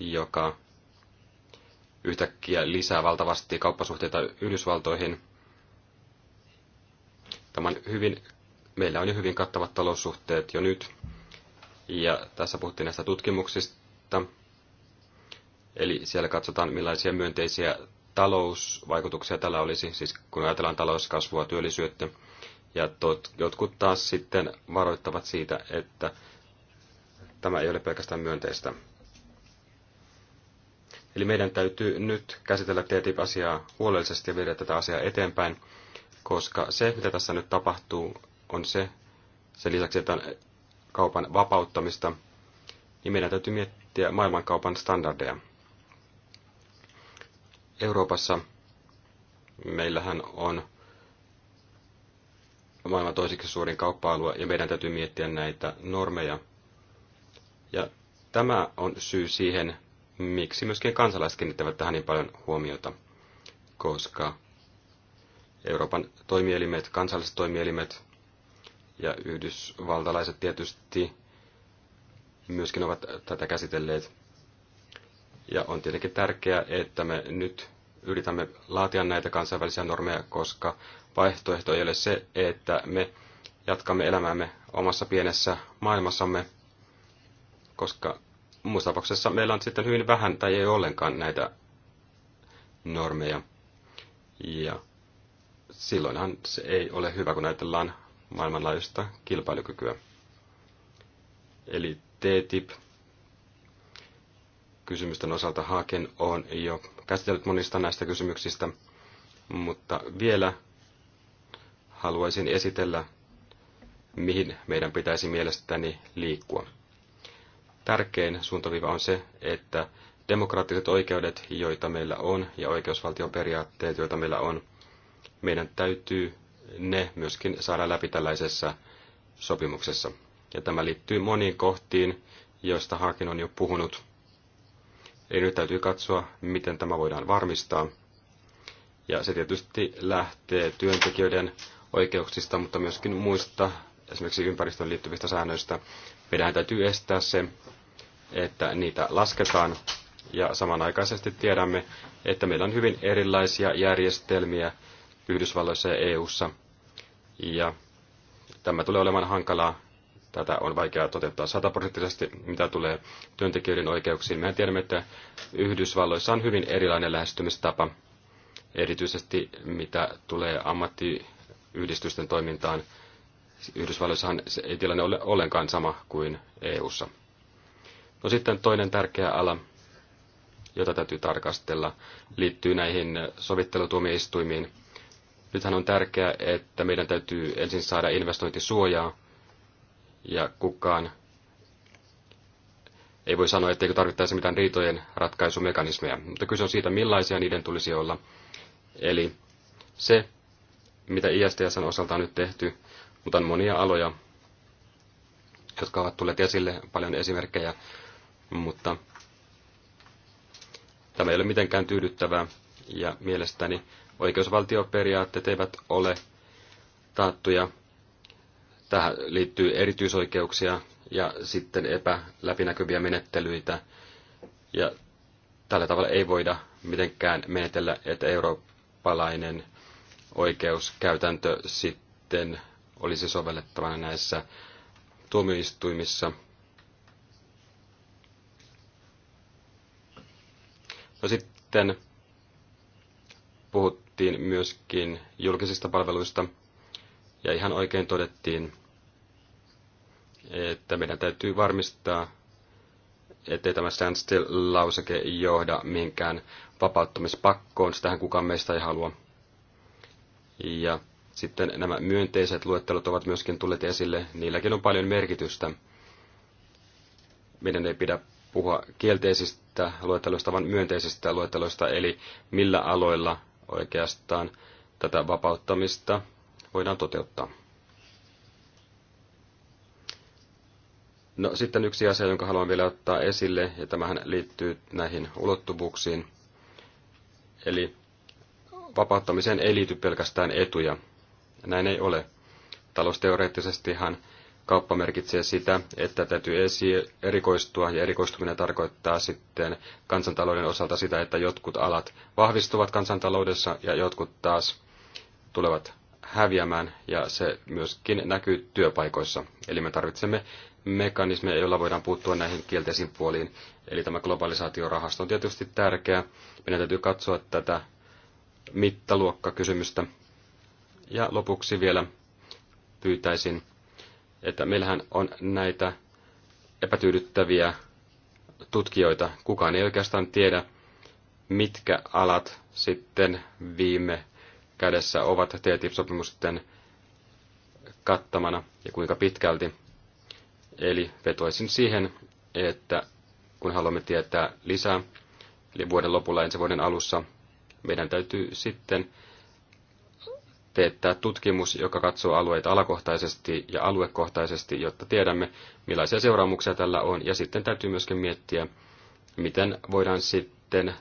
joka yhtäkkiä lisää valtavasti kauppasuhteita Yhdysvaltoihin, Tämä on hyvin, meillä on jo hyvin kattavat taloussuhteet jo nyt. Ja tässä puhuttiin näistä tutkimuksista. Eli siellä katsotaan, millaisia myönteisiä talousvaikutuksia tällä olisi, siis kun ajatellaan talouskasvua, työllisyyttä. Ja tot, jotkut taas sitten varoittavat siitä, että tämä ei ole pelkästään myönteistä. Eli meidän täytyy nyt käsitellä TTIP-asiaa huolellisesti ja viedä tätä asiaa eteenpäin koska se, mitä tässä nyt tapahtuu, on se, sen lisäksi, että on kaupan vapauttamista, niin meidän täytyy miettiä maailmankaupan standardeja. Euroopassa meillähän on maailman toiseksi suurin kauppa-alue, ja meidän täytyy miettiä näitä normeja. Ja tämä on syy siihen, miksi myöskin kansalaiset kiinnittävät tähän niin paljon huomiota, koska Euroopan toimielimet, kansalliset toimielimet ja yhdysvaltalaiset tietysti myöskin ovat tätä käsitelleet. Ja on tietenkin tärkeää, että me nyt yritämme laatia näitä kansainvälisiä normeja, koska vaihtoehto ei ole se, että me jatkamme elämäämme omassa pienessä maailmassamme, koska muussa tapauksessa meillä on sitten hyvin vähän tai ei ollenkaan näitä normeja. Ja silloinhan se ei ole hyvä, kun ajatellaan maailmanlaajuista kilpailukykyä. Eli TTIP kysymysten osalta Haaken on jo käsitellyt monista näistä kysymyksistä, mutta vielä haluaisin esitellä, mihin meidän pitäisi mielestäni liikkua. Tärkein suuntaviiva on se, että demokraattiset oikeudet, joita meillä on, ja oikeusvaltion periaatteet, joita meillä on, meidän täytyy ne myöskin saada läpi tällaisessa sopimuksessa. Ja tämä liittyy moniin kohtiin, joista Haakin on jo puhunut. Eli nyt täytyy katsoa, miten tämä voidaan varmistaa. Ja se tietysti lähtee työntekijöiden oikeuksista, mutta myöskin muista, esimerkiksi ympäristön liittyvistä säännöistä. Meidän täytyy estää se, että niitä lasketaan. Ja samanaikaisesti tiedämme, että meillä on hyvin erilaisia järjestelmiä Yhdysvalloissa ja EU:ssa. Ja tämä tulee olemaan hankalaa. Tätä on vaikea toteuttaa sataprosenttisesti, mitä tulee työntekijöiden oikeuksiin. me tiedämme, että Yhdysvalloissa on hyvin erilainen lähestymistapa, erityisesti mitä tulee ammattiyhdistysten toimintaan. Yhdysvalloissahan se ei tilanne ole ollenkaan sama kuin EU:ssa. No sitten toinen tärkeä ala, jota täytyy tarkastella, liittyy näihin sovittelutuomioistuimiin. Nythän on tärkeää, että meidän täytyy ensin saada investointisuojaa ja kukaan ei voi sanoa, etteikö tarvittaisi mitään riitojen ratkaisumekanismeja, mutta kyse on siitä, millaisia niiden tulisi olla. Eli se, mitä ISTSn osalta nyt tehty, mutta on monia aloja, jotka ovat tulleet esille, paljon esimerkkejä, mutta tämä ei ole mitenkään tyydyttävää, ja mielestäni Oikeusvaltioperiaatteet eivät ole taattuja. Tähän liittyy erityisoikeuksia ja sitten epäläpinäkyviä menettelyitä. Ja tällä tavalla ei voida mitenkään menetellä, että eurooppalainen oikeuskäytäntö sitten olisi sovellettavana näissä tuomioistuimissa. No sitten puhut, puhuttiin myöskin julkisista palveluista. Ja ihan oikein todettiin, että meidän täytyy varmistaa, ettei tämä standstill-lauseke johda mihinkään vapauttamispakkoon. Sitähän kukaan meistä ei halua. Ja sitten nämä myönteiset luettelot ovat myöskin tulleet esille. Niilläkin on paljon merkitystä. Meidän ei pidä puhua kielteisistä luetteloista, vaan myönteisistä luetteloista, eli millä aloilla oikeastaan tätä vapauttamista voidaan toteuttaa. No sitten yksi asia, jonka haluan vielä ottaa esille, ja tämähän liittyy näihin ulottuvuuksiin. Eli vapauttamiseen ei liity pelkästään etuja. Näin ei ole. Talousteoreettisestihan Kauppa merkitsee sitä, että täytyy erikoistua, ja erikoistuminen tarkoittaa sitten kansantalouden osalta sitä, että jotkut alat vahvistuvat kansantaloudessa ja jotkut taas tulevat häviämään, ja se myöskin näkyy työpaikoissa. Eli me tarvitsemme mekanismeja, joilla voidaan puuttua näihin kielteisiin puoliin. Eli tämä globalisaatiorahasto on tietysti tärkeä. Meidän täytyy katsoa tätä mittaluokkakysymystä. Ja lopuksi vielä pyytäisin että meillähän on näitä epätyydyttäviä tutkijoita. Kukaan ei oikeastaan tiedä, mitkä alat sitten viime kädessä ovat TTIP-sopimusten kattamana ja kuinka pitkälti. Eli vetoisin siihen, että kun haluamme tietää lisää, eli vuoden lopulla ensi vuoden alussa, meidän täytyy sitten teettää tutkimus, joka katsoo alueet alakohtaisesti ja aluekohtaisesti, jotta tiedämme, millaisia seuraamuksia tällä on. Ja sitten täytyy myöskin miettiä, miten voidaan sitten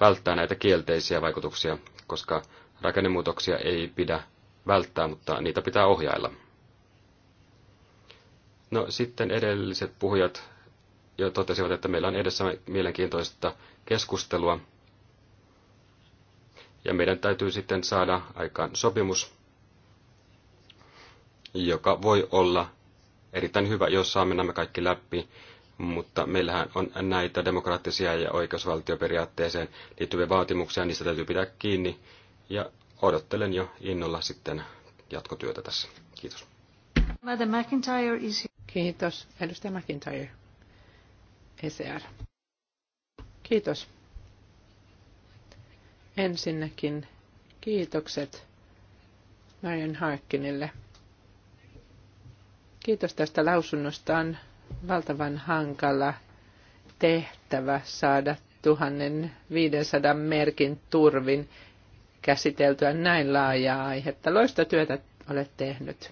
välttää näitä kielteisiä vaikutuksia, koska rakennemuutoksia ei pidä välttää, mutta niitä pitää ohjailla. No sitten edelliset puhujat jo totesivat, että meillä on edessä mielenkiintoista keskustelua ja meidän täytyy sitten saada aikaan sopimus, joka voi olla erittäin hyvä, jos saamme nämä kaikki läpi, mutta meillähän on näitä demokraattisia ja oikeusvaltioperiaatteeseen liittyviä vaatimuksia, niistä täytyy pitää kiinni, ja odottelen jo innolla sitten jatkotyötä tässä. Kiitos. Madam McIntyre Kiitos. Edustaja McIntyre, ECR. Kiitos Ensinnäkin kiitokset Marian Harkinille. Kiitos tästä lausunnosta. On valtavan hankala tehtävä saada 1500 merkin turvin käsiteltyä näin laajaa aihetta. Loista työtä olet tehnyt.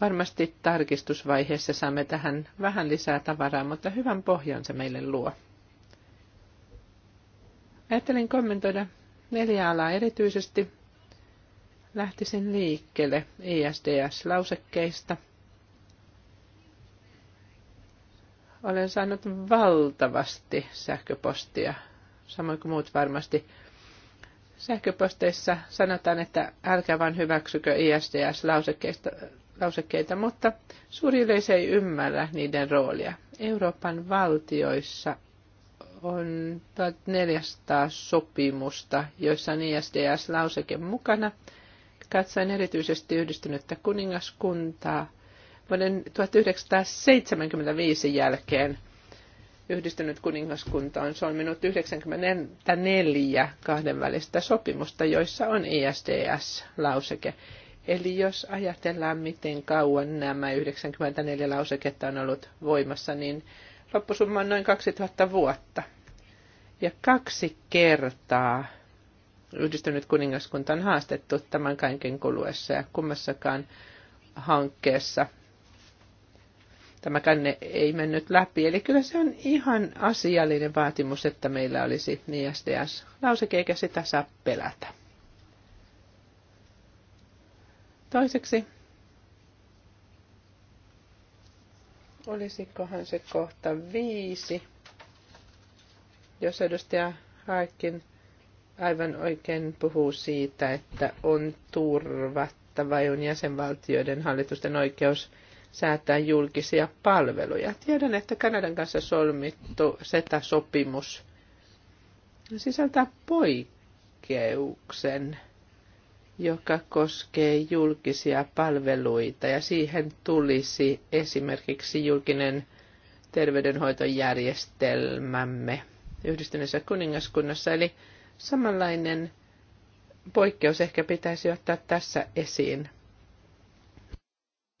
Varmasti tarkistusvaiheessa saamme tähän vähän lisää tavaraa, mutta hyvän pohjan se meille luo. Ajattelin kommentoida neljä alaa erityisesti. Lähtisin liikkeelle ISDS-lausekkeista. Olen saanut valtavasti sähköpostia, samoin kuin muut varmasti. Sähköposteissa sanotaan, että älkää vain hyväksykö ISDS-lausekkeita, mutta suuri yleisö ei ymmärrä niiden roolia. Euroopan valtioissa on 1400 sopimusta, joissa on ISDS-lauseke mukana. Katsoin erityisesti yhdistynyttä kuningaskuntaa vuoden 1975 jälkeen. Yhdistynyt kuningaskunta on solminut 94 kahdenvälistä sopimusta, joissa on ISDS-lauseke. Eli jos ajatellaan, miten kauan nämä 94 lauseketta on ollut voimassa, niin loppusumma on noin 2000 vuotta. Ja kaksi kertaa yhdistynyt kuningaskunta on haastettu tämän kaiken kuluessa ja kummassakaan hankkeessa tämä kanne ei mennyt läpi. Eli kyllä se on ihan asiallinen vaatimus, että meillä olisi niin STS-lauseke, eikä sitä saa pelätä. Toiseksi, olisikohan se kohta viisi? jos edustaja Haikin aivan oikein puhuu siitä, että on turvattava EUn jäsenvaltioiden hallitusten oikeus säätää julkisia palveluja. Tiedän, että Kanadan kanssa solmittu SETA-sopimus sisältää poikkeuksen, joka koskee julkisia palveluita, ja siihen tulisi esimerkiksi julkinen terveydenhoitojärjestelmämme – yhdistyneessä kuningaskunnassa. Eli samanlainen poikkeus ehkä pitäisi ottaa tässä esiin.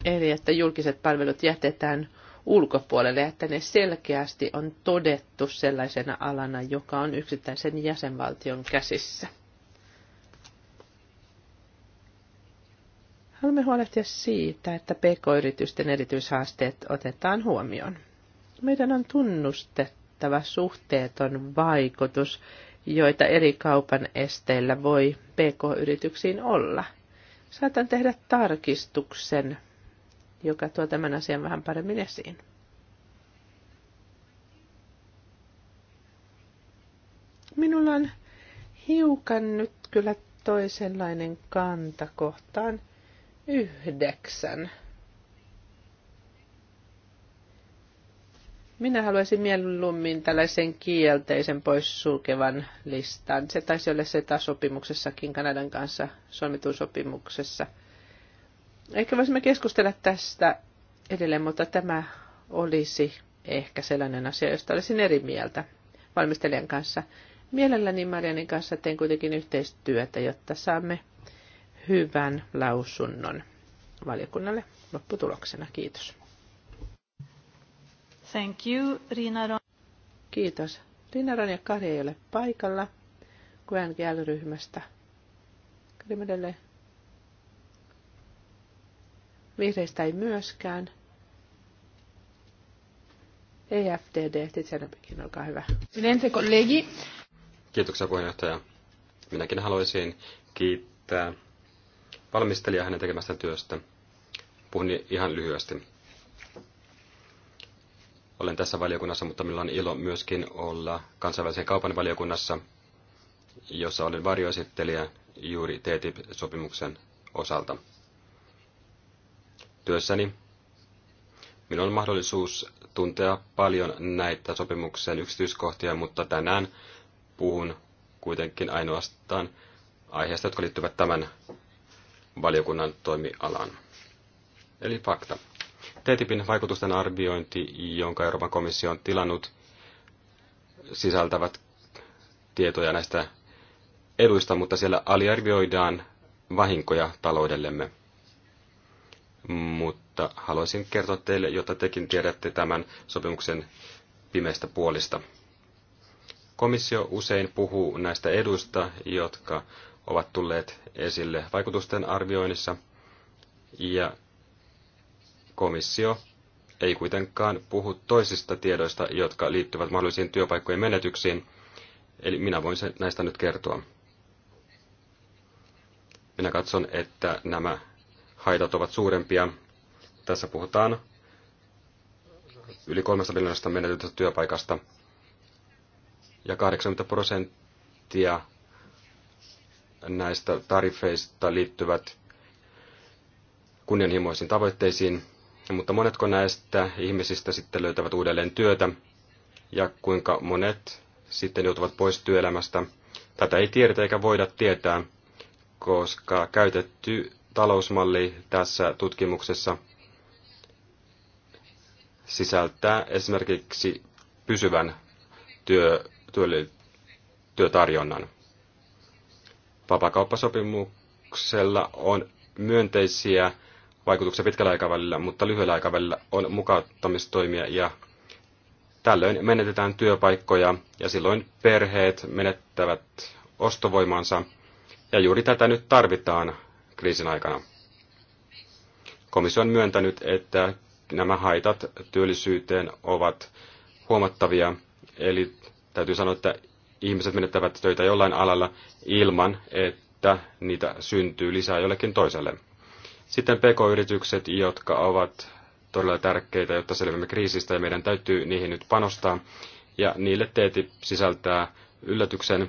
Eli että julkiset palvelut jätetään ulkopuolelle, että ne selkeästi on todettu sellaisena alana, joka on yksittäisen jäsenvaltion käsissä. Haluamme huolehtia siitä, että pk-yritysten erityishaasteet otetaan huomioon. Meidän on tunnustettu, huomattava suhteeton vaikutus, joita eri kaupan esteillä voi pk-yrityksiin olla. Saatan tehdä tarkistuksen, joka tuo tämän asian vähän paremmin esiin. Minulla on hiukan nyt kyllä toisenlainen kanta kohtaan yhdeksän Minä haluaisin mieluummin tällaisen kielteisen poissulkevan listan. Se taisi olla SETA-sopimuksessakin Kanadan kanssa solmitun sopimuksessa. Ehkä voisimme keskustella tästä edelleen, mutta tämä olisi ehkä sellainen asia, josta olisin eri mieltä valmistelijan kanssa. Mielelläni Marianin kanssa teen kuitenkin yhteistyötä, jotta saamme hyvän lausunnon valiokunnalle lopputuloksena. Kiitos. Thank you, Riina Ron. Kiitos. Rina Ron ja Kari ei ole paikalla QNGL-ryhmästä. Krimedelle vihreistä ei myöskään. EFDD, Titsenäpikin, olkaa hyvä. Minente kollegi. Kiitoksia puheenjohtaja. Minäkin haluaisin kiittää valmistelijaa hänen tekemästä työstä. Puhun ihan lyhyesti olen tässä valiokunnassa, mutta minulla on ilo myöskin olla kansainvälisen kaupan valiokunnassa, jossa olen varjoesittelijä juuri TTIP-sopimuksen osalta. Työssäni minulla on mahdollisuus tuntea paljon näitä sopimuksen yksityiskohtia, mutta tänään puhun kuitenkin ainoastaan aiheesta, jotka liittyvät tämän valiokunnan toimialaan. Eli fakta. TTIPin vaikutusten arviointi, jonka Euroopan komissio on tilannut, sisältävät tietoja näistä eduista, mutta siellä aliarvioidaan vahinkoja taloudellemme. Mutta haluaisin kertoa teille, jotta tekin tiedätte tämän sopimuksen pimeistä puolista. Komissio usein puhuu näistä eduista, jotka ovat tulleet esille vaikutusten arvioinnissa, ja komissio ei kuitenkaan puhu toisista tiedoista, jotka liittyvät mahdollisiin työpaikkojen menetyksiin, eli minä voin sen näistä nyt kertoa. Minä katson, että nämä haitat ovat suurempia. Tässä puhutaan yli 3 miljoonasta menetetystä työpaikasta ja 80 prosenttia näistä tarifeista liittyvät kunnianhimoisiin tavoitteisiin, mutta monetko näistä ihmisistä sitten löytävät uudelleen työtä ja kuinka monet sitten joutuvat pois työelämästä. Tätä ei tiedetä eikä voida tietää, koska käytetty talousmalli tässä tutkimuksessa sisältää esimerkiksi pysyvän työ, työ, työtarjonnan. Vapakauppasopimuksella on myönteisiä vaikutuksia pitkällä aikavälillä, mutta lyhyellä aikavälillä on mukauttamistoimia ja tällöin menetetään työpaikkoja ja silloin perheet menettävät ostovoimansa ja juuri tätä nyt tarvitaan kriisin aikana. Komissio on myöntänyt, että nämä haitat työllisyyteen ovat huomattavia, eli täytyy sanoa, että ihmiset menettävät töitä jollain alalla ilman, että niitä syntyy lisää jollekin toiselle. Sitten pk-yritykset, jotka ovat todella tärkeitä, jotta selviämme kriisistä ja meidän täytyy niihin nyt panostaa. Ja niille teeti sisältää yllätyksen.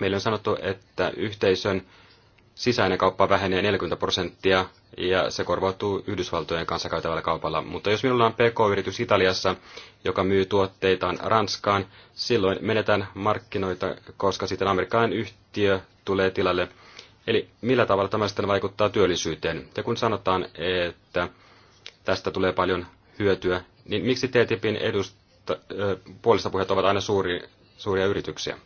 Meillä on sanottu, että yhteisön sisäinen kauppa vähenee 40 prosenttia ja se korvautuu Yhdysvaltojen kanssa käytävällä kaupalla. Mutta jos minulla on PK-yritys Italiassa, joka myy tuotteitaan Ranskaan, silloin menetään markkinoita, koska sitten amerikkalainen yhtiö tulee tilalle Eli millä tavalla tämä sitten vaikuttaa työllisyyteen? Ja kun sanotaan, että tästä tulee paljon hyötyä, niin miksi TTIPin edusta, puolesta puheet ovat aina suuri, suuria yrityksiä?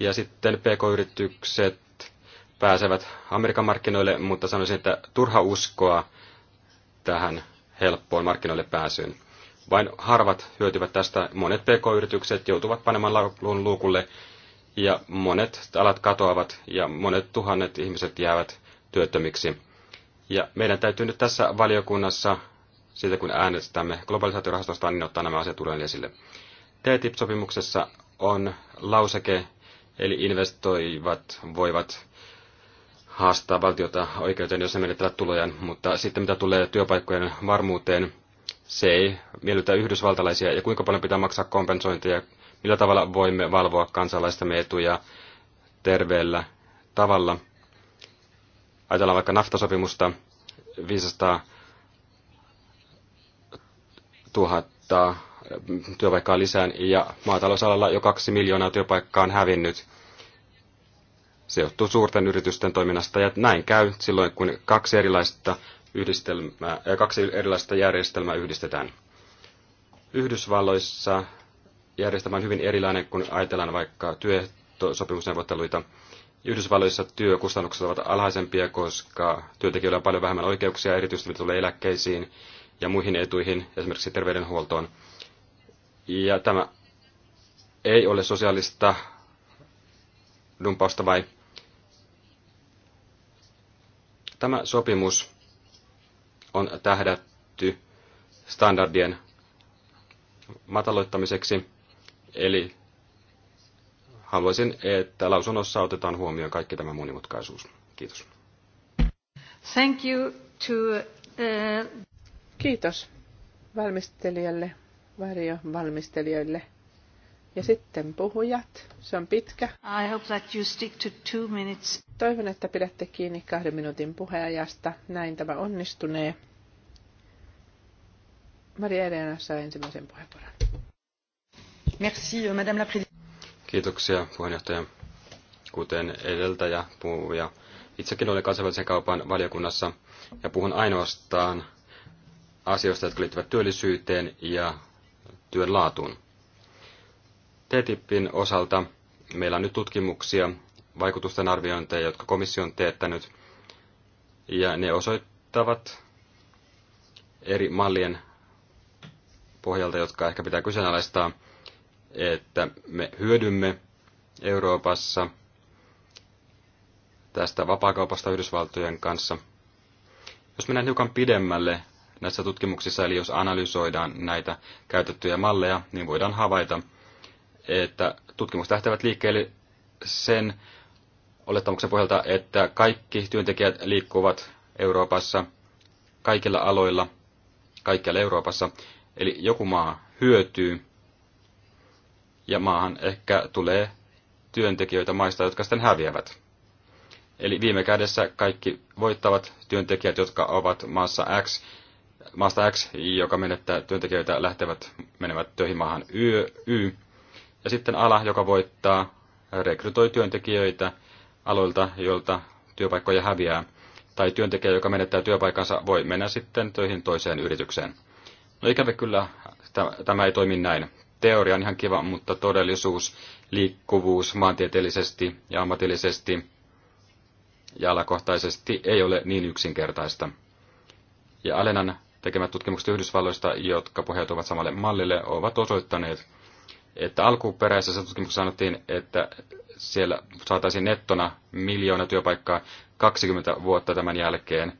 Ja sitten PK-yritykset pääsevät Amerikan markkinoille, mutta sanoisin, että turha uskoa tähän helppoon markkinoille pääsyyn. Vain harvat hyötyvät tästä. Monet PK-yritykset joutuvat panemaan laulun luukulle ja monet alat katoavat ja monet tuhannet ihmiset jäävät työttömiksi. Ja meidän täytyy nyt tässä valiokunnassa, siitä kun äänestämme globalisaatiorahastosta, niin ottaa nämä asiat uudelleen esille. TTIP-sopimuksessa on lauseke, eli investoivat voivat haastaa valtiota oikeuteen, jos ne menettävät tulojaan, mutta sitten mitä tulee työpaikkojen varmuuteen, se ei miellytä yhdysvaltalaisia, ja kuinka paljon pitää maksaa kompensointia millä tavalla voimme valvoa kansalaistamme etuja terveellä tavalla. Ajatellaan vaikka naftasopimusta 500 000 työpaikkaa lisään ja maatalousalalla jo kaksi miljoonaa työpaikkaa on hävinnyt. Se johtuu suurten yritysten toiminnasta ja näin käy silloin, kun kaksi erilaista, yhdistelmää, äh, kaksi erilaista järjestelmää yhdistetään. Yhdysvalloissa järjestelmä on hyvin erilainen, kun ajatellaan vaikka työsopimusneuvotteluita. Yhdysvalloissa työkustannukset ovat alhaisempia, koska työntekijöillä on paljon vähemmän oikeuksia, erityisesti mitä tulee eläkkeisiin ja muihin etuihin, esimerkiksi terveydenhuoltoon. Ja tämä ei ole sosiaalista dumpausta vai tämä sopimus on tähdätty standardien mataloittamiseksi. Eli haluaisin, että lausunnossa otetaan huomioon kaikki tämä monimutkaisuus. Kiitos. Thank you to, uh... Kiitos valmistelijalle, varjovalmistelijoille. Ja sitten puhujat. Se on pitkä. I hope that you stick to two minutes. Toivon, että pidätte kiinni kahden minuutin puheajasta. Näin tämä onnistunee. Maria Elena saa ensimmäisen puheenvuoron. Euh, Madame la Kiitoksia puheenjohtaja. Kuten edeltäjä puhuja, itsekin olen kansainvälisen kaupan valiokunnassa ja puhun ainoastaan asioista, jotka liittyvät työllisyyteen ja työn laatuun. TTIPin osalta meillä on nyt tutkimuksia, vaikutusten arviointeja, jotka komissio on teettänyt, ja ne osoittavat eri mallien pohjalta, jotka ehkä pitää kyseenalaistaa, että me hyödymme Euroopassa tästä vapaakaupasta Yhdysvaltojen kanssa. Jos mennään hiukan pidemmälle näissä tutkimuksissa, eli jos analysoidaan näitä käytettyjä malleja, niin voidaan havaita, että tutkimukset lähtevät liikkeelle sen olettamuksen pohjalta, että kaikki työntekijät liikkuvat Euroopassa kaikilla aloilla, kaikkialla Euroopassa. Eli joku maa hyötyy ja maahan ehkä tulee työntekijöitä maista, jotka sitten häviävät. Eli viime kädessä kaikki voittavat työntekijät, jotka ovat maassa X, maasta X, joka menettää työntekijöitä, lähtevät menevät töihin maahan y, y. Ja sitten ala, joka voittaa, rekrytoi työntekijöitä aloilta, joilta työpaikkoja häviää. Tai työntekijä, joka menettää työpaikansa, voi mennä sitten töihin toiseen yritykseen. No ikävä kyllä tämä ei toimi näin teoria on ihan kiva, mutta todellisuus, liikkuvuus maantieteellisesti ja ammatillisesti ja alakohtaisesti ei ole niin yksinkertaista. Ja Alenan tekemät tutkimukset Yhdysvalloista, jotka pohjautuvat samalle mallille, ovat osoittaneet, että alkuperäisessä tutkimuksessa sanottiin, että siellä saataisiin nettona miljoona työpaikkaa 20 vuotta tämän jälkeen.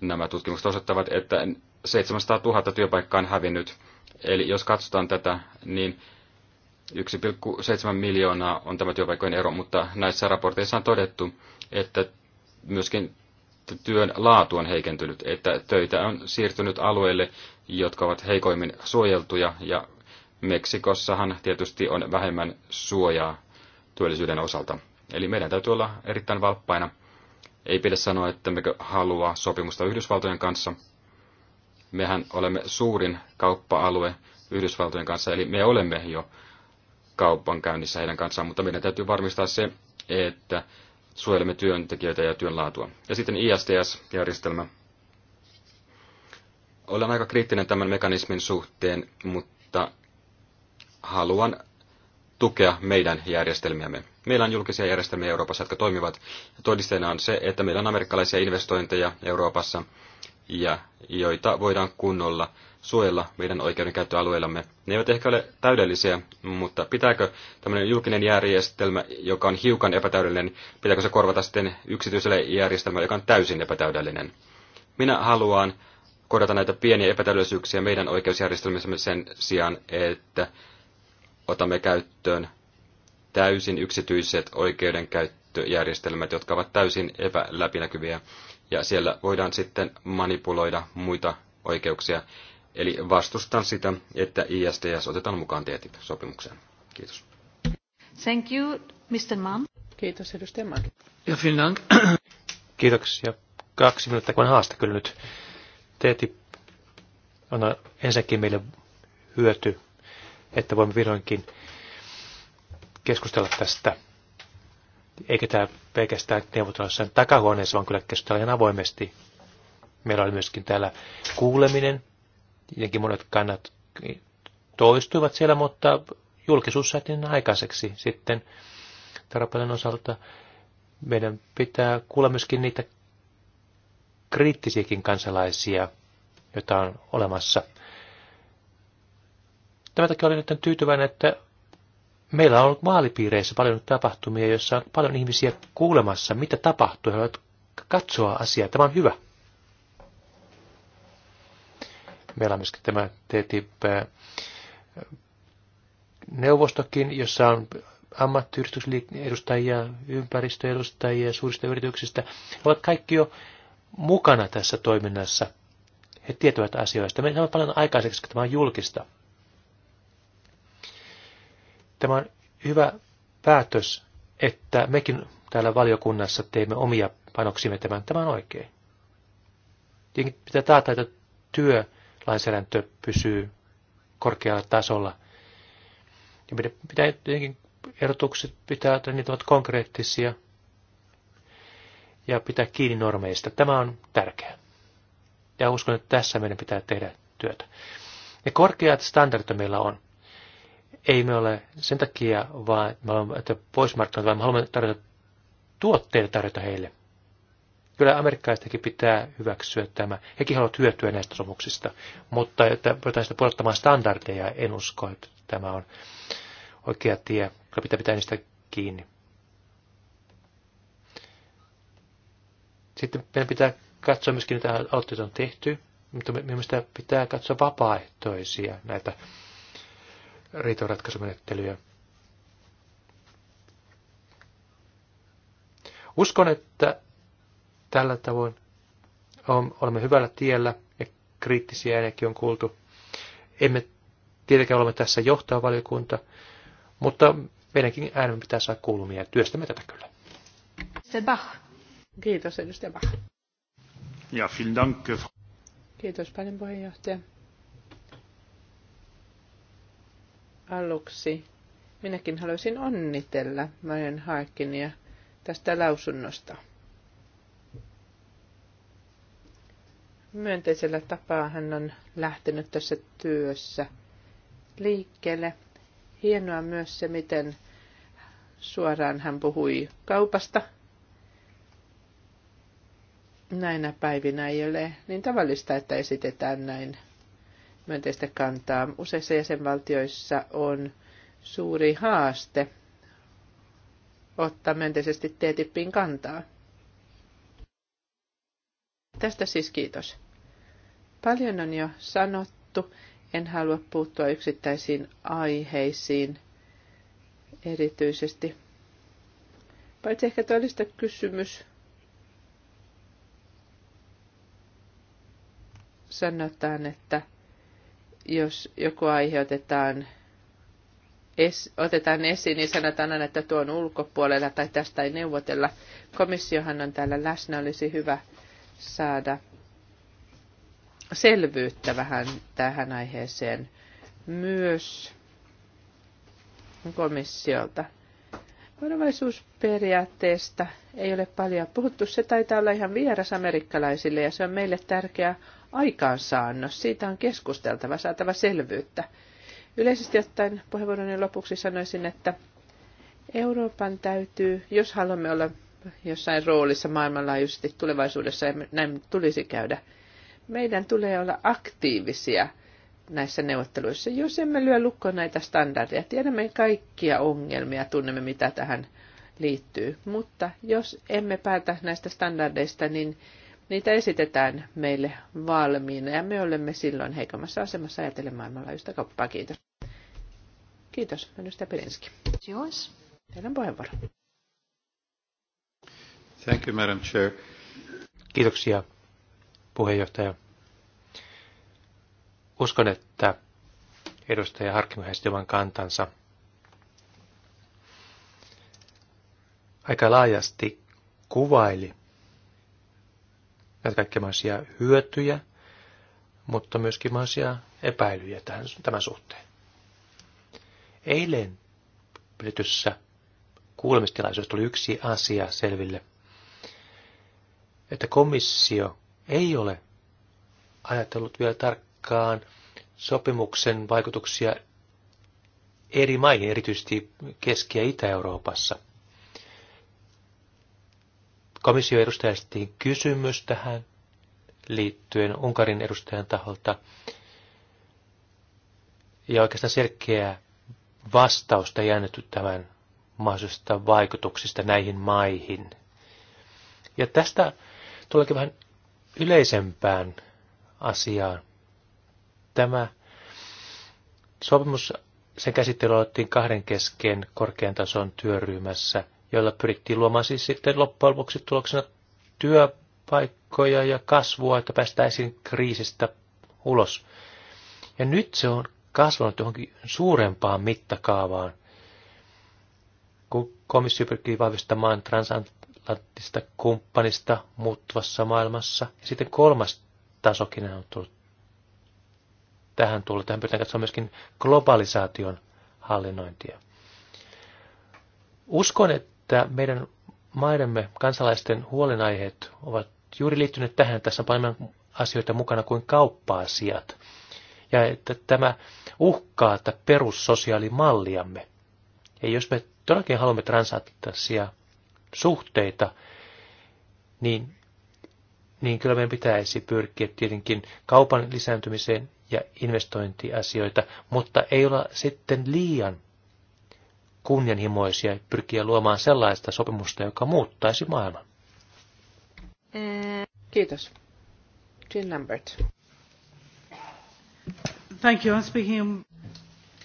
Nämä tutkimukset osoittavat, että 700 000 työpaikkaa on hävinnyt Eli jos katsotaan tätä, niin 1,7 miljoonaa on tämä työpaikkojen ero, mutta näissä raporteissa on todettu, että myöskin työn laatu on heikentynyt, että töitä on siirtynyt alueille, jotka ovat heikoimmin suojeltuja, ja Meksikossahan tietysti on vähemmän suojaa työllisyyden osalta. Eli meidän täytyy olla erittäin valppaina. Ei pidä sanoa, että me halua sopimusta Yhdysvaltojen kanssa, mehän olemme suurin kauppa-alue Yhdysvaltojen kanssa, eli me olemme jo kaupankäynnissä heidän kanssaan, mutta meidän täytyy varmistaa se, että suojelemme työntekijöitä ja työn laatua. Ja sitten ISTS-järjestelmä. Olen aika kriittinen tämän mekanismin suhteen, mutta haluan tukea meidän järjestelmiämme. Meillä on julkisia järjestelmiä Euroopassa, jotka toimivat. Todisteena on se, että meillä on amerikkalaisia investointeja Euroopassa, ja joita voidaan kunnolla suojella meidän oikeudenkäyttöalueillamme. Ne eivät ehkä ole täydellisiä, mutta pitääkö tämmöinen julkinen järjestelmä, joka on hiukan epätäydellinen, pitääkö se korvata sitten yksityiselle järjestelmälle, joka on täysin epätäydellinen? Minä haluan korjata näitä pieniä epätäydellisyyksiä meidän oikeusjärjestelmässämme sen sijaan, että otamme käyttöön täysin yksityiset oikeudenkäyttöjärjestelmät, jotka ovat täysin epäläpinäkyviä ja siellä voidaan sitten manipuloida muita oikeuksia. Eli vastustan sitä, että ISDS otetaan mukaan tietyt sopimukseen Kiitos. Thank you, Mr. Mann. Kiitos, edustaja Mann. Ja Finland. Kiitoksia. Kaksi minuuttia, kun haasta kyllä nyt. TTIP on ensinnäkin meille hyöty, että voimme vihdoinkin keskustella tästä eikä tämä pelkästään neuvotella sen takahuoneessa, vaan kyllä keskustella ihan avoimesti. Meillä oli myöskin täällä kuuleminen, jotenkin monet kannat toistuivat siellä, mutta julkisuus saatiin aikaiseksi sitten Tarapelen osalta. Meidän pitää kuulla myöskin niitä kriittisiäkin kansalaisia, joita on olemassa. Tämän takia olen nyt tyytyväinen, että Meillä on ollut vaalipiireissä paljon tapahtumia, joissa on paljon ihmisiä kuulemassa, mitä tapahtuu. He haluavat katsoa asiaa. Tämä on hyvä. Meillä on myöskin tämä TTIP-neuvostokin, äh, jossa on ammattiyhdistyksedustajia, ympäristöedustajia suurista yrityksistä. He ovat kaikki jo mukana tässä toiminnassa. He tietävät asioista. Me saamme paljon aikaiseksi, koska tämä on julkista. Tämä on hyvä päätös, että mekin täällä valiokunnassa teemme omia panoksimme tämän. Tämä on oikein. Tietenkin pitää taata, että työlainsäädäntö pysyy korkealla tasolla. Ja pitää tietenkin erotukset pitää, että niitä ovat konkreettisia ja pitää kiinni normeista. Tämä on tärkeää. Ja uskon, että tässä meidän pitää tehdä työtä. Ne korkeat standardit meillä on ei me ole sen takia, vaan me olemme, että pois markkinoilta, vaan me haluamme tarjota tuotteita tarjota heille. Kyllä amerikkalaistakin pitää hyväksyä tämä. Hekin haluavat hyötyä näistä sopimuksista, mutta että voidaan sitä pudottamaan standardeja, en usko, että tämä on oikea tie. Kyllä pitää pitää niistä kiinni. Sitten meidän pitää katsoa myöskin, mitä aloitteita on tehty, mutta mielestäni pitää katsoa vapaaehtoisia näitä riitoratkaisumenettelyjä. Uskon, että tällä tavoin olemme hyvällä tiellä ja kriittisiä ääniäkin on kuultu. Emme tietenkään olemme tässä johtava valiokunta, mutta meidänkin äänemme pitää saada kuulumia ja työstämme tätä kyllä. Bach. Kiitos, edustaja Bach. Ja, vielen Dank. Kiitos paljon puheenjohtaja. aluksi minäkin haluaisin onnitella Marian Harkinia tästä lausunnosta. Myönteisellä tapaa hän on lähtenyt tässä työssä liikkeelle. Hienoa myös se, miten suoraan hän puhui kaupasta. Näinä päivinä ei ole niin tavallista, että esitetään näin myönteistä kantaa. Useissa jäsenvaltioissa on suuri haaste ottaa myönteisesti TTIPin kantaa. Tästä siis kiitos. Paljon on jo sanottu. En halua puuttua yksittäisiin aiheisiin erityisesti. Paitsi ehkä todellista kysymys. Sanotaan, että jos joku otetaan, es, otetaan esiin, niin sanotaan aina, että tuon ulkopuolella tai tästä ei neuvotella. Komissiohan on täällä läsnä, olisi hyvä saada selvyyttä vähän tähän aiheeseen myös komissiolta. Varovaisuusperiaatteesta ei ole paljon puhuttu. Se taitaa olla ihan vieras amerikkalaisille ja se on meille tärkeä aikaansaannos. Siitä on keskusteltava, saatava selvyyttä. Yleisesti ottaen puheenvuoroni lopuksi sanoisin, että Euroopan täytyy, jos haluamme olla jossain roolissa maailmanlaajuisesti tulevaisuudessa, ja näin tulisi käydä, meidän tulee olla aktiivisia – näissä neuvotteluissa, jos emme lyö lukkoon näitä standardeja. Tiedämme kaikkia ongelmia, tunnemme mitä tähän liittyy, mutta jos emme päätä näistä standardeista, niin niitä esitetään meille valmiina ja me olemme silloin heikommassa asemassa ajatellen maailmanlaajuista kauppaa. Kiitos. Kiitos, ministeri Pirinski. Jos. Teidän puheenvuoro. Thank you, Madam Chair. Kiitoksia, puheenjohtaja. Uskon, että edustaja Harkimo heisti oman kantansa aika laajasti kuvaili näitä kaikkia mahdollisia hyötyjä, mutta myöskin mahdollisia epäilyjä tähän, tämän suhteen. Eilen pidetyssä kuulemistilaisuudessa tuli yksi asia selville, että komissio ei ole ajatellut vielä tarkkaan, tarkkaan sopimuksen vaikutuksia eri maihin, erityisesti Keski- ja Itä-Euroopassa. Komissio edustaja kysymys tähän liittyen Unkarin edustajan taholta. Ja oikeastaan selkeä vastausta ei annettu tämän mahdollisista vaikutuksista näihin maihin. Ja tästä tuleekin vähän yleisempään asiaan. Tämä sopimus, sen käsittely aloittiin kahden kesken korkean tason työryhmässä, jolla pyrittiin luomaan siis sitten loppujen lopuksi tuloksena työpaikkoja ja kasvua, että päästäisiin kriisistä ulos. Ja nyt se on kasvanut johonkin suurempaan mittakaavaan, kun komissio pyrkii vahvistamaan transatlanttista kumppanista muuttuvassa maailmassa. Ja sitten kolmas tasokin on tullut tähän tullut. Tähän pitää katsomaan myöskin globalisaation hallinnointia. Uskon, että meidän maidemme kansalaisten huolenaiheet ovat juuri liittyneet tähän. Tässä on paljon asioita mukana kuin kauppa-asiat. Ja että tämä uhkaa että perussosiaalimalliamme. Ja jos me todellakin haluamme transaattisia suhteita, niin, niin kyllä meidän pitäisi pyrkiä tietenkin kaupan lisääntymiseen ja investointiasioita, mutta ei olla sitten liian kunnianhimoisia pyrkiä luomaan sellaista sopimusta, joka muuttaisi maailman. Eh. Kiitos. Jean Lambert. Thank you. I'm speaking...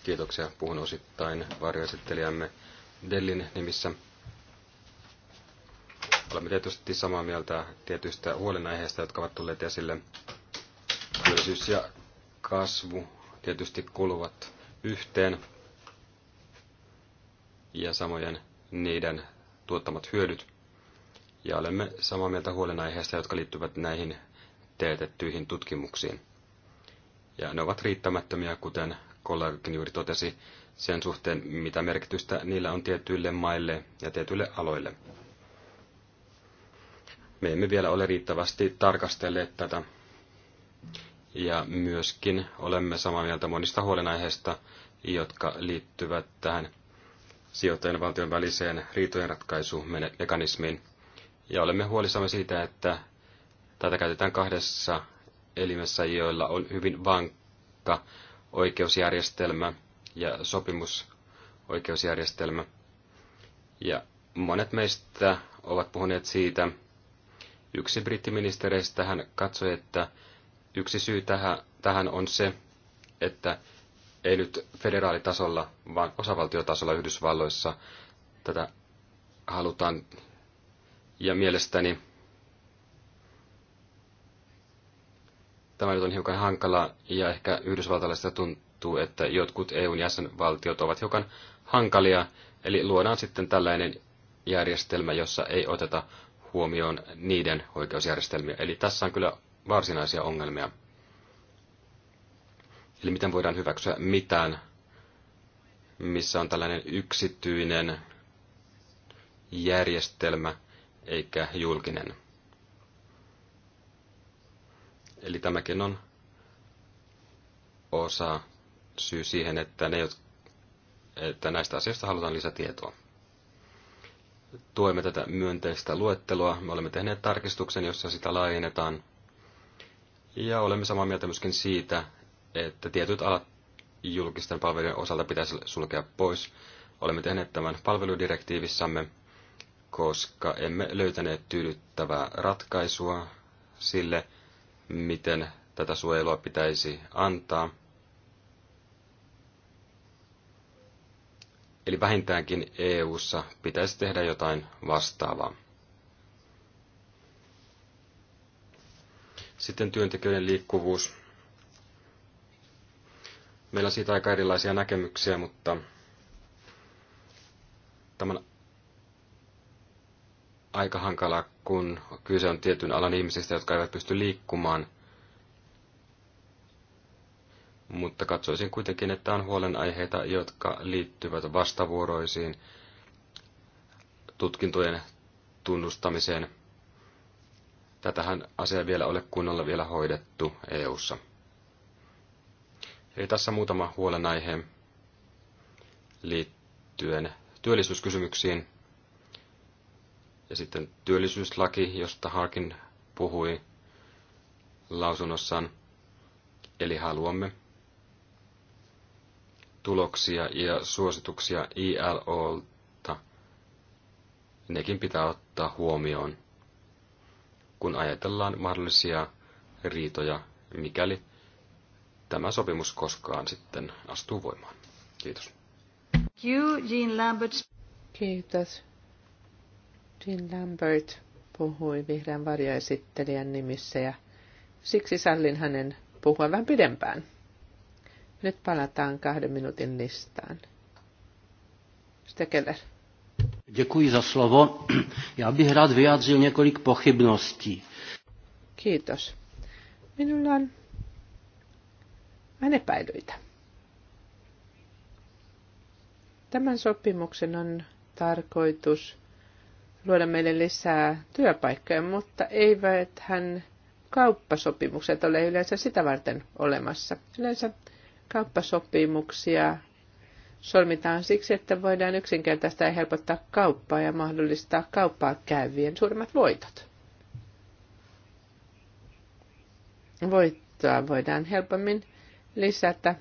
Kiitoksia. Puhun osittain varjoesittelijämme Dellin nimissä. Olemme tietysti samaa mieltä tietyistä huolenaiheista, jotka ovat tulleet esille. Työllisyys- ja kasvu tietysti kuluvat yhteen ja samojen niiden tuottamat hyödyt. Ja olemme samaa mieltä huolenaiheista, jotka liittyvät näihin teetettyihin tutkimuksiin. Ja ne ovat riittämättömiä, kuten kollegakin juuri totesi, sen suhteen, mitä merkitystä niillä on tietyille maille ja tietyille aloille. Me emme vielä ole riittävästi tarkastelleet tätä, ja myöskin olemme samaa mieltä monista huolenaiheista, jotka liittyvät tähän sijoittajan valtion väliseen riitojenratkaisumekanismiin. Ja olemme huolissamme siitä, että tätä käytetään kahdessa elimessä, joilla on hyvin vankka oikeusjärjestelmä ja sopimusoikeusjärjestelmä. Ja monet meistä ovat puhuneet siitä. Yksi brittiministereistä hän katsoi, että Yksi syy tähän on se, että ei nyt federaalitasolla, vaan osavaltiotasolla Yhdysvalloissa tätä halutaan. Ja mielestäni tämä nyt on hiukan hankala ja ehkä yhdysvaltalaisista tuntuu, että jotkut EUn jäsenvaltiot ovat hiukan hankalia, eli luodaan sitten tällainen järjestelmä, jossa ei oteta huomioon niiden oikeusjärjestelmiä. Eli tässä on kyllä varsinaisia ongelmia. Eli miten voidaan hyväksyä mitään, missä on tällainen yksityinen järjestelmä eikä julkinen. Eli tämäkin on osa syy siihen, että, ne, että näistä asioista halutaan lisätietoa. Tuemme tätä myönteistä luetteloa. Me olemme tehneet tarkistuksen, jossa sitä laajennetaan ja olemme samaa mieltä myöskin siitä, että tietyt alat julkisten palvelujen osalta pitäisi sulkea pois. Olemme tehneet tämän palveludirektiivissamme, koska emme löytäneet tyydyttävää ratkaisua sille, miten tätä suojelua pitäisi antaa. Eli vähintäänkin EU:ssa pitäisi tehdä jotain vastaavaa. Sitten työntekijöiden liikkuvuus. Meillä on siitä aika erilaisia näkemyksiä, mutta tämän aika hankala, kun kyse on tietyn alan ihmisistä, jotka eivät pysty liikkumaan. Mutta katsoisin kuitenkin, että on huolenaiheita, jotka liittyvät vastavuoroisiin tutkintojen tunnustamiseen – Tätähän asia vielä ole kunnolla vielä hoidettu EU:ssa. Eli tässä muutama huolenaihe liittyen työllisyyskysymyksiin. Ja sitten työllisyyslaki, josta Harkin puhui lausunnossaan. Eli haluamme tuloksia ja suosituksia ILOlta. Nekin pitää ottaa huomioon kun ajatellaan mahdollisia riitoja, mikäli tämä sopimus koskaan sitten astuu voimaan. Kiitos. Jean Lambert. Kiitos. Jean Lambert puhui vihreän varjoesittelijän nimissä ja siksi sallin hänen puhua vähän pidempään. Nyt palataan kahden minuutin listaan. Stekeller. Děkuji za slovo. Já bych rád vyjádřil několik pochybností. Kiitos. Minulla on vähän epäilyitä. Tämän sopimuksen on tarkoitus luoda meille lisää työpaikkoja, mutta eivät hän kauppasopimukset ole yleensä sitä varten olemassa. Yleensä kauppasopimuksia solmitaan siksi, että voidaan yksinkertaistaa ja helpottaa kauppaa ja mahdollistaa kauppaa käyvien suurimmat voitot. Voittoa voidaan helpommin lisätä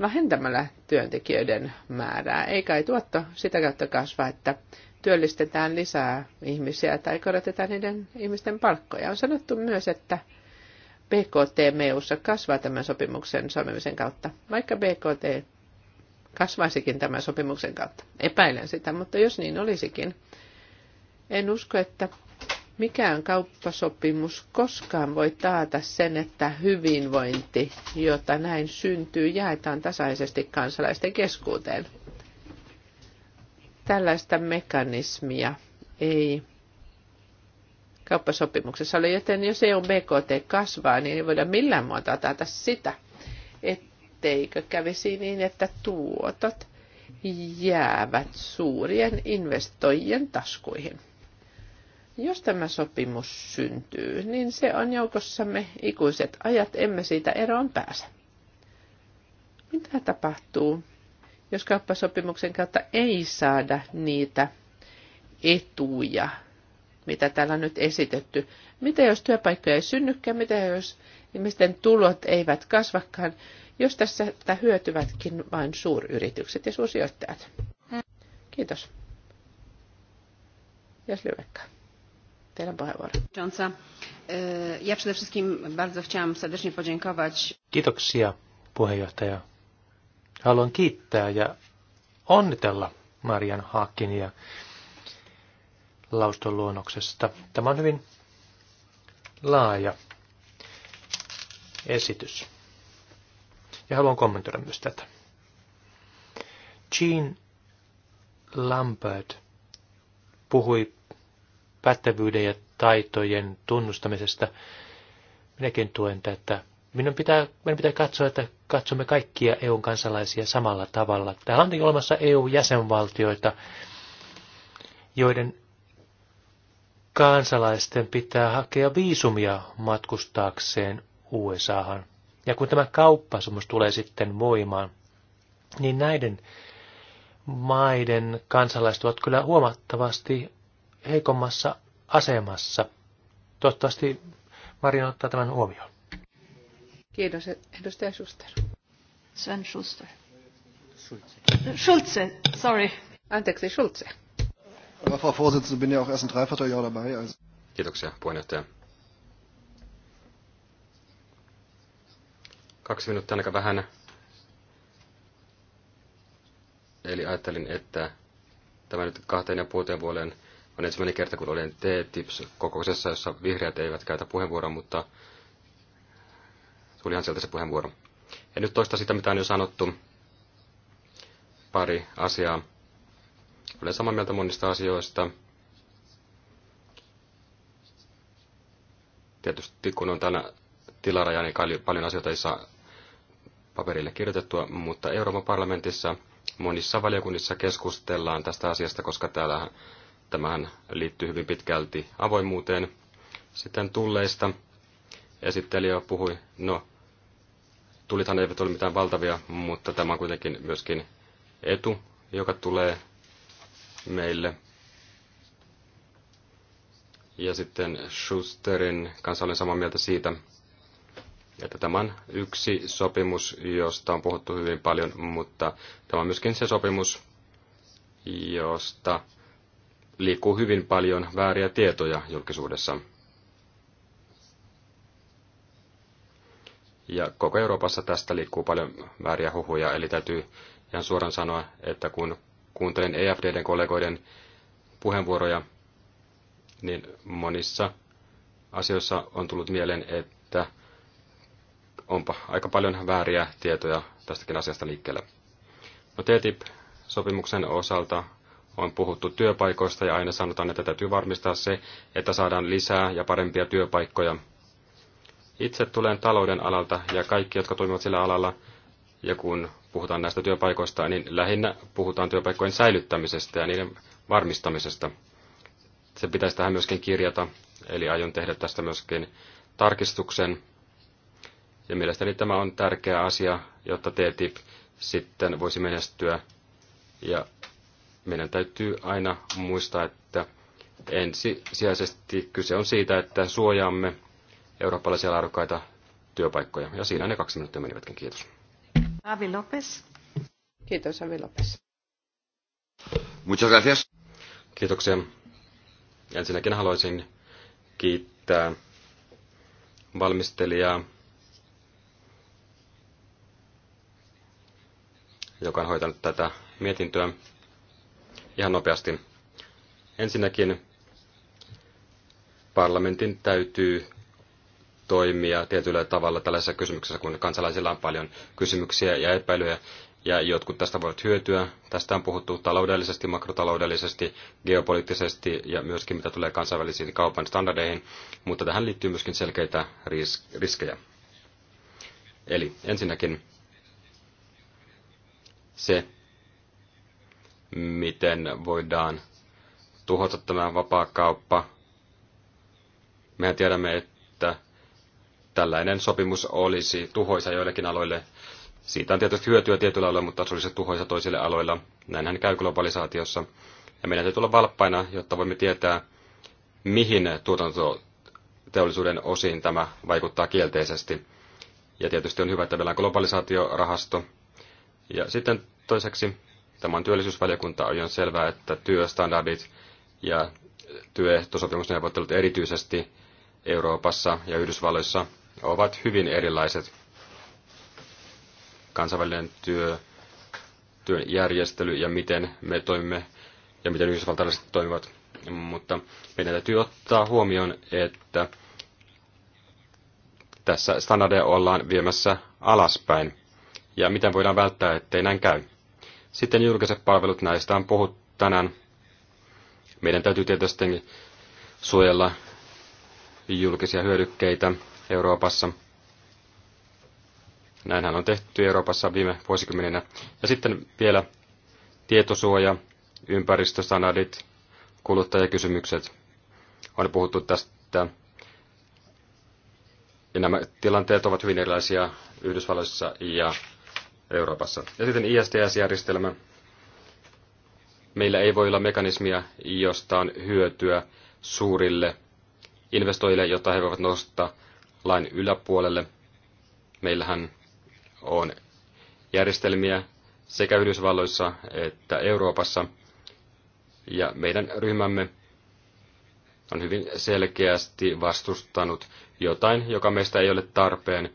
vähentämällä työntekijöiden määrää. Ei kai tuotto sitä kautta kasva, että työllistetään lisää ihmisiä tai korotetaan niiden ihmisten palkkoja. On sanottu myös, että BKT meussa kasvaa tämän sopimuksen solmimisen kautta, vaikka BKT kasvaisikin tämän sopimuksen kautta. Epäilen sitä, mutta jos niin olisikin, en usko, että mikään kauppasopimus koskaan voi taata sen, että hyvinvointi, jota näin syntyy, jaetaan tasaisesti kansalaisten keskuuteen. Tällaista mekanismia ei kauppasopimuksessa ole, joten jos eu BKT kasvaa, niin ei voida millään muuta taata sitä, että etteikö kävisi niin, että tuotot jäävät suurien investoijien taskuihin. Jos tämä sopimus syntyy, niin se on joukossamme ikuiset ajat, emme siitä eroon pääse. Mitä tapahtuu, jos kauppasopimuksen kautta ei saada niitä etuja, mitä täällä on nyt esitetty? Mitä jos työpaikkoja ei synnykään, mitä jos ihmisten tulot eivät kasvakaan, jos tässä hyötyvätkin vain suuryritykset ja suursijoittajat. Kiitos. Jos lyhyekkä. Teidän puheenvuoro. Eh, ja przede wszystkim bardzo chciałam serdecznie podziękować. Kiitoksia, puheenjohtaja. Haluan kiittää ja onnitella Marian lauston luonnoksesta. Tämä on hyvin laaja esitys ja haluan kommentoida myös tätä. Jean Lambert puhui pätevyyden ja taitojen tunnustamisesta. Minäkin tuen tätä. Minun pitää, minun pitää katsoa, että katsomme kaikkia EUn kansalaisia samalla tavalla. Täällä on olemassa EU-jäsenvaltioita, joiden kansalaisten pitää hakea viisumia matkustaakseen USAhan. Ja kun tämä kauppasumus tulee sitten voimaan, niin näiden maiden kansalaiset ovat kyllä huomattavasti heikommassa asemassa. Toivottavasti Marina ottaa tämän huomioon. Kiitos, edustaja Schuster. Sven Schuster. Schulze. Schulze, sorry. Anteeksi, Schulze. Frau Vorsitzende, bin ja auch erst ein Dreivierteljahr dabei. Kiitoksia, puheenjohtaja. Kaksi minuuttia ainakaan vähän. Eli ajattelin, että tämä nyt kahteen ja puoleen vuoden, on ensimmäinen kerta, kun olen T-tips-kokouksessa, jossa vihreät eivät käytä puheenvuoroa, mutta tulihan sieltä se puheenvuoro. En nyt toista sitä, mitä on jo sanottu. Pari asiaa. Olen samaa mieltä monista asioista. Tietysti kun on täällä tilaraja, niin paljon asioita ei saa paperille kirjoitettua, mutta Euroopan parlamentissa monissa valiokunnissa keskustellaan tästä asiasta, koska täällä tämähän liittyy hyvin pitkälti avoimuuteen. Sitten tulleista esittelijä puhui, no tulithan eivät ole mitään valtavia, mutta tämä on kuitenkin myöskin etu, joka tulee meille. Ja sitten Schusterin kanssa olen samaa mieltä siitä, että tämä on yksi sopimus, josta on puhuttu hyvin paljon, mutta tämä on myöskin se sopimus, josta liikkuu hyvin paljon vääriä tietoja julkisuudessa. Ja koko Euroopassa tästä liikkuu paljon vääriä huhuja, eli täytyy ihan suoraan sanoa, että kun kuuntelen EFDn kollegoiden puheenvuoroja, niin monissa asioissa on tullut mieleen, että onpa aika paljon vääriä tietoja tästäkin asiasta liikkeelle. No TTIP-sopimuksen osalta on puhuttu työpaikoista ja aina sanotaan, että täytyy varmistaa se, että saadaan lisää ja parempia työpaikkoja. Itse tulen talouden alalta ja kaikki, jotka toimivat sillä alalla, ja kun puhutaan näistä työpaikoista, niin lähinnä puhutaan työpaikkojen säilyttämisestä ja niiden varmistamisesta. Se pitäisi tähän myöskin kirjata, eli aion tehdä tästä myöskin tarkistuksen ja mielestäni tämä on tärkeä asia, jotta TTIP sitten voisi menestyä. Ja meidän täytyy aina muistaa, että ensisijaisesti kyse on siitä, että suojaamme eurooppalaisia laadukkaita työpaikkoja. Ja siinä ne kaksi minuuttia menivätkin. Kiitos. Avi Lopes. Kiitos Avi Lopes. Muchas gracias. Kiitoksia. Ensinnäkin haluaisin kiittää valmistelijaa joka on hoitanut tätä mietintöä ihan nopeasti. Ensinnäkin parlamentin täytyy toimia tietyllä tavalla tällaisessa kysymyksessä, kun kansalaisilla on paljon kysymyksiä ja epäilyjä, ja jotkut tästä voivat hyötyä. Tästä on puhuttu taloudellisesti, makrotaloudellisesti, geopoliittisesti ja myöskin mitä tulee kansainvälisiin kaupan standardeihin, mutta tähän liittyy myöskin selkeitä riskejä. Eli ensinnäkin se, miten voidaan tuhota tämä vapaa kauppa. Mehän tiedämme, että tällainen sopimus olisi tuhoisa joillekin aloille. Siitä on tietysti hyötyä tietyllä aloilla, mutta se olisi tuhoisa toisille aloilla. Näinhän käy globalisaatiossa. Ja meidän täytyy olla valppaina, jotta voimme tietää, mihin tuotantoteollisuuden osiin tämä vaikuttaa kielteisesti. Ja tietysti on hyvä, että meillä on globalisaatiorahasto, ja sitten toiseksi, tämä työllisyysvaliokunta, on selvää, että työstandardit ja työehtosopimusneuvottelut erityisesti Euroopassa ja Yhdysvalloissa ovat hyvin erilaiset. Kansainvälinen työ, työn järjestely ja miten me toimimme ja miten yhdysvaltalaiset toimivat. Mutta meidän täytyy ottaa huomioon, että tässä standardeja ollaan viemässä alaspäin ja miten voidaan välttää, ettei näin käy. Sitten julkiset palvelut, näistä on puhuttu tänään. Meidän täytyy tietysti suojella julkisia hyödykkeitä Euroopassa. Näinhän on tehty Euroopassa viime vuosikymmeninä. Ja sitten vielä tietosuoja, ympäristöstandardit, kuluttajakysymykset. On puhuttu tästä. Ja nämä tilanteet ovat hyvin erilaisia Yhdysvalloissa ja Euroopassa. Ja sitten ISDS-järjestelmä. Meillä ei voi olla mekanismia, josta on hyötyä suurille investoijille, jotta he voivat nostaa lain yläpuolelle. Meillähän on järjestelmiä sekä Yhdysvalloissa että Euroopassa. Ja meidän ryhmämme on hyvin selkeästi vastustanut jotain, joka meistä ei ole tarpeen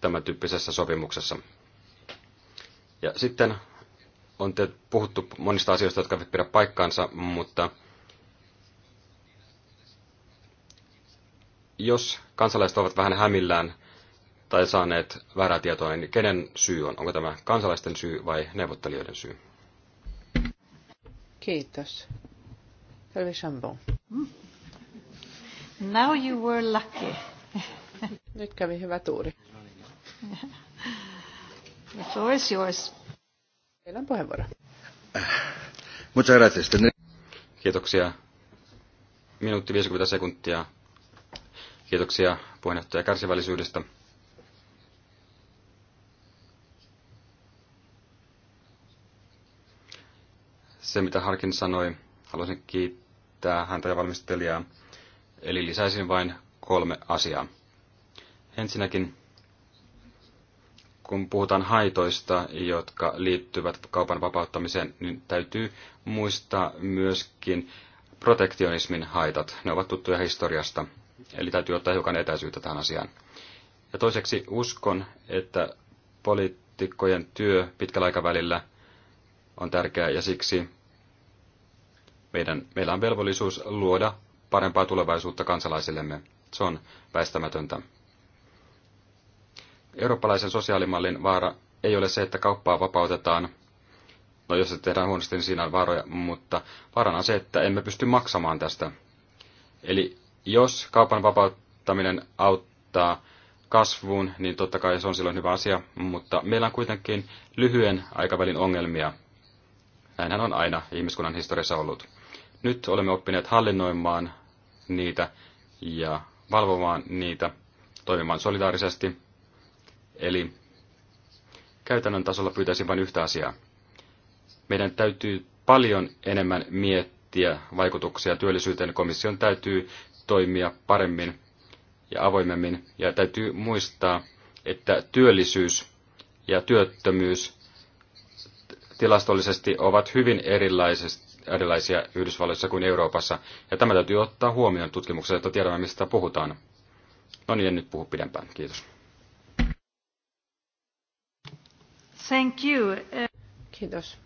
tämän tyyppisessä sopimuksessa. Ja sitten on puhuttu monista asioista, jotka eivät pidä paikkaansa, mutta jos kansalaiset ovat vähän hämillään tai saaneet väärää tietoa, niin kenen syy on? Onko tämä kansalaisten syy vai neuvottelijoiden syy? Kiitos. Helvi Chambon. Now you were lucky. Nyt kävi hyvä tuuri. The floor is yours. Teillä on puheenvuoro. Kiitoksia. Minuutti 50 sekuntia. Kiitoksia puheenjohtaja kärsivällisyydestä. Se, mitä Harkin sanoi, haluaisin kiittää häntä ja valmistelijaa. Eli lisäisin vain kolme asiaa. Ensinnäkin kun puhutaan haitoista, jotka liittyvät kaupan vapauttamiseen, niin täytyy muistaa myöskin protektionismin haitat. Ne ovat tuttuja historiasta, eli täytyy ottaa hiukan etäisyyttä tähän asiaan. Ja toiseksi uskon, että poliitikkojen työ pitkällä aikavälillä on tärkeää ja siksi meidän, meillä on velvollisuus luoda parempaa tulevaisuutta kansalaisillemme. Se on väistämätöntä. Eurooppalaisen sosiaalimallin vaara ei ole se, että kauppaa vapautetaan. No jos se tehdään huonosti, niin siinä on vaaroja, mutta vaarana on se, että emme pysty maksamaan tästä. Eli jos kaupan vapauttaminen auttaa kasvuun, niin totta kai se on silloin hyvä asia, mutta meillä on kuitenkin lyhyen aikavälin ongelmia. Näinhän on aina ihmiskunnan historiassa ollut. Nyt olemme oppineet hallinnoimaan niitä ja valvomaan niitä, toimimaan solidaarisesti. Eli käytännön tasolla pyytäisin vain yhtä asiaa. Meidän täytyy paljon enemmän miettiä vaikutuksia työllisyyteen. Komission täytyy toimia paremmin ja avoimemmin. Ja täytyy muistaa, että työllisyys ja työttömyys tilastollisesti ovat hyvin erilaisia Yhdysvalloissa kuin Euroopassa. Ja tämä täytyy ottaa huomioon tutkimuksessa, että tiedämme, mistä puhutaan. No niin, en nyt puhu pidempään. Kiitos. Thank you. Kiitos.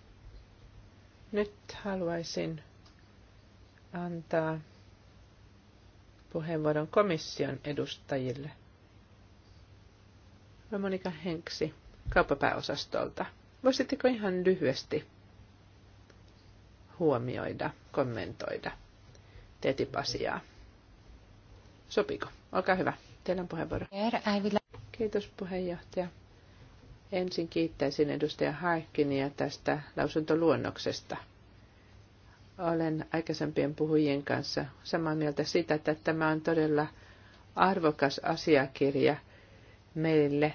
Nyt haluaisin antaa puheenvuoron komission edustajille. Monika Henksi kauppapääosastolta. Voisitteko ihan lyhyesti huomioida, kommentoida TTIP-asiaa? Sopiko? Olkaa hyvä. Teillä on puheenvuoro. Kiitos puheenjohtaja. Ensin kiittäisin edustaja Harkkinia tästä lausuntoluonnoksesta. Olen aikaisempien puhujien kanssa samaa mieltä siitä, että tämä on todella arvokas asiakirja meille.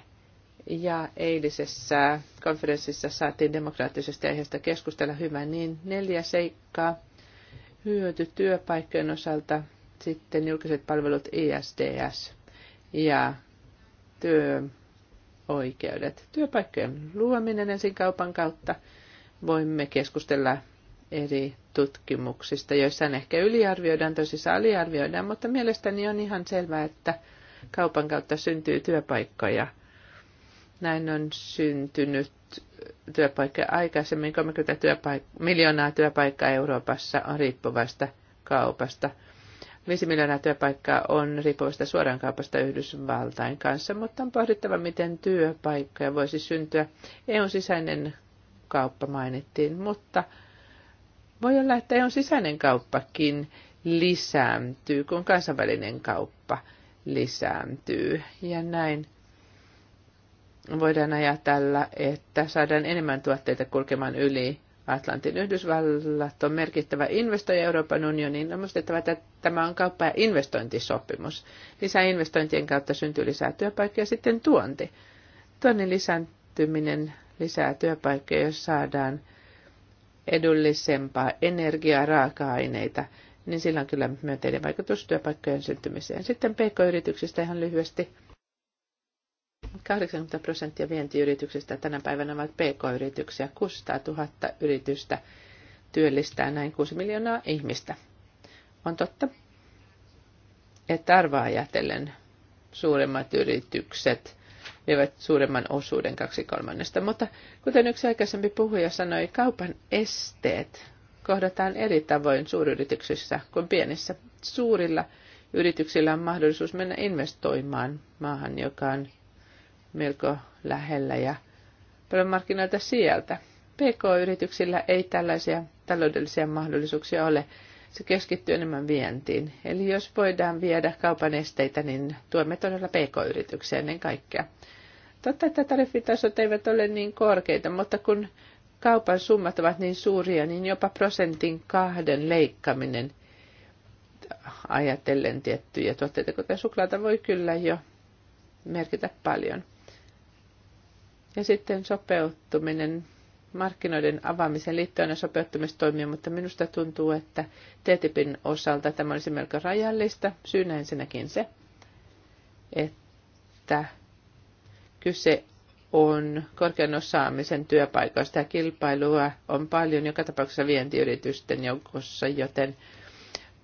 Ja eilisessä konferenssissa saatiin demokraattisesta aiheesta keskustella hyvä, niin neljä seikkaa. Hyöty työpaikkojen osalta, sitten julkiset palvelut ISDS ja työ oikeudet. Työpaikkojen luominen ensin kaupan kautta. Voimme keskustella eri tutkimuksista, joissain ehkä yliarvioidaan, tosissa aliarvioidaan, mutta mielestäni on ihan selvää, että kaupan kautta syntyy työpaikkoja. Näin on syntynyt työpaikkoja aikaisemmin, 30 työpaik- miljoonaa työpaikkaa Euroopassa on riippuvasta kaupasta – 5 miljoonaa työpaikkaa on riippuvasta suoraan kaupasta Yhdysvaltain kanssa, mutta on pohdittava, miten työpaikkoja voisi syntyä. EUn sisäinen kauppa mainittiin, mutta voi olla, että EUn sisäinen kauppakin lisääntyy, kun kansainvälinen kauppa lisääntyy. Ja näin voidaan ajatella, että saadaan enemmän tuotteita kulkemaan yli Atlantin Yhdysvallat on merkittävä investoija Euroopan unioniin. On muistettava, että tämä on kauppa- ja investointisopimus. Lisää investointien kautta syntyy lisää työpaikkoja sitten tuonti. Tuonnin lisääntyminen lisää työpaikkoja, jos saadaan edullisempaa energiaa, raaka-aineita, niin sillä on kyllä myönteinen vaikutus työpaikkojen syntymiseen. Sitten pk-yrityksistä ihan lyhyesti. 80 prosenttia vientiyrityksistä tänä päivänä ovat pk-yrityksiä. 600 000 yritystä työllistää näin 6 miljoonaa ihmistä. On totta, että arvaa ajatellen suuremmat yritykset vievät suuremman osuuden kaksi kolmannesta. Mutta kuten yksi aikaisempi puhuja sanoi, kaupan esteet kohdataan eri tavoin suuryrityksissä kuin pienissä. Suurilla yrityksillä on mahdollisuus mennä investoimaan maahan, joka on melko lähellä ja paljon markkinoita sieltä. PK-yrityksillä ei tällaisia taloudellisia mahdollisuuksia ole. Se keskittyy enemmän vientiin. Eli jos voidaan viedä kaupan esteitä, niin tuemme todella PK-yrityksiä ennen kaikkea. Totta, että tariffitasot eivät ole niin korkeita, mutta kun kaupan summat ovat niin suuria, niin jopa prosentin kahden leikkaminen ajatellen tiettyjä tuotteita, kuten suklaata, voi kyllä jo merkitä paljon. Ja sitten sopeuttuminen markkinoiden avaamisen liittyen ja sopeuttamistoimia, mutta minusta tuntuu, että TTIPin osalta tämä olisi melko rajallista. Syynä ensinnäkin se, että kyse on korkean osaamisen työpaikoista ja kilpailua on paljon joka tapauksessa vientiyritysten joukossa, joten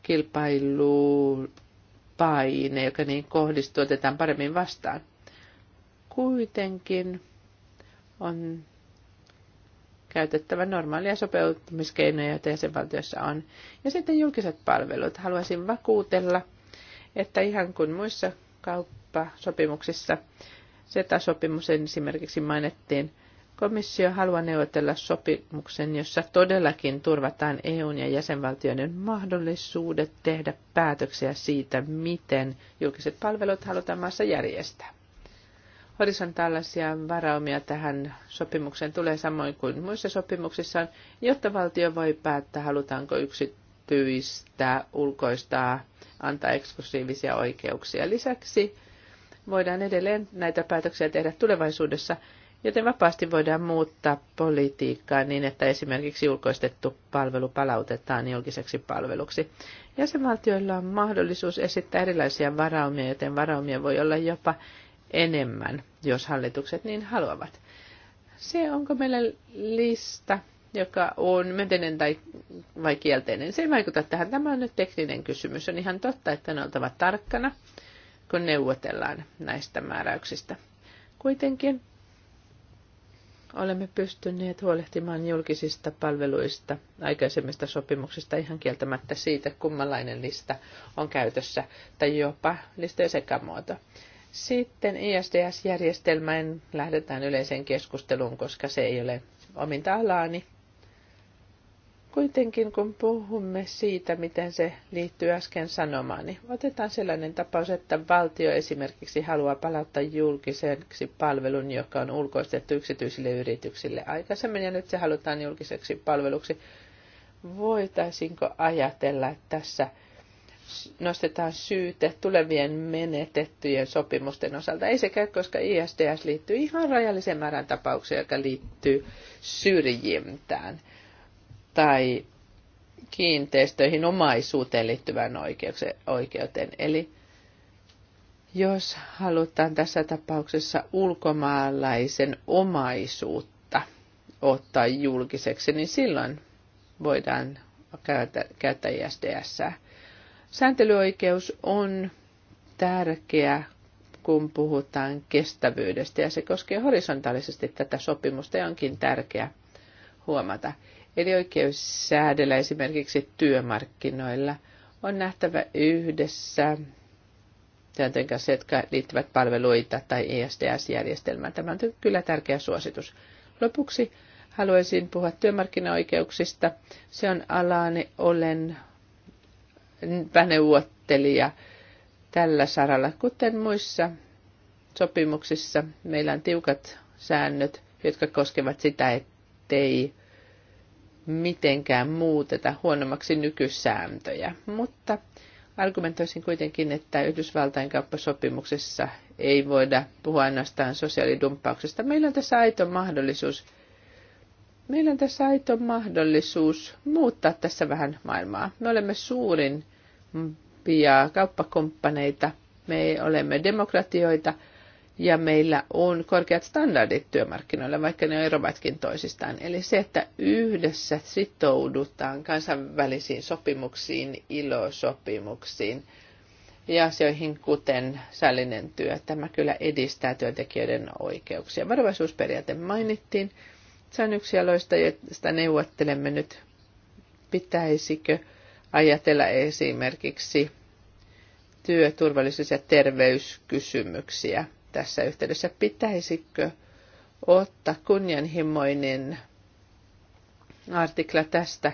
kilpailupaine, joka niin kohdistuu, otetaan paremmin vastaan. Kuitenkin on käytettävä normaalia sopeutumiskeinoja, joita jäsenvaltiossa on. Ja sitten julkiset palvelut. Haluaisin vakuutella, että ihan kuin muissa kauppasopimuksissa, SETA-sopimus esimerkiksi mainittiin, komissio haluaa neuvotella sopimuksen, jossa todellakin turvataan EUn ja jäsenvaltioiden mahdollisuudet tehdä päätöksiä siitä, miten julkiset palvelut halutaan maassa järjestää. Parison tällaisia varaumia tähän sopimukseen tulee samoin kuin muissa sopimuksissa, jotta valtio voi päättää, halutaanko yksityistä ulkoistaa, antaa eksklusiivisia oikeuksia. Lisäksi voidaan edelleen näitä päätöksiä tehdä tulevaisuudessa, joten vapaasti voidaan muuttaa politiikkaa niin, että esimerkiksi ulkoistettu palvelu palautetaan julkiseksi palveluksi. Jäsenvaltioilla on mahdollisuus esittää erilaisia varaumia, joten varaumia voi olla jopa enemmän, jos hallitukset niin haluavat. Se, onko meillä lista, joka on myönteinen tai vai kielteinen, se ei vaikuta tähän. Tämä on nyt tekninen kysymys. On ihan totta, että on oltava tarkkana, kun neuvotellaan näistä määräyksistä. Kuitenkin olemme pystyneet huolehtimaan julkisista palveluista, aikaisemmista sopimuksista ihan kieltämättä siitä, kummanlainen lista on käytössä tai jopa lista ja sekamuoto. Sitten ISDS-järjestelmään lähdetään yleiseen keskusteluun, koska se ei ole ominta alaani. Kuitenkin kun puhumme siitä, miten se liittyy äsken sanomaani, niin otetaan sellainen tapaus, että valtio esimerkiksi haluaa palauttaa julkiseksi palvelun, joka on ulkoistettu yksityisille yrityksille aikaisemmin, ja nyt se halutaan julkiseksi palveluksi. Voitaisinko ajatella, että tässä – nostetaan syyte tulevien menetettyjen sopimusten osalta. Ei sekään, koska ISDS liittyy ihan rajalliseen määrän tapauksia, joka liittyy syrjintään tai kiinteistöihin omaisuuteen liittyvään oikeuteen. Eli jos halutaan tässä tapauksessa ulkomaalaisen omaisuutta ottaa julkiseksi, niin silloin voidaan käyttää ISDS. Sääntelyoikeus on tärkeä, kun puhutaan kestävyydestä ja se koskee horisontaalisesti tätä sopimusta ja onkin tärkeä huomata. Eli oikeus säädellä esimerkiksi työmarkkinoilla on nähtävä yhdessä sääntöjen kanssa, jotka liittyvät palveluita tai isds e järjestelmään Tämä on kyllä tärkeä suositus. Lopuksi haluaisin puhua työmarkkinaoikeuksista. Se on alaani, olen pääneuvottelija tällä saralla. Kuten muissa sopimuksissa, meillä on tiukat säännöt, jotka koskevat sitä, ettei mitenkään muuteta huonommaksi nykysääntöjä. Mutta argumentoisin kuitenkin, että Yhdysvaltain kauppasopimuksessa ei voida puhua ainoastaan sosiaalidumppauksesta. Meillä on tässä aito mahdollisuus. Meillä on tässä aito mahdollisuus muuttaa tässä vähän maailmaa. Me olemme suurin piaa kauppakomppaneita. Me olemme demokratioita ja meillä on korkeat standardit työmarkkinoilla, vaikka ne erovatkin toisistaan. Eli se, että yhdessä sitoudutaan kansainvälisiin sopimuksiin, ilosopimuksiin ja asioihin kuten säällinen työ, tämä kyllä edistää työntekijöiden oikeuksia. Varovaisuusperiaate mainittiin. Se on yksi aloista, josta neuvottelemme nyt. Pitäisikö ajatella esimerkiksi työturvallisuus- ja terveyskysymyksiä tässä yhteydessä. Pitäisikö ottaa kunnianhimoinen artikla tästä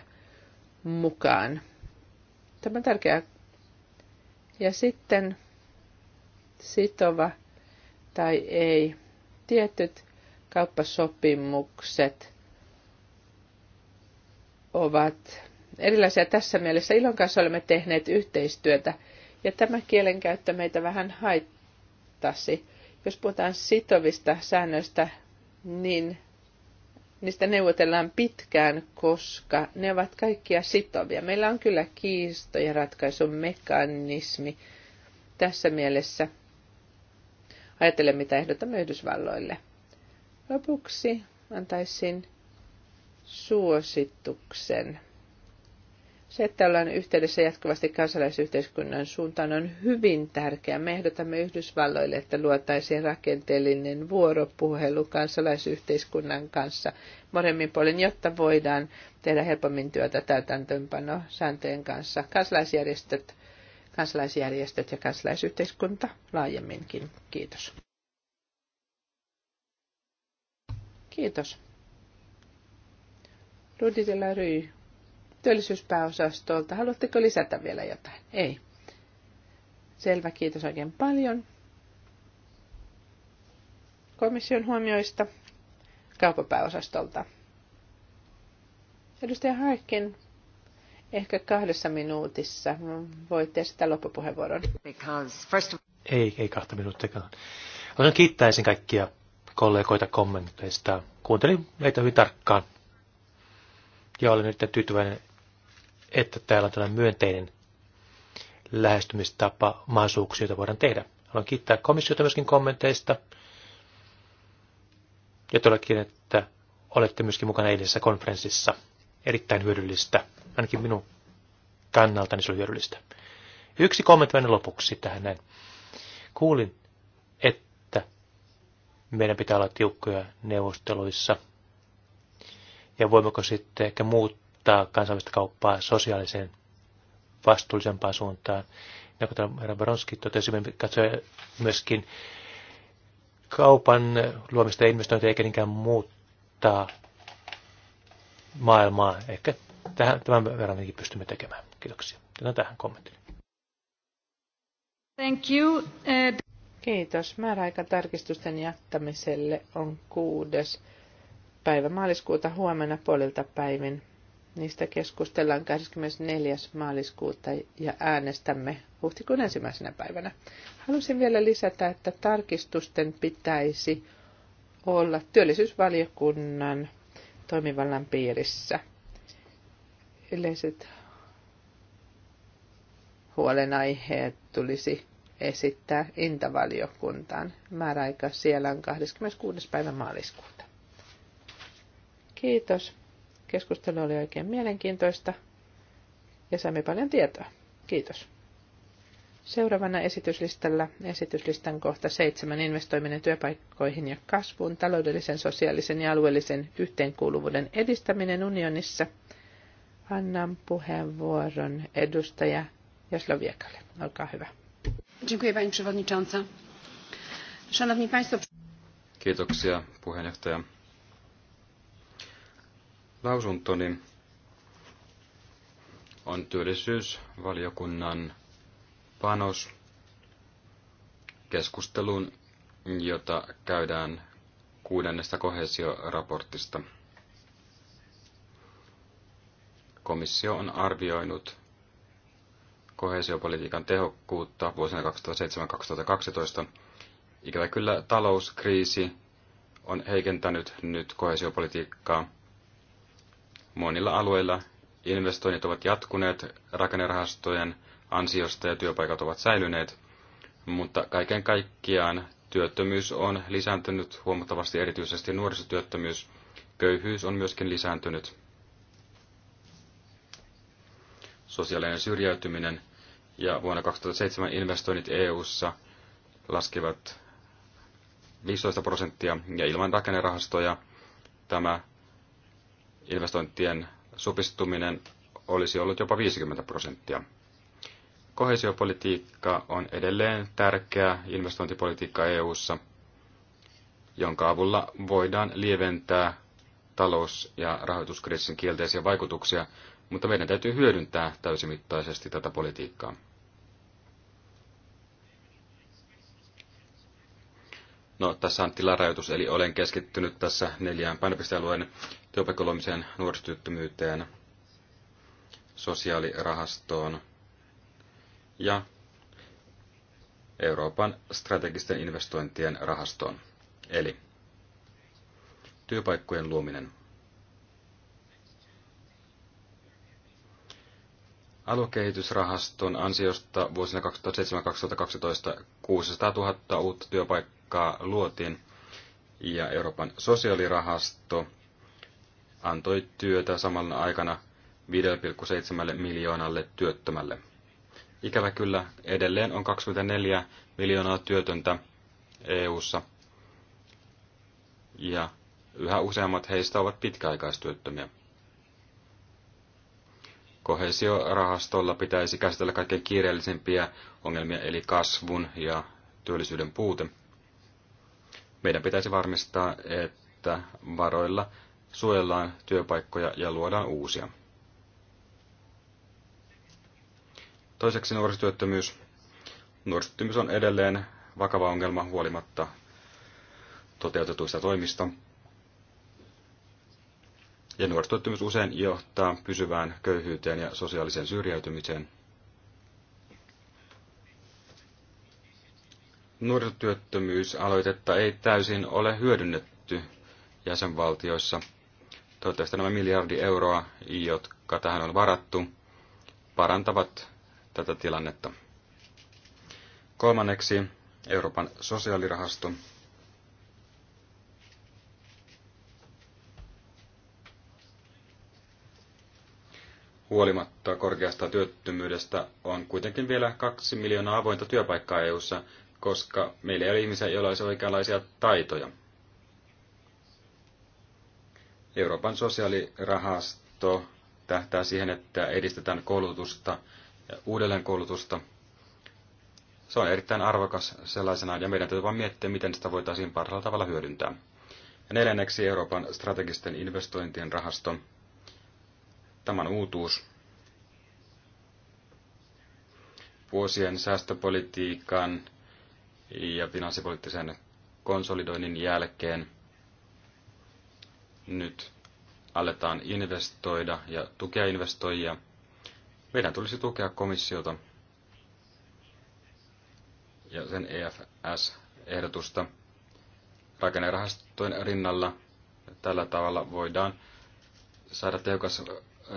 mukaan? Tämä on tärkeää. Ja sitten sitova tai ei. Tietyt kauppasopimukset ovat erilaisia tässä mielessä. Ilon kanssa olemme tehneet yhteistyötä ja tämä kielenkäyttö meitä vähän haittasi. Jos puhutaan sitovista säännöistä, niin niistä neuvotellaan pitkään, koska ne ovat kaikkia sitovia. Meillä on kyllä kiisto- ja ratkaisumekanismi tässä mielessä. Ajattele, mitä ehdotamme Yhdysvalloille. Lopuksi antaisin suosituksen. Se, että ollaan yhteydessä jatkuvasti kansalaisyhteiskunnan suuntaan, on hyvin tärkeää. Me ehdotamme Yhdysvalloille, että luotaisiin rakenteellinen vuoropuhelu kansalaisyhteiskunnan kanssa molemmin puolin, jotta voidaan tehdä helpommin työtä täytäntöönpano sääntöjen kanssa. Kansalaisjärjestöt, kansalaisjärjestöt ja kansalaisyhteiskunta laajemminkin. Kiitos. Kiitos. Rudi de la Rue työllisyyspääosastolta. Haluatteko lisätä vielä jotain? Ei. Selvä, kiitos oikein paljon komission huomioista kaupapääosastolta. Edustaja Harkin, ehkä kahdessa minuutissa voitte esittää loppupuheenvuoron. Ei, ei kahta minuuttiakaan. Haluan kiittäisin kaikkia kollegoita kommenteista. Kuuntelin meitä hyvin tarkkaan. Ja olen nyt tyytyväinen että täällä on tällainen myönteinen lähestymistapa mahdollisuuksia, joita voidaan tehdä. Haluan kiittää komissiota myöskin kommenteista. Ja todellakin, että olette myöskin mukana eilisessä konferenssissa. Erittäin hyödyllistä, ainakin minun kannaltani se oli hyödyllistä. Yksi kommentti vain lopuksi tähän näin. Kuulin, että meidän pitää olla tiukkoja neuvosteluissa. Ja voimmeko sitten ehkä muut muuttaa kansainvälistä kauppaa sosiaaliseen vastuullisempaan suuntaan. Ja kuten herra Baronski totesi, me katsoi myöskin kaupan luomista ja investointeja eikä niinkään muuttaa maailmaa. Ehkä tähän, tämän verran pystymme tekemään. Kiitoksia. Tätä tähän kommentti. Thank you. Eh, Kiitos. Määräaika tarkistusten jättämiselle on kuudes päivä maaliskuuta huomenna puolilta päivin. Niistä keskustellaan 24. maaliskuuta ja äänestämme huhtikuun ensimmäisenä päivänä. Halusin vielä lisätä, että tarkistusten pitäisi olla työllisyysvaliokunnan toimivallan piirissä. Yleiset huolenaiheet tulisi esittää intavaliokuntaan. Määräaika siellä on 26. päivä maaliskuuta. Kiitos Keskustelu oli oikein mielenkiintoista ja saimme paljon tietoa. Kiitos. Seuraavana esityslistalla esityslistan kohta seitsemän investoiminen työpaikkoihin ja kasvuun, taloudellisen, sosiaalisen ja alueellisen yhteenkuuluvuuden edistäminen unionissa. Annan puheenvuoron edustaja Jasloviekalle. Olkaa hyvä. Dziękuję pani przewodnicząca. Szanowni państwo. Kiitoksia puheenjohtaja lausuntoni niin on työllisyysvaliokunnan panos keskusteluun, jota käydään kuudennesta kohesioraportista. Komissio on arvioinut kohesiopolitiikan tehokkuutta vuosina 2007-2012. Ikävä kyllä talouskriisi on heikentänyt nyt kohesiopolitiikkaa, monilla alueilla investoinnit ovat jatkuneet rakennerahastojen ansiosta ja työpaikat ovat säilyneet, mutta kaiken kaikkiaan työttömyys on lisääntynyt huomattavasti, erityisesti nuorisotyöttömyys. Köyhyys on myöskin lisääntynyt. Sosiaalinen syrjäytyminen ja vuonna 2007 investoinnit EU:ssa laskivat 15 prosenttia ja ilman rakennerahastoja tämä investointien supistuminen olisi ollut jopa 50 prosenttia. Kohesiopolitiikka on edelleen tärkeä investointipolitiikka EU:ssa, jonka avulla voidaan lieventää talous- ja rahoituskriisin kielteisiä vaikutuksia, mutta meidän täytyy hyödyntää täysimittaisesti tätä politiikkaa. No, tässä on tilarajoitus, eli olen keskittynyt tässä neljään painopistealueen työpaikkaluomiseen, nuorisotyöttömyyteen, sosiaalirahastoon ja Euroopan strategisten investointien rahastoon. Eli työpaikkojen luominen. Aluekehitysrahaston ansiosta vuosina 2007-2012 600 000 uutta työpaikkaa luotiin ja Euroopan sosiaalirahasto antoi työtä samalla aikana 5,7 miljoonalle työttömälle. Ikävä kyllä, edelleen on 24 miljoonaa työtöntä EU:ssa ja yhä useammat heistä ovat pitkäaikaistyöttömiä. Kohesiorahastolla pitäisi käsitellä kaikkein kiireellisimpiä ongelmia eli kasvun ja työllisyyden puute. Meidän pitäisi varmistaa, että varoilla suojellaan työpaikkoja ja luodaan uusia. Toiseksi nuorisotyöttömyys. Nuorisotyöttömyys on edelleen vakava ongelma huolimatta toteutetuista toimista. Ja nuorisotyöttömyys usein johtaa pysyvään köyhyyteen ja sosiaaliseen syrjäytymiseen. Nuorisotyöttömyysaloitetta ei täysin ole hyödynnetty jäsenvaltioissa – Toivottavasti nämä miljardi euroa, jotka tähän on varattu, parantavat tätä tilannetta. Kolmanneksi Euroopan sosiaalirahasto. Huolimatta korkeasta työttömyydestä on kuitenkin vielä kaksi miljoonaa avointa työpaikkaa EU:ssa, koska meillä ei ole ihmisiä, joilla olisi oikeanlaisia taitoja. Euroopan sosiaalirahasto tähtää siihen, että edistetään koulutusta ja uudelleenkoulutusta. Se on erittäin arvokas sellaisena, ja meidän täytyy vain miettiä, miten sitä voitaisiin parhaalla tavalla hyödyntää. Ja neljänneksi Euroopan strategisten investointien rahasto. Tämä on uutuus. Vuosien säästöpolitiikan ja finanssipoliittisen konsolidoinnin jälkeen – nyt aletaan investoida ja tukea investoijia, meidän tulisi tukea komissiota ja sen EFS-ehdotusta rakennerahastojen rinnalla. Tällä tavalla voidaan saada tehokas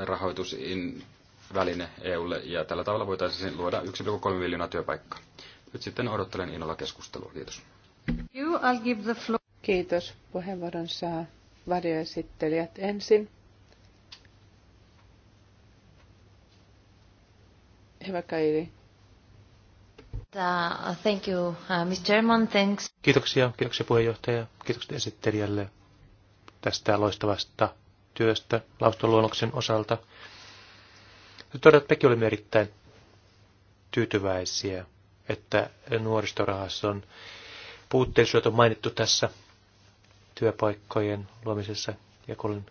rahoitusväline EUlle ja tällä tavalla voitaisiin luoda 1,3 miljoonaa työpaikkaa. Nyt sitten odottelen innolla keskustelua. Kiitos. Kiitos. Puheenvuoron saa varjoesittelijät ensin. Hyvä Kairi. Uh, thank you, uh, Mr. Chairman, thanks. Kiitoksia, kiitoksia puheenjohtaja, kiitokset esittelijälle tästä loistavasta työstä laustoluonnoksen osalta. Todella, että mekin olimme erittäin tyytyväisiä, että nuoristorahaston puutteellisuudet on mainittu tässä työpaikkojen luomisessa ja kolin.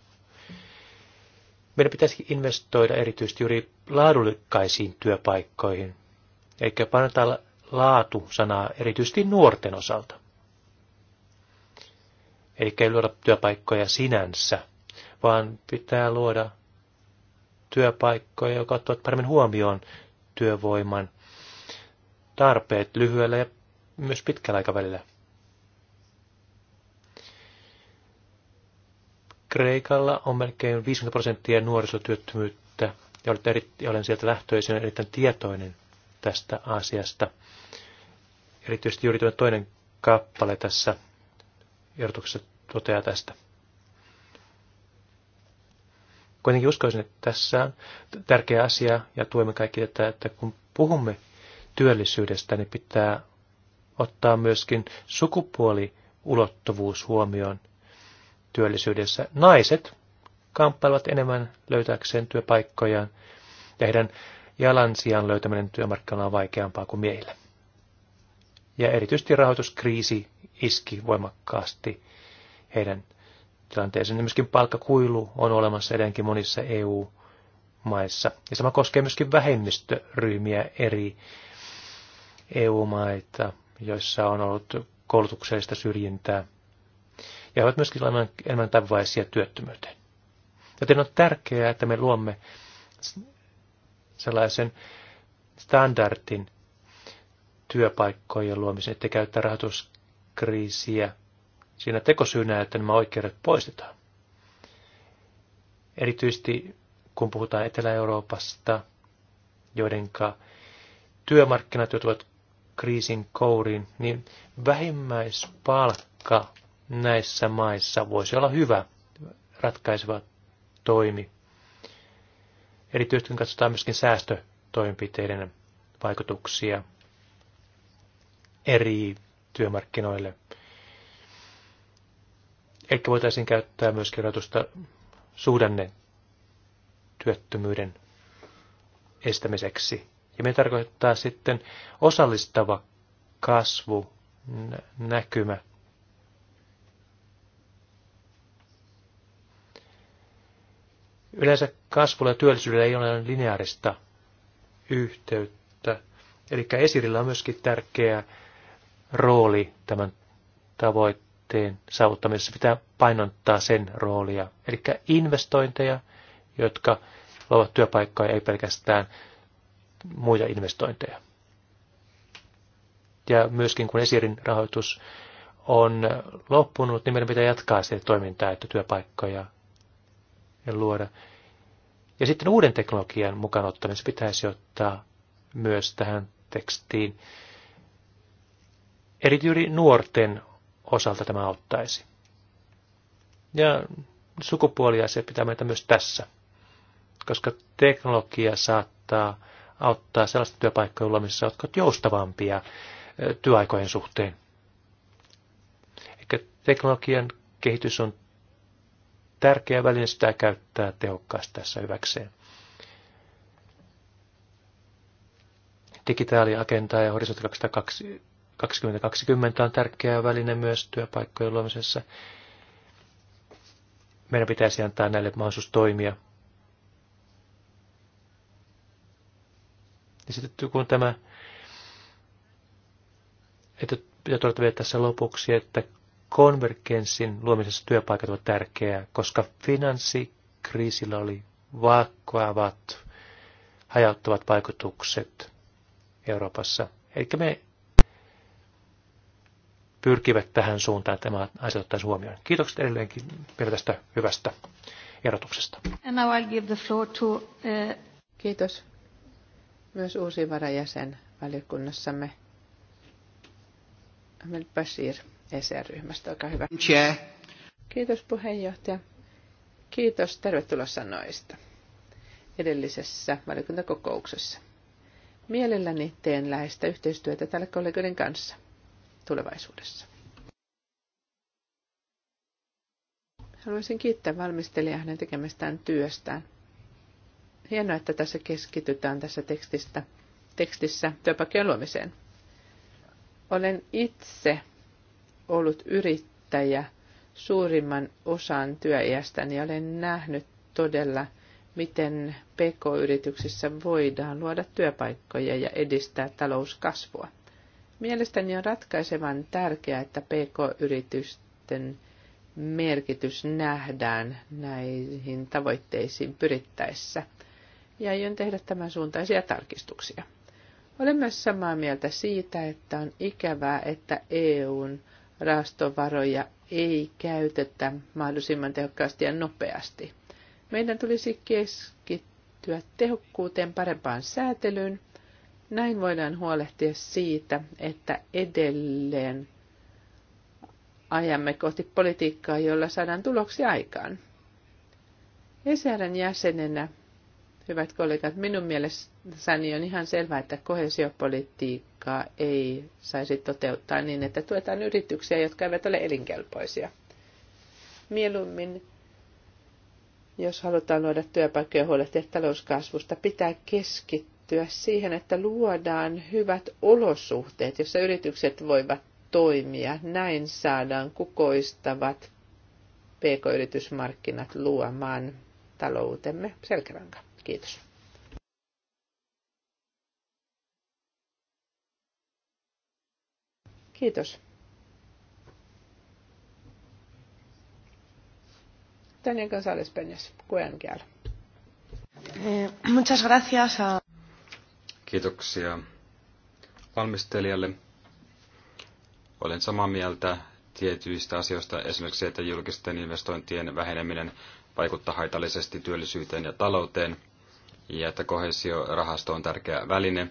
Meidän pitäisi investoida erityisesti juuri laadullikkaisiin työpaikkoihin, eikä paneta laatu-sanaa erityisesti nuorten osalta. Eli ei luoda työpaikkoja sinänsä, vaan pitää luoda työpaikkoja, jotka ottavat paremmin huomioon työvoiman tarpeet lyhyellä ja myös pitkällä aikavälillä. Kreikalla on melkein 50 prosenttia nuorisotyöttömyyttä ja olet eri, olen sieltä lähtöisin erittäin tietoinen tästä asiasta. Erityisesti juuri tuo toinen kappale tässä erotuksessa toteaa tästä. Kuitenkin uskoisin, että tässä on tärkeä asia ja tuemme kaikki tätä, että kun puhumme työllisyydestä, niin pitää ottaa myöskin sukupuoliulottuvuus huomioon työllisyydessä. Naiset kamppailevat enemmän löytääkseen työpaikkojaan ja heidän jalansijan löytäminen työmarkkinoilla on vaikeampaa kuin miehillä. Ja erityisesti rahoituskriisi iski voimakkaasti heidän tilanteeseen. Ja myöskin palkkakuilu on olemassa edelleenkin monissa EU-maissa. Ja sama koskee myöskin vähemmistöryhmiä eri EU-maita, joissa on ollut koulutuksellista syrjintää ja ovat myöskin enemmän, enemmän tavaisia työttömyyteen. Joten on tärkeää, että me luomme sellaisen standardin työpaikkojen luomisen, että käyttää rahoituskriisiä siinä tekosyynä, että nämä oikeudet poistetaan. Erityisesti kun puhutaan Etelä-Euroopasta, joidenka työmarkkinat joutuvat kriisin kouriin, niin vähimmäispalkka näissä maissa voisi olla hyvä ratkaiseva toimi. Erityisesti kun katsotaan myöskin säästötoimenpiteiden vaikutuksia eri työmarkkinoille. Eli voitaisiin käyttää myöskin rahoitusta suhdanne työttömyyden estämiseksi. Ja me tarkoittaa sitten osallistava kasvu näkymä Yleensä kasvulla ja työllisyydellä ei ole lineaarista yhteyttä. Eli esirillä on myöskin tärkeä rooli tämän tavoitteen saavuttamisessa. Pitää painottaa sen roolia. Eli investointeja, jotka luovat työpaikkoja, ei pelkästään muita investointeja. Ja myöskin kun esirin rahoitus on loppunut, niin meidän pitää jatkaa sitä toimintaa, että työpaikkoja ja luoda. Ja sitten uuden teknologian mukaan se pitäisi ottaa myös tähän tekstiin. Erityisesti nuorten osalta tämä auttaisi. Ja se pitää meitä myös tässä, koska teknologia saattaa auttaa sellaista työpaikkoja, jolla missä olet joustavampia työaikojen suhteen. Eli teknologian kehitys on tärkeä väline, sitä käyttää tehokkaasti tässä hyväkseen. Digitaaliagenda ja Horisont 2020 on tärkeä väline myös työpaikkojen luomisessa. Meidän pitäisi antaa näille mahdollisuus toimia. Ja sitten kun tämä, että pitää tässä lopuksi, että konvergenssin luomisessa työpaikat ovat tärkeää, koska finanssikriisillä oli vakavat hajauttavat vaikutukset Euroopassa. Eli me pyrkivät tähän suuntaan, että tämä asia ottaisi huomioon. Kiitokset edelleenkin vielä tästä hyvästä erotuksesta. And now I'll give the floor to, uh... Kiitos myös uusi varajäsen valiokunnassamme Amel Bashir. ECR-ryhmästä. Olkaa hyvä. Kiitos puheenjohtaja. Kiitos, tervetuloa sanoista edellisessä valiokuntakokouksessa. Mielelläni teen läheistä yhteistyötä tällä kollegoiden kanssa tulevaisuudessa. Haluaisin kiittää valmistelijaa hänen tekemästään työstään. Hienoa, että tässä keskitytään tässä tekstistä, tekstissä työpaikkojen luomiseen. Olen itse ollut yrittäjä suurimman osan työiästäni ja olen nähnyt todella, miten PK-yrityksissä voidaan luoda työpaikkoja ja edistää talouskasvua. Mielestäni on ratkaisevan tärkeää, että PK-yritysten merkitys nähdään näihin tavoitteisiin pyrittäessä, ja aion tehdä tämän suuntaisia tarkistuksia. Olen myös samaa mieltä siitä, että on ikävää, että EUn rahastovaroja ei käytetä mahdollisimman tehokkaasti ja nopeasti. Meidän tulisi keskittyä tehokkuuteen parempaan säätelyyn. Näin voidaan huolehtia siitä, että edelleen ajamme kohti politiikkaa, jolla saadaan tuloksia aikaan. ESRn jäsenenä Hyvät kollegat, minun mielestäni on ihan selvää, että kohesiopolitiikkaa ei saisi toteuttaa niin, että tuetaan yrityksiä, jotka eivät ole elinkelpoisia. Mieluummin, jos halutaan luoda työpaikkoja huolehtia talouskasvusta, pitää keskittyä siihen, että luodaan hyvät olosuhteet, jossa yritykset voivat toimia. Näin saadaan kukoistavat pk-yritysmarkkinat luomaan taloutemme selkärankan. Kiitos. Kiitos. Tania González Peñas, QNGL. Eh, muchas gracias a... Kiitoksia valmistelijalle. Olen samaa mieltä tietyistä asioista, esimerkiksi että julkisten investointien väheneminen vaikuttaa haitallisesti työllisyyteen ja talouteen – ja että kohesiorahasto on tärkeä väline.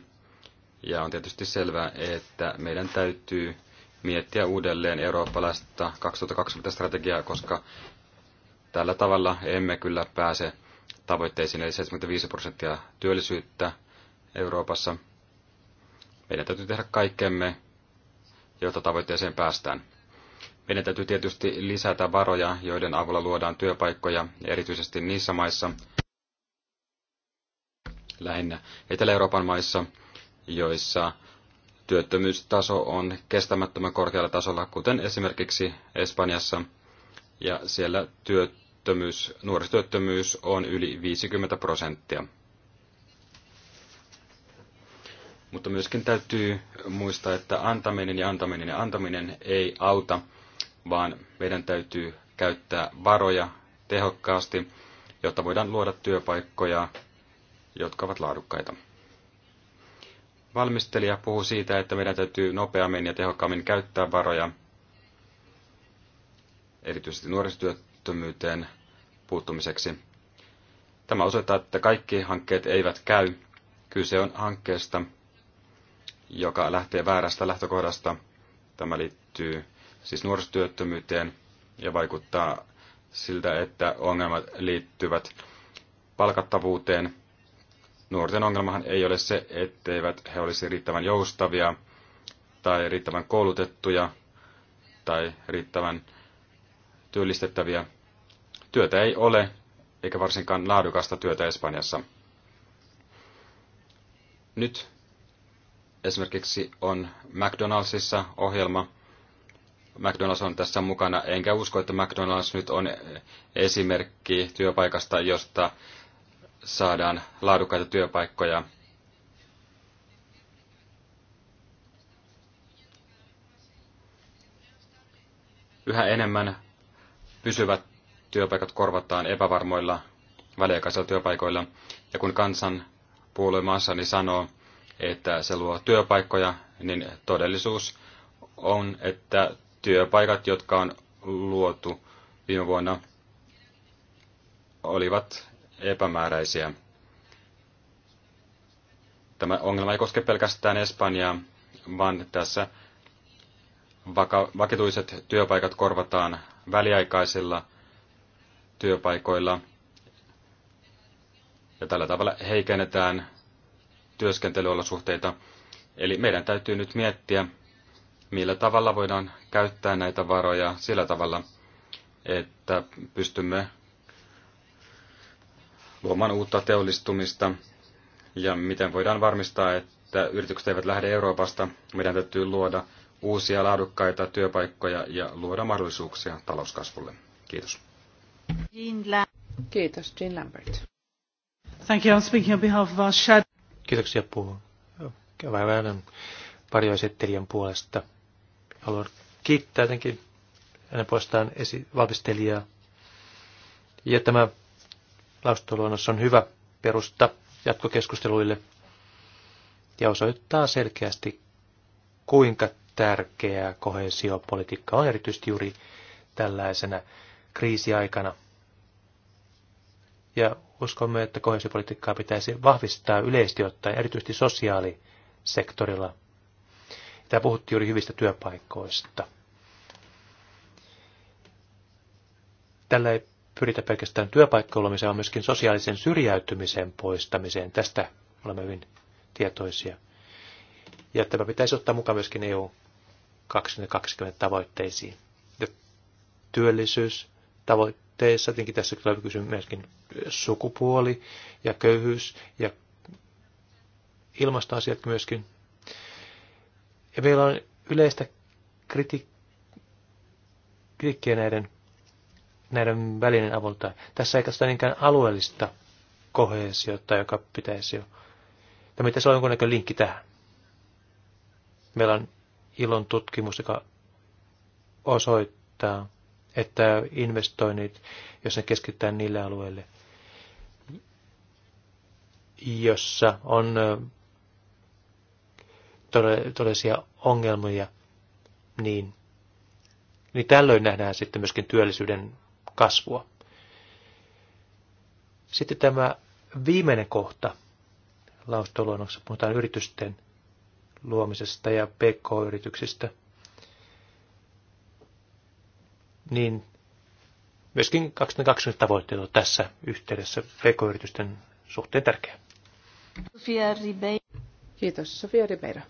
Ja on tietysti selvää, että meidän täytyy miettiä uudelleen eurooppalaista 2020-strategiaa, koska tällä tavalla emme kyllä pääse tavoitteisiin, eli 75 prosenttia työllisyyttä Euroopassa. Meidän täytyy tehdä kaikkemme, jotta tavoitteeseen päästään. Meidän täytyy tietysti lisätä varoja, joiden avulla luodaan työpaikkoja, erityisesti niissä maissa, lähinnä Etelä-Euroopan maissa, joissa työttömyystaso on kestämättömän korkealla tasolla, kuten esimerkiksi Espanjassa, ja siellä työttömyys, nuorisotyöttömyys on yli 50 prosenttia. Mutta myöskin täytyy muistaa, että antaminen ja antaminen ja antaminen ei auta, vaan meidän täytyy käyttää varoja tehokkaasti, jotta voidaan luoda työpaikkoja jotka ovat laadukkaita. Valmistelija puhuu siitä, että meidän täytyy nopeammin ja tehokkaammin käyttää varoja, erityisesti nuorisotyöttömyyteen puuttumiseksi. Tämä osoittaa, että kaikki hankkeet eivät käy. Kyse on hankkeesta, joka lähtee väärästä lähtökohdasta. Tämä liittyy siis nuorisotyöttömyyteen ja vaikuttaa siltä, että ongelmat liittyvät palkattavuuteen Nuorten ongelmahan ei ole se, etteivät he olisi riittävän joustavia tai riittävän koulutettuja tai riittävän työllistettäviä. Työtä ei ole, eikä varsinkaan laadukasta työtä Espanjassa. Nyt esimerkiksi on McDonaldsissa ohjelma. McDonalds on tässä mukana, enkä usko, että McDonalds nyt on esimerkki työpaikasta, josta saadaan laadukkaita työpaikkoja. Yhä enemmän pysyvät työpaikat korvataan epävarmoilla väliaikaisilla työpaikoilla. Ja kun kansan puolue maassani sanoo, että se luo työpaikkoja, niin todellisuus on, että työpaikat, jotka on luotu viime vuonna, olivat epämääräisiä. Tämä ongelma ei koske pelkästään Espanjaa, vaan tässä vaka- vakituiset työpaikat korvataan väliaikaisilla työpaikoilla. Ja tällä tavalla heikennetään työskentelyolosuhteita. Eli meidän täytyy nyt miettiä, millä tavalla voidaan käyttää näitä varoja sillä tavalla, että pystymme luomaan uutta teollistumista ja miten voidaan varmistaa, että yritykset eivät lähde Euroopasta. Meidän täytyy luoda uusia laadukkaita työpaikkoja ja luoda mahdollisuuksia talouskasvulle. Kiitos. Kiitos, Jean Lambert. Thank you. I'm speaking on behalf of our shadow. Kiitoksia puhun Käväväinen varjoesittelijän puolesta. Haluan kiittää jotenkin hänen puolestaan esi- valmistelijaa. Ja tämä Lausuntoluonnos on hyvä perusta jatkokeskusteluille ja osoittaa selkeästi, kuinka tärkeää kohesiopolitiikka on erityisesti juuri tällaisena kriisiaikana. Ja uskomme, että kohesiopolitiikkaa pitäisi vahvistaa yleisesti ottaen, erityisesti sosiaalisektorilla. Tämä puhuttiin juuri hyvistä työpaikoista. Tällä ei pyritä pelkästään työpaikkoilumiseen, vaan myöskin sosiaalisen syrjäytymisen poistamiseen. Tästä olemme hyvin tietoisia. Ja tämä pitäisi ottaa mukaan myöskin EU 2020 tavoitteisiin. Ja tavoitteissa, tietenkin tässä tulee kysymys myöskin sukupuoli ja köyhyys ja ilmastoasiat myöskin. Ja meillä on yleistä kritiikkiä näiden näiden välinen avulta. Tässä ei katsota niinkään alueellista kohesiota, joka pitäisi jo. Tämä no pitäisi olla jonkunnäköinen linkki tähän. Meillä on ilon tutkimus, joka osoittaa, että investoinnit, jos ne keskittää niille alueille, jossa on todellisia ongelmia, niin, niin tällöin nähdään sitten myöskin työllisyyden kasvua. Sitten tämä viimeinen kohta lausuntoluonnoksessa puhutaan yritysten luomisesta ja pk-yrityksistä. Niin myöskin 2020 tavoitteet on tässä yhteydessä pk-yritysten suhteen tärkeä. Sofia Kiitos, Sofia Ribeiro.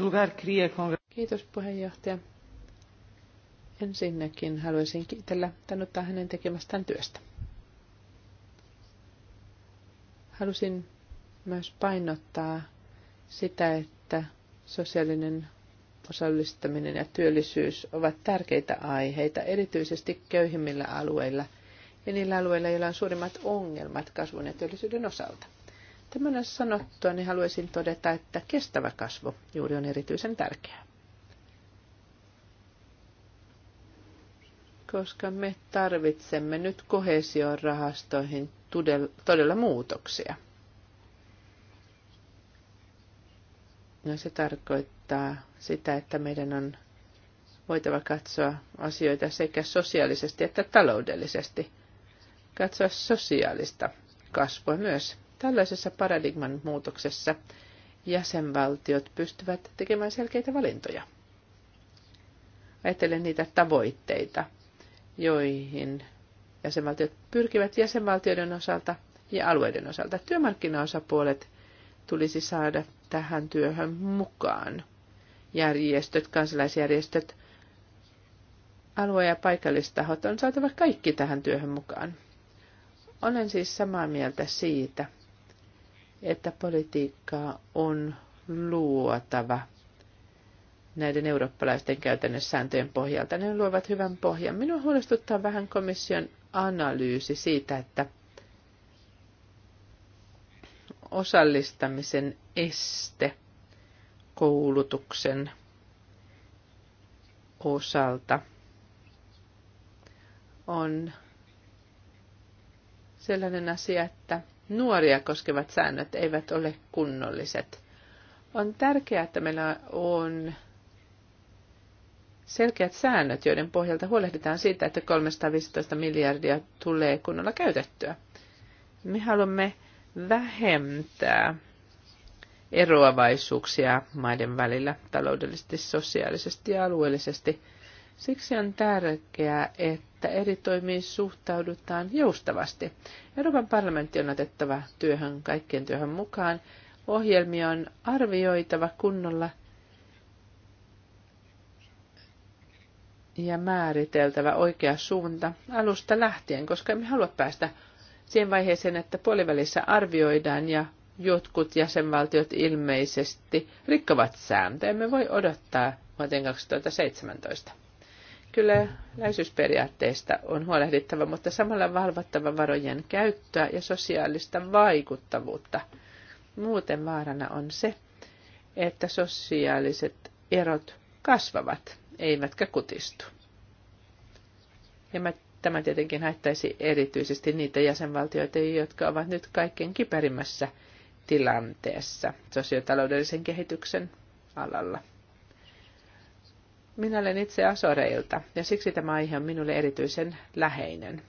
lugar, queria Kiitos, puheenjohtaja. Ensinnäkin haluaisin kiitellä tänuttaa hänen tekemästään työstä. Halusin myös painottaa sitä, että sosiaalinen osallistaminen ja työllisyys ovat tärkeitä aiheita, erityisesti köyhimmillä alueilla ja niillä alueilla, joilla on suurimmat ongelmat kasvun ja työllisyyden osalta. Tämän sanottua niin haluaisin todeta, että kestävä kasvu juuri on erityisen tärkeää. koska me tarvitsemme nyt rahastoihin todella muutoksia. No se tarkoittaa sitä, että meidän on voitava katsoa asioita sekä sosiaalisesti että taloudellisesti. Katsoa sosiaalista kasvua myös. Tällaisessa paradigman muutoksessa jäsenvaltiot pystyvät tekemään selkeitä valintoja. Ajattelen niitä tavoitteita, joihin jäsenvaltiot pyrkivät jäsenvaltioiden osalta ja alueiden osalta. Työmarkkinaosapuolet tulisi saada tähän työhön mukaan. Järjestöt, kansalaisjärjestöt, alue- ja paikallistahot on saatava kaikki tähän työhön mukaan. Olen siis samaa mieltä siitä, että politiikkaa on luotava – näiden eurooppalaisten käytännön sääntöjen pohjalta. Ne luovat hyvän pohjan. Minua huolestuttaa vähän komission analyysi siitä, että osallistamisen este koulutuksen osalta on sellainen asia, että nuoria koskevat säännöt eivät ole kunnolliset. On tärkeää, että meillä on selkeät säännöt, joiden pohjalta huolehditaan siitä, että 315 miljardia tulee kunnolla käytettyä. Me haluamme vähentää eroavaisuuksia maiden välillä taloudellisesti, sosiaalisesti ja alueellisesti. Siksi on tärkeää, että eri toimiin suhtaudutaan joustavasti. Euroopan parlamentti on otettava työhön kaikkien työhön mukaan. Ohjelmia on arvioitava kunnolla – ja määriteltävä oikea suunta alusta lähtien, koska emme halua päästä siihen vaiheeseen, että puolivälissä arvioidaan ja jotkut jäsenvaltiot ilmeisesti rikkovat sääntöjä. Me voi odottaa vuoteen 2017. Kyllä läisyysperiaatteista on huolehdittava, mutta samalla valvottava varojen käyttöä ja sosiaalista vaikuttavuutta. Muuten vaarana on se, että sosiaaliset erot kasvavat eivätkä kutistu. Ja tämä tietenkin haittaisi erityisesti niitä jäsenvaltioita, jotka ovat nyt kaikkein kiperimmässä tilanteessa sosiotaloudellisen kehityksen alalla. Minä olen itse Asoreilta ja siksi tämä aihe on minulle erityisen läheinen.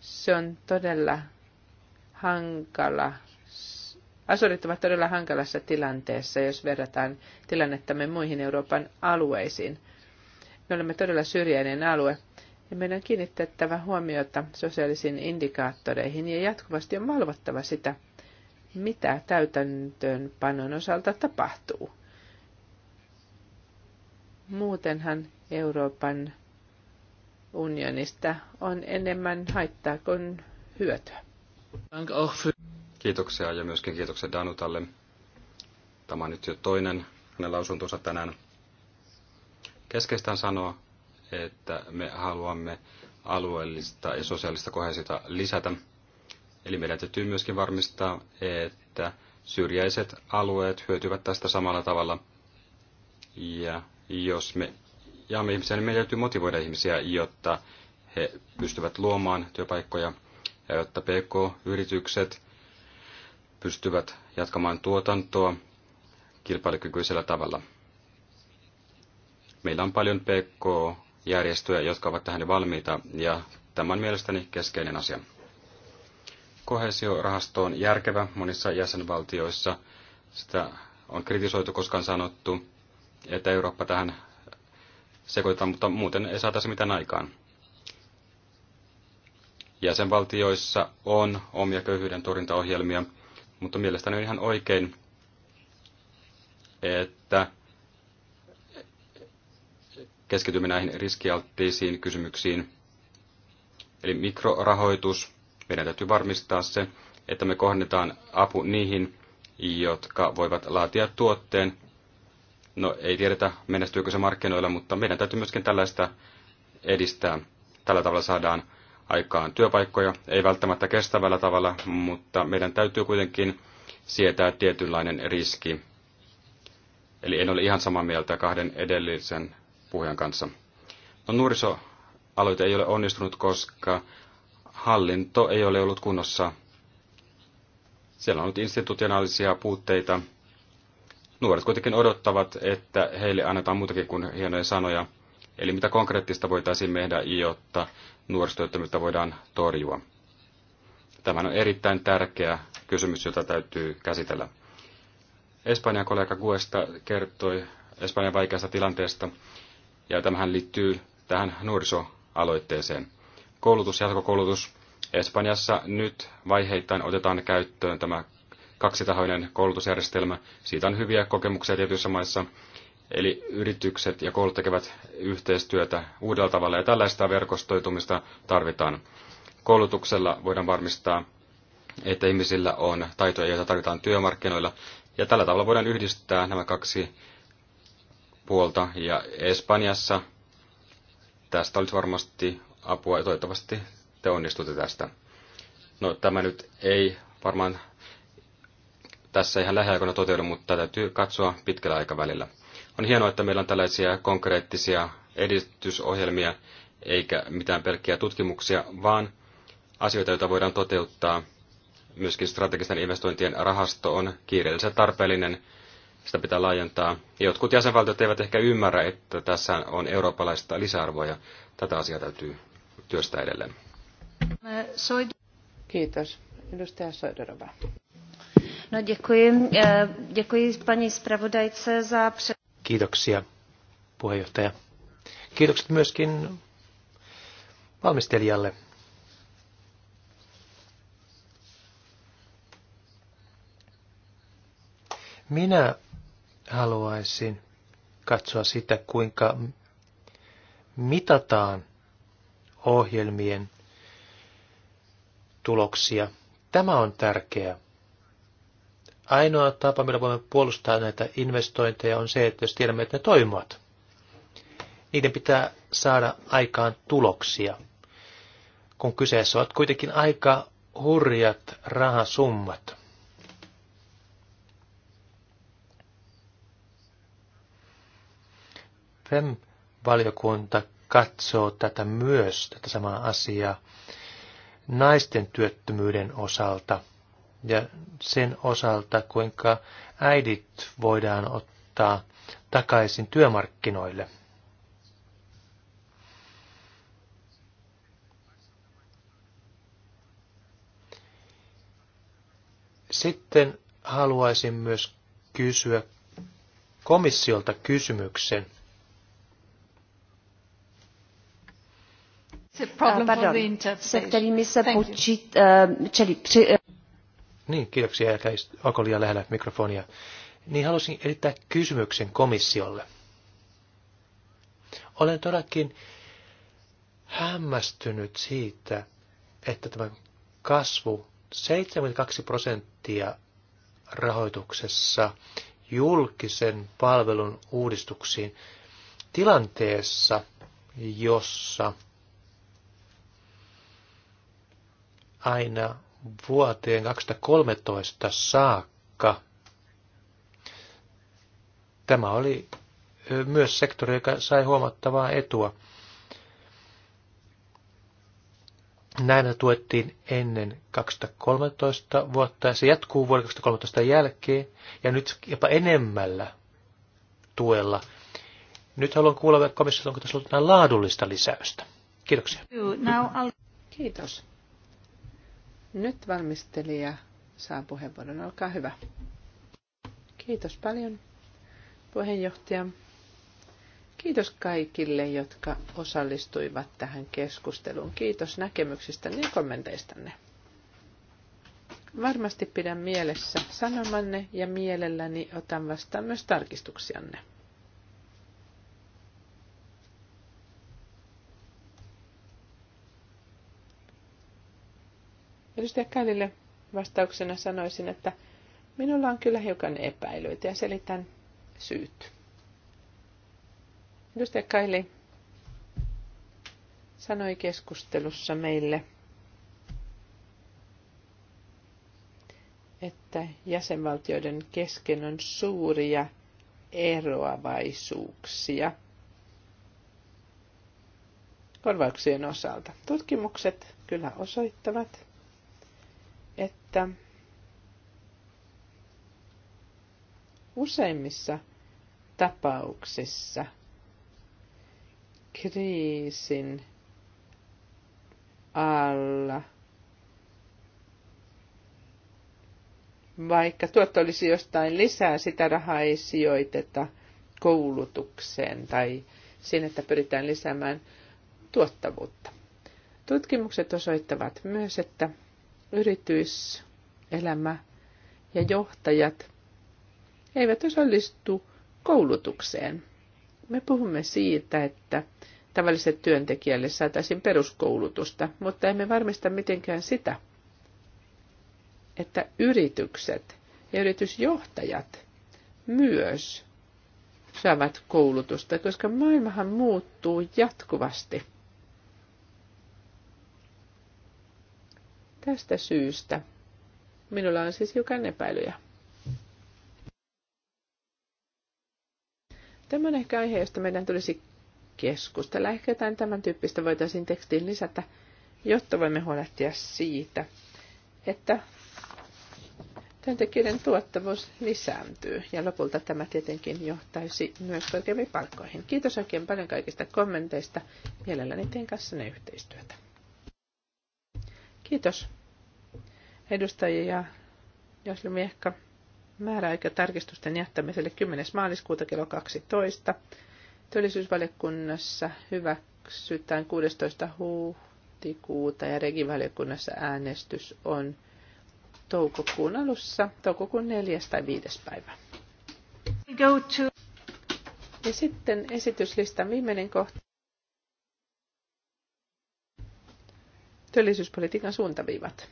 Se on todella hankala Asurit ovat todella hankalassa tilanteessa, jos verrataan tilannettamme muihin Euroopan alueisiin. Me olemme todella syrjäinen alue, ja meidän on kiinnitettävä huomiota sosiaalisiin indikaattoreihin ja jatkuvasti on valvottava sitä, mitä täytäntöönpanon osalta tapahtuu. Muutenhan Euroopan unionista on enemmän haittaa kuin hyötyä. Kiitoksia ja myöskin kiitoksia Danutalle. Tämä on nyt jo toinen hänen lausuntonsa tänään. on sanoa, että me haluamme alueellista ja sosiaalista kohesiota lisätä. Eli meidän täytyy myöskin varmistaa, että syrjäiset alueet hyötyvät tästä samalla tavalla. Ja jos me jaamme ihmisiä, niin meidän täytyy motivoida ihmisiä, jotta he pystyvät luomaan työpaikkoja ja jotta PK-yritykset pystyvät jatkamaan tuotantoa kilpailukykyisellä tavalla. Meillä on paljon PK-järjestöjä, jotka ovat tähän valmiita, ja tämä on mielestäni keskeinen asia. Kohesiorahasto on järkevä monissa jäsenvaltioissa. Sitä on kritisoitu, koska on sanottu, että Eurooppa tähän sekoitetaan, mutta muuten ei saataisi mitään aikaan. Jäsenvaltioissa on omia köyhyyden torjuntaohjelmia, mutta mielestäni on ihan oikein, että keskitymme näihin riskialttiisiin kysymyksiin. Eli mikrorahoitus, meidän täytyy varmistaa se, että me kohdennetaan apu niihin, jotka voivat laatia tuotteen. No ei tiedetä, menestyykö se markkinoilla, mutta meidän täytyy myöskin tällaista edistää. Tällä tavalla saadaan aikaan työpaikkoja, ei välttämättä kestävällä tavalla, mutta meidän täytyy kuitenkin sietää tietynlainen riski. Eli en ole ihan samaa mieltä kahden edellisen puhujan kanssa. No, nuorisoaloite ei ole onnistunut, koska hallinto ei ole ollut kunnossa. Siellä on ollut institutionaalisia puutteita. Nuoret kuitenkin odottavat, että heille annetaan muutakin kuin hienoja sanoja. Eli mitä konkreettista voitaisiin tehdä, jotta nuorisotyöttömyyttä voidaan torjua. Tämä on erittäin tärkeä kysymys, jota täytyy käsitellä. Espanjan kollega Guesta kertoi Espanjan vaikeasta tilanteesta, ja tämähän liittyy tähän nuorisoaloitteeseen. Koulutus, jatkokoulutus. Espanjassa nyt vaiheittain otetaan käyttöön tämä kaksitahoinen koulutusjärjestelmä. Siitä on hyviä kokemuksia tietyissä maissa, Eli yritykset ja koulut tekevät yhteistyötä uudella tavalla ja tällaista verkostoitumista tarvitaan. Koulutuksella voidaan varmistaa, että ihmisillä on taitoja, joita tarvitaan työmarkkinoilla. Ja tällä tavalla voidaan yhdistää nämä kaksi puolta. Ja Espanjassa tästä olisi varmasti apua ja toivottavasti te onnistutte tästä. No tämä nyt ei varmaan tässä ihan lähiaikoina toteudu, mutta täytyy katsoa pitkällä aikavälillä. On hienoa, että meillä on tällaisia konkreettisia edistysohjelmia, eikä mitään pelkkiä tutkimuksia, vaan asioita, joita voidaan toteuttaa. Myöskin strategisten investointien rahasto on kiireellisen tarpeellinen, sitä pitää laajentaa. Jotkut jäsenvaltiot eivät ehkä ymmärrä, että tässä on eurooppalaista lisäarvoa ja tätä asiaa täytyy työstää edelleen. Kiitos. Edustaja Soiderova. No, děkuji. Eh, děkuji paní zpravodajce za... Kiitoksia, puheenjohtaja. Kiitokset myöskin valmistelijalle. Minä haluaisin katsoa sitä, kuinka mitataan ohjelmien tuloksia. Tämä on tärkeää ainoa tapa, millä voimme puolustaa näitä investointeja, on se, että jos tiedämme, että ne toimivat, niiden pitää saada aikaan tuloksia, kun kyseessä ovat kuitenkin aika hurjat rahasummat. FEM-valiokunta katsoo tätä myös, tätä samaa asiaa, naisten työttömyyden osalta – ja sen osalta, kuinka äidit voidaan ottaa takaisin työmarkkinoille. Sitten haluaisin myös kysyä komissiolta kysymyksen. Se problem ah, for the Thank you. Eh, niin, kiitoksia, älkää olko liian lähellä mikrofonia. Niin halusin erittää kysymyksen komissiolle. Olen todellakin hämmästynyt siitä, että tämä kasvu 72 prosenttia rahoituksessa julkisen palvelun uudistuksiin tilanteessa, jossa aina vuoteen 2013 saakka. Tämä oli myös sektori, joka sai huomattavaa etua. Näinä tuettiin ennen 2013 vuotta ja se jatkuu vuoden 2013 jälkeen ja nyt jopa enemmällä tuella. Nyt haluan kuulla komissiolta, onko tässä ollut laadullista lisäystä. Kiitoksia. Kiitos. Nyt valmistelija saa puheenvuoron. Olkaa hyvä. Kiitos paljon, puheenjohtaja. Kiitos kaikille, jotka osallistuivat tähän keskusteluun. Kiitos näkemyksistä ja kommenteistanne. Varmasti pidän mielessä sanomanne ja mielelläni otan vastaan myös tarkistuksianne. Edustaja Kälille vastauksena sanoisin, että minulla on kyllä hiukan epäilyitä ja selitän syyt. Edustaja Kaili sanoi keskustelussa meille, että jäsenvaltioiden kesken on suuria eroavaisuuksia korvauksien osalta. Tutkimukset kyllä osoittavat, että useimmissa tapauksissa kriisin alla, vaikka tuotto olisi jostain lisää, sitä rahaa ei sijoiteta koulutukseen tai siinä, että pyritään lisäämään tuottavuutta. Tutkimukset osoittavat myös, että yrityselämä ja johtajat eivät osallistu koulutukseen. Me puhumme siitä, että tavalliset työntekijälle saataisiin peruskoulutusta, mutta emme varmista mitenkään sitä, että yritykset ja yritysjohtajat myös saavat koulutusta, koska maailmahan muuttuu jatkuvasti – Tästä syystä minulla on siis hiukan epäilyjä. Tämä on ehkä aihe, josta meidän tulisi keskustella. Ehkä jotain tämän tyyppistä voitaisiin tekstiin lisätä, jotta voimme huolehtia siitä, että työntekijöiden tuottavuus lisääntyy. Ja lopulta tämä tietenkin johtaisi myös korkeimpiin palkkoihin. Kiitos oikein paljon kaikista kommenteista. Mielelläni teen kanssanne yhteistyötä. Kiitos edustajia. Jos määräaika tarkistusten jättämiselle 10. maaliskuuta kello 12. Työllisyysvaliokunnassa hyväksytään 16. huhtikuuta ja regivaliokunnassa äänestys on toukokuun alussa, toukokuun 4. tai 5. päivä. Ja sitten esityslistan viimeinen kohta. työllisyyspolitiikan suuntaviivat.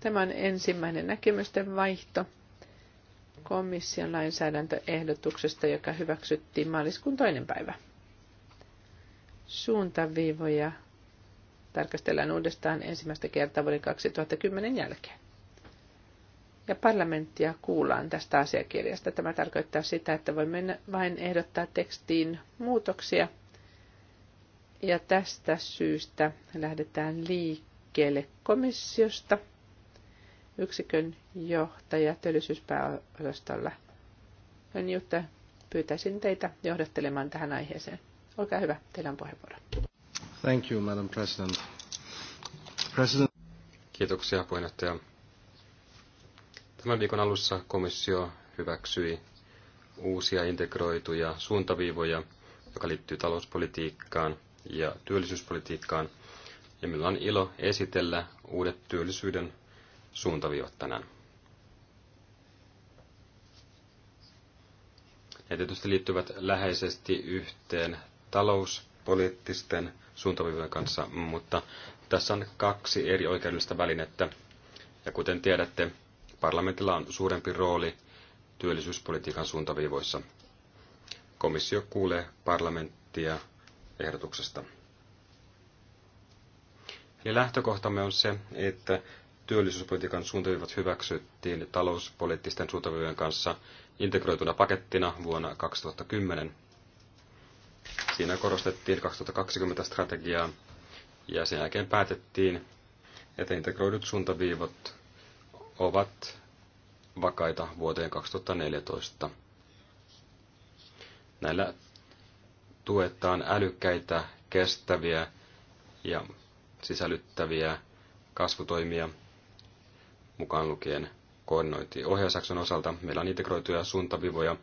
Tämä on ensimmäinen näkemysten vaihto komission lainsäädäntöehdotuksesta, joka hyväksyttiin maaliskuun toinen päivä. Suuntaviivoja tarkastellaan uudestaan ensimmäistä kertaa vuoden 2010 jälkeen. Ja parlamenttia kuullaan tästä asiakirjasta. Tämä tarkoittaa sitä, että voimme vain ehdottaa tekstiin muutoksia – ja tästä syystä lähdetään liikkeelle komissiosta yksikön johtaja työllisyyspääosastolla. On Jutta, pyytäisin teitä johdattelemaan tähän aiheeseen. Olkaa hyvä, teillä on puheenvuoro. Thank you, Madam President. President. Kiitoksia, puheenjohtaja. Tämän viikon alussa komissio hyväksyi uusia integroituja suuntaviivoja, joka liittyy talouspolitiikkaan – ja työllisyyspolitiikkaan. Ja minulla on ilo esitellä uudet työllisyyden suuntaviivat tänään. Ne tietysti liittyvät läheisesti yhteen talouspoliittisten suuntaviivojen kanssa, mutta tässä on kaksi eri oikeudellista välinettä. Ja kuten tiedätte, parlamentilla on suurempi rooli työllisyyspolitiikan suuntaviivoissa. Komissio kuulee parlamenttia ehdotuksesta. Eli lähtökohtamme on se, että työllisyyspolitiikan suuntaviivat hyväksyttiin talouspoliittisten suuntaviivien kanssa integroituna pakettina vuonna 2010. Siinä korostettiin 2020 strategiaa ja sen jälkeen päätettiin, että integroidut suuntaviivat ovat vakaita vuoteen 2014. Näillä tuetaan älykkäitä, kestäviä ja sisällyttäviä kasvutoimia mukaan lukien koordinointi. Ohjausjakson osalta meillä on integroituja suuntavivoja,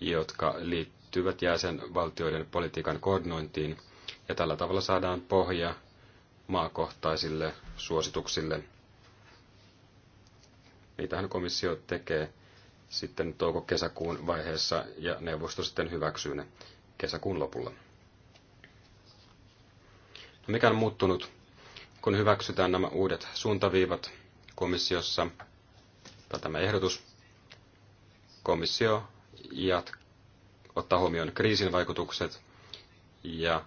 jotka liittyvät jäsenvaltioiden politiikan koordinointiin, ja tällä tavalla saadaan pohja maakohtaisille suosituksille. Niitähän komissio tekee sitten touko-kesäkuun vaiheessa, ja neuvosto sitten hyväksyy ne kesäkuun lopulla. No, mikä on muuttunut, kun hyväksytään nämä uudet suuntaviivat komissiossa, tai tämä ehdotus, komissio jat, ottaa huomioon kriisin vaikutukset ja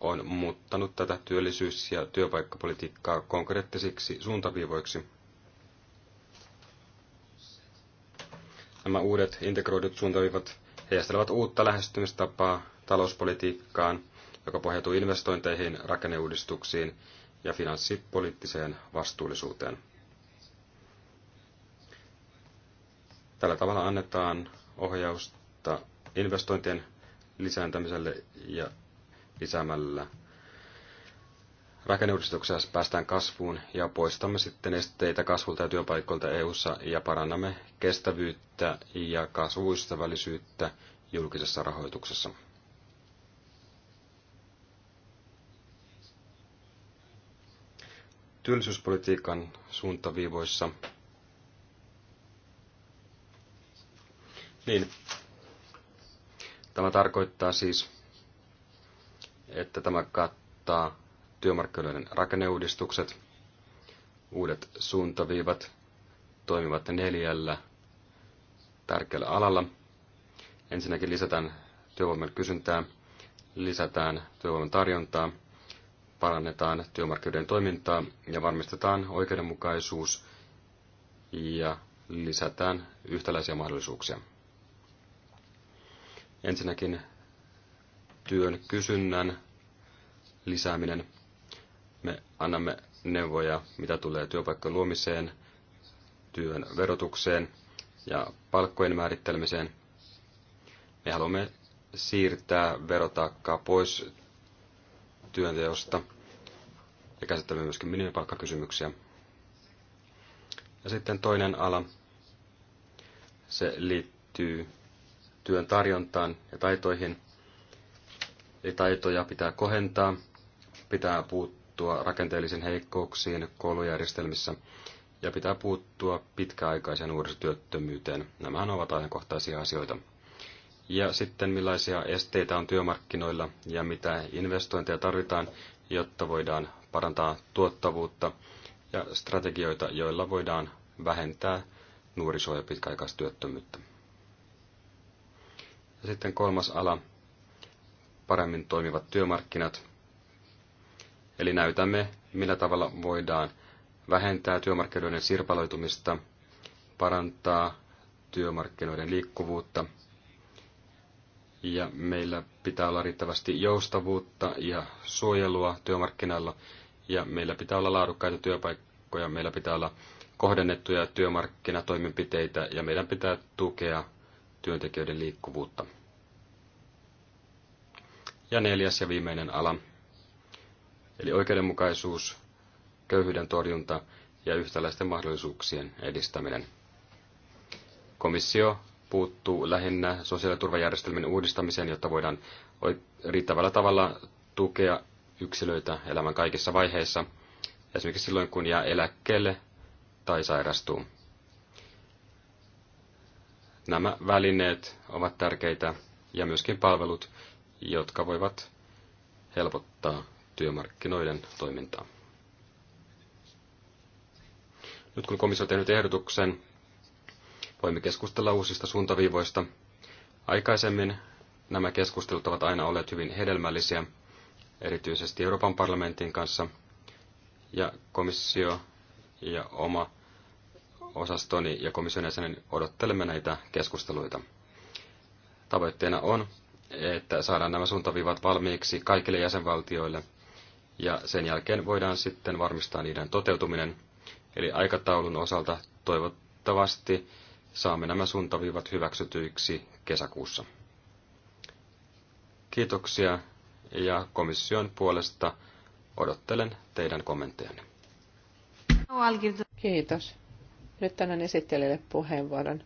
on muuttanut tätä työllisyys- ja työpaikkapolitiikkaa konkreettisiksi suuntaviivoiksi. Nämä uudet integroidut suuntaviivat heijastelevat uutta lähestymistapaa talouspolitiikkaan, joka pohjautuu investointeihin, rakenneuudistuksiin ja finanssipoliittiseen vastuullisuuteen. Tällä tavalla annetaan ohjausta investointien lisääntämiselle ja lisäämällä Rakenneuudistuksessa päästään kasvuun ja poistamme sitten esteitä kasvulta ja työpaikoilta EU:ssa ja parannamme kestävyyttä ja kasvuystävällisyyttä julkisessa rahoituksessa. Työllisyyspolitiikan suuntaviivoissa. Niin. Tämä tarkoittaa siis, että tämä kattaa työmarkkinoiden rakenneuudistukset, uudet suuntaviivat toimivat neljällä tärkeällä alalla. Ensinnäkin lisätään työvoiman kysyntää, lisätään työvoiman tarjontaa, parannetaan työmarkkinoiden toimintaa ja varmistetaan oikeudenmukaisuus ja lisätään yhtäläisiä mahdollisuuksia. Ensinnäkin työn kysynnän lisääminen. Me annamme neuvoja, mitä tulee työpaikkojen luomiseen, työn verotukseen ja palkkojen määrittelemiseen. Me haluamme siirtää verotaakkaa pois työnteosta ja käsittelemme myöskin minimipalkkakysymyksiä. Ja sitten toinen ala, se liittyy työn tarjontaan ja taitoihin. Eli taitoja pitää kohentaa, pitää puuttua puuttua rakenteellisiin heikkouksiin koulujärjestelmissä ja pitää puuttua pitkäaikaisen nuorisotyöttömyyteen. Nämä ovat ajankohtaisia asioita. Ja sitten millaisia esteitä on työmarkkinoilla ja mitä investointeja tarvitaan, jotta voidaan parantaa tuottavuutta ja strategioita, joilla voidaan vähentää nuoriso- ja pitkäaikaistyöttömyyttä. Ja sitten kolmas ala, paremmin toimivat työmarkkinat. Eli näytämme, millä tavalla voidaan vähentää työmarkkinoiden sirpaloitumista, parantaa työmarkkinoiden liikkuvuutta. Ja meillä pitää olla riittävästi joustavuutta ja suojelua työmarkkinoilla. Ja meillä pitää olla laadukkaita työpaikkoja, meillä pitää olla kohdennettuja työmarkkinatoimenpiteitä ja meidän pitää tukea työntekijöiden liikkuvuutta. Ja neljäs ja viimeinen ala Eli oikeudenmukaisuus, köyhyyden torjunta ja yhtäläisten mahdollisuuksien edistäminen. Komissio puuttuu lähinnä sosiaaliturvajärjestelmien uudistamiseen, jotta voidaan riittävällä tavalla tukea yksilöitä elämän kaikissa vaiheissa, esimerkiksi silloin kun jää eläkkeelle tai sairastuu. Nämä välineet ovat tärkeitä ja myöskin palvelut, jotka voivat helpottaa työmarkkinoiden toimintaa. Nyt kun komissio on tehnyt ehdotuksen, voimme keskustella uusista suuntaviivoista. Aikaisemmin nämä keskustelut ovat aina olleet hyvin hedelmällisiä, erityisesti Euroopan parlamentin kanssa, ja komissio ja oma osastoni ja komission jäsenen odottelemme näitä keskusteluita. Tavoitteena on, että saadaan nämä suuntaviivat valmiiksi kaikille jäsenvaltioille – ja sen jälkeen voidaan sitten varmistaa niiden toteutuminen. Eli aikataulun osalta toivottavasti saamme nämä suuntaviivat hyväksytyiksi kesäkuussa. Kiitoksia ja komission puolesta odottelen teidän kommenttejanne. Kiitos. Nyt tänään esittelijälle puheenvuoron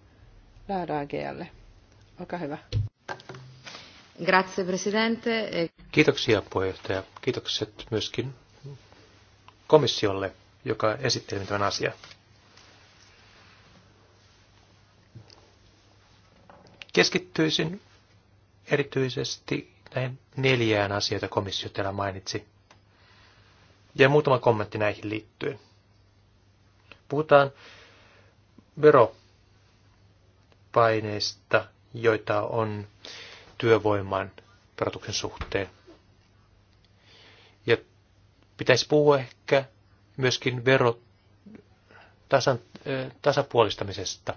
Laura Agealle. Olkaa hyvä. Grazie Presidente. Kiitoksia puheenjohtaja. Kiitokset myöskin komissiolle, joka esitteli tämän asian. Keskittyisin erityisesti näihin neljään asioita komissio täällä mainitsi. Ja muutama kommentti näihin liittyen. Puhutaan veropaineista, joita on työvoiman verotuksen suhteen. Pitäisi puhua ehkä myöskin verotasan tasapuolistamisesta.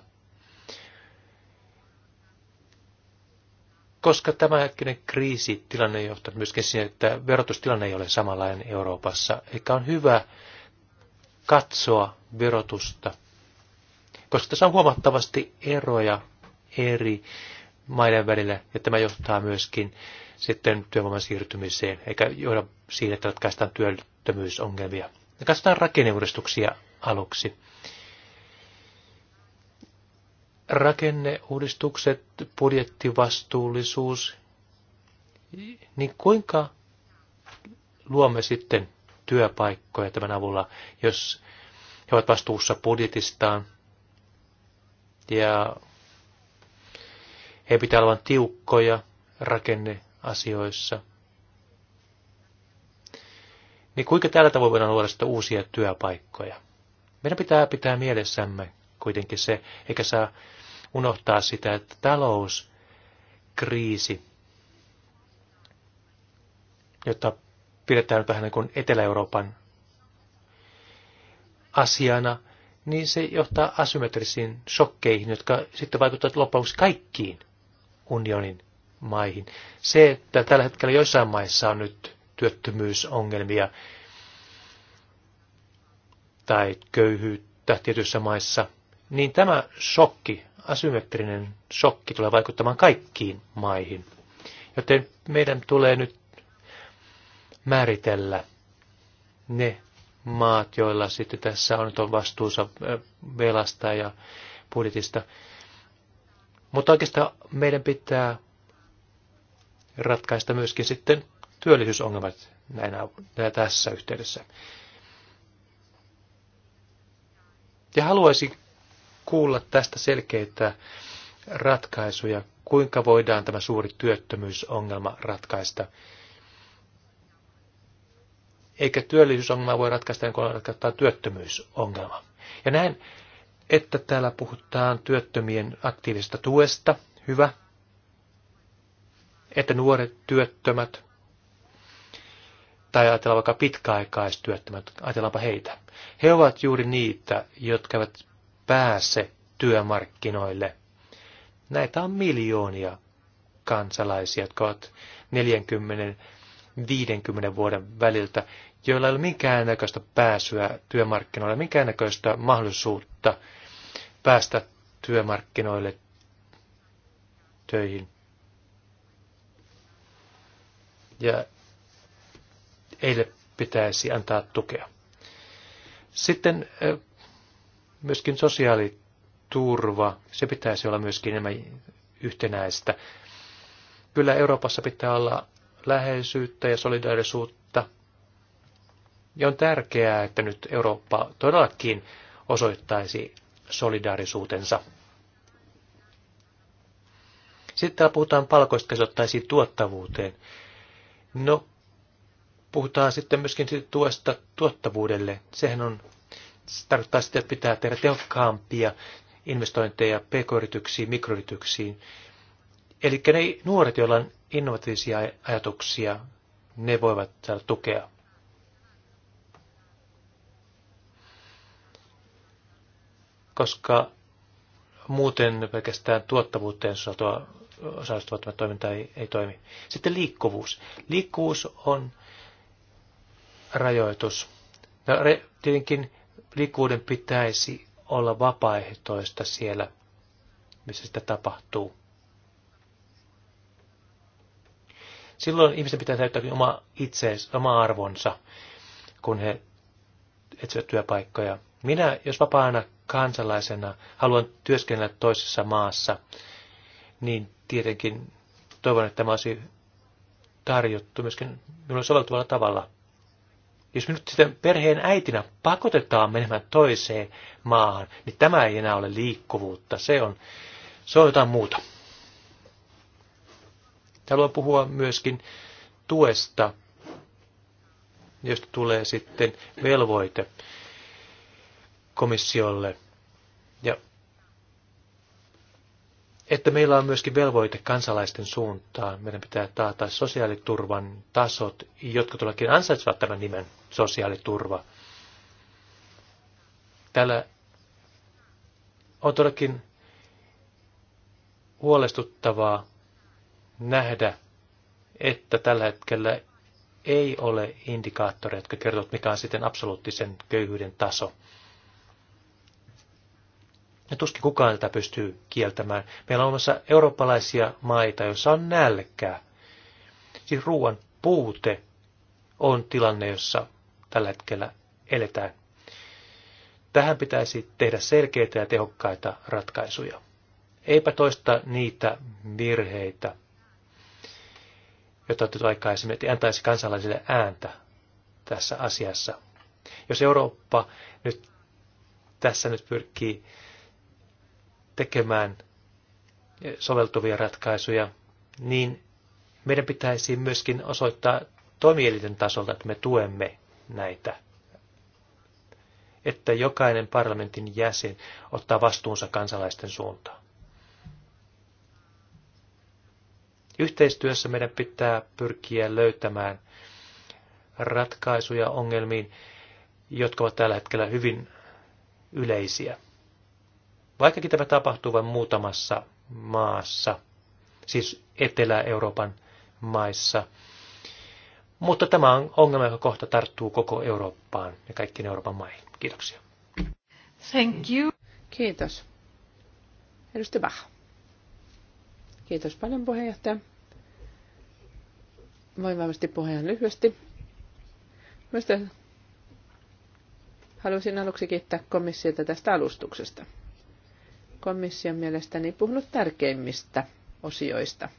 Koska tämänhetkinen kriisitilanne johtaa myöskin siihen, että verotustilanne ei ole samanlainen Euroopassa, eikä on hyvä katsoa verotusta, koska tässä on huomattavasti eroja eri maiden välillä, ja tämä johtaa myöskin sitten työvoiman siirtymiseen, eikä johda siihen, että ratkaistaan työttömyysongelmia. Ja katsotaan rakenneuudistuksia aluksi. Rakenneuudistukset, budjettivastuullisuus, niin kuinka luomme sitten työpaikkoja tämän avulla, jos he ovat vastuussa budjetistaan ja he pitää olla tiukkoja rakenne asioissa. Niin kuinka tällä tavoin voidaan luoda sitä uusia työpaikkoja? Meidän pitää pitää mielessämme kuitenkin se, eikä saa unohtaa sitä, että talouskriisi, jota pidetään vähän niin kuin Etelä-Euroopan asiana, niin se johtaa asymmetrisiin shokkeihin, jotka sitten vaikuttavat loppuksi kaikkiin unionin maihin. Se, että tällä hetkellä joissain maissa on nyt työttömyysongelmia tai köyhyyttä tietyissä maissa, niin tämä shokki, asymmetrinen shokki tulee vaikuttamaan kaikkiin maihin. Joten meidän tulee nyt määritellä ne maat, joilla sitten tässä on on vastuussa velasta ja budjetista. Mutta oikeastaan meidän pitää ratkaista myöskin sitten työllisyysongelmat näinä, näinä tässä yhteydessä. Ja haluaisin kuulla tästä selkeitä ratkaisuja, kuinka voidaan tämä suuri työttömyysongelma ratkaista. Eikä työllisyysongelma voi ratkaista, kun ratkaistaan työttömyysongelma. Ja näin, että täällä puhutaan työttömien aktiivisesta tuesta, hyvä, että nuoret työttömät, tai ajatellaan vaikka pitkäaikaistyöttömät, ajatellaanpa heitä. He ovat juuri niitä, jotka eivät pääse työmarkkinoille. Näitä on miljoonia kansalaisia, jotka ovat 40-50 vuoden väliltä, joilla ei ole minkäännäköistä pääsyä työmarkkinoille, minkäännäköistä mahdollisuutta päästä työmarkkinoille töihin ja heille pitäisi antaa tukea. Sitten myöskin sosiaaliturva, se pitäisi olla myöskin enemmän yhtenäistä. Kyllä Euroopassa pitää olla läheisyyttä ja solidaarisuutta. Ja on tärkeää, että nyt Eurooppa todellakin osoittaisi solidaarisuutensa. Sitten täällä puhutaan palkoista, jotka tuottavuuteen. No, puhutaan sitten myöskin siitä tuesta tuottavuudelle. Sehän on, se tarkoittaa sitä, että pitää tehdä tehokkaampia investointeja pk-yrityksiin, mikroyrityksiin. Eli ne nuoret, joilla on innovatiivisia ajatuksia, ne voivat saada tukea. Koska muuten pelkästään tuottavuuteen sotua osallistuvat toiminta ei, ei toimi. Sitten liikkuvuus. Liikkuvuus on rajoitus. No, re, tietenkin liikkuvuuden pitäisi olla vapaaehtoista siellä, missä sitä tapahtuu. Silloin ihmisten pitää täyttää oma itseensä, oma arvonsa, kun he etsivät työpaikkoja. Minä, jos vapaana kansalaisena haluan työskennellä toisessa maassa, niin tietenkin toivon, että tämä olisi tarjottu myöskin minulle soveltuvalla tavalla. Jos minut sitten perheen äitinä pakotetaan menemään toiseen maahan, niin tämä ei enää ole liikkuvuutta. Se on, se on jotain muuta. Haluan puhua myöskin tuesta, josta tulee sitten velvoite komissiolle. Ja että meillä on myöskin velvoite kansalaisten suuntaan. Meidän pitää taata sosiaaliturvan tasot, jotka todellakin ansaitsevat tämän nimen sosiaaliturva. Täällä on todellakin huolestuttavaa nähdä, että tällä hetkellä ei ole indikaattoreja, jotka kertovat, mikä on sitten absoluuttisen köyhyyden taso. Ja tuskin kukaan tätä pystyy kieltämään. Meillä on olemassa eurooppalaisia maita, joissa on nälkää. Siis ruoan puute on tilanne, jossa tällä hetkellä eletään. Tähän pitäisi tehdä selkeitä ja tehokkaita ratkaisuja. Eipä toista niitä virheitä, joita otettu aikaisemmin, että antaisi kansalaisille ääntä tässä asiassa. Jos Eurooppa nyt tässä nyt pyrkii tekemään soveltuvia ratkaisuja, niin meidän pitäisi myöskin osoittaa toimielinten tasolta, että me tuemme näitä. Että jokainen parlamentin jäsen ottaa vastuunsa kansalaisten suuntaan. Yhteistyössä meidän pitää pyrkiä löytämään ratkaisuja ongelmiin, jotka ovat tällä hetkellä hyvin yleisiä. Vaikkakin tämä tapahtuu vain muutamassa maassa, siis Etelä-Euroopan maissa. Mutta tämä on ongelma, joka kohta tarttuu koko Eurooppaan ja kaikkiin Euroopan maihin. Kiitoksia. Thank you. Kiitos. Edustaja Bach. Kiitos paljon puheenjohtaja. Voin varmasti puheen lyhyesti. Myös haluaisin aluksi kiittää komissiota tästä alustuksesta komission mielestäni puhunut tärkeimmistä osioista.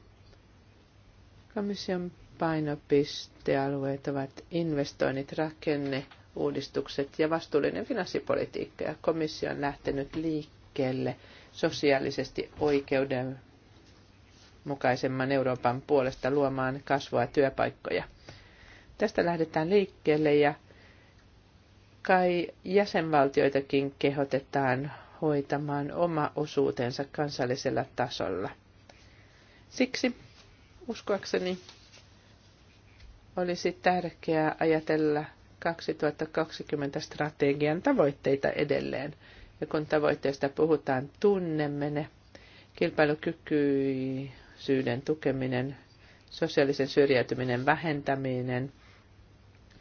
Komission painopistealueet ovat investoinnit, rakenne, uudistukset ja vastuullinen finanssipolitiikka. Ja komissio on lähtenyt liikkeelle sosiaalisesti oikeudenmukaisemman Euroopan puolesta luomaan kasvua työpaikkoja. Tästä lähdetään liikkeelle ja kai jäsenvaltioitakin kehotetaan hoitamaan oma osuutensa kansallisella tasolla. Siksi uskoakseni olisi tärkeää ajatella 2020 strategian tavoitteita edelleen. Ja kun tavoitteista puhutaan, tunnemme ne. Kilpailukykyisyyden tukeminen, sosiaalisen syrjäytyminen vähentäminen,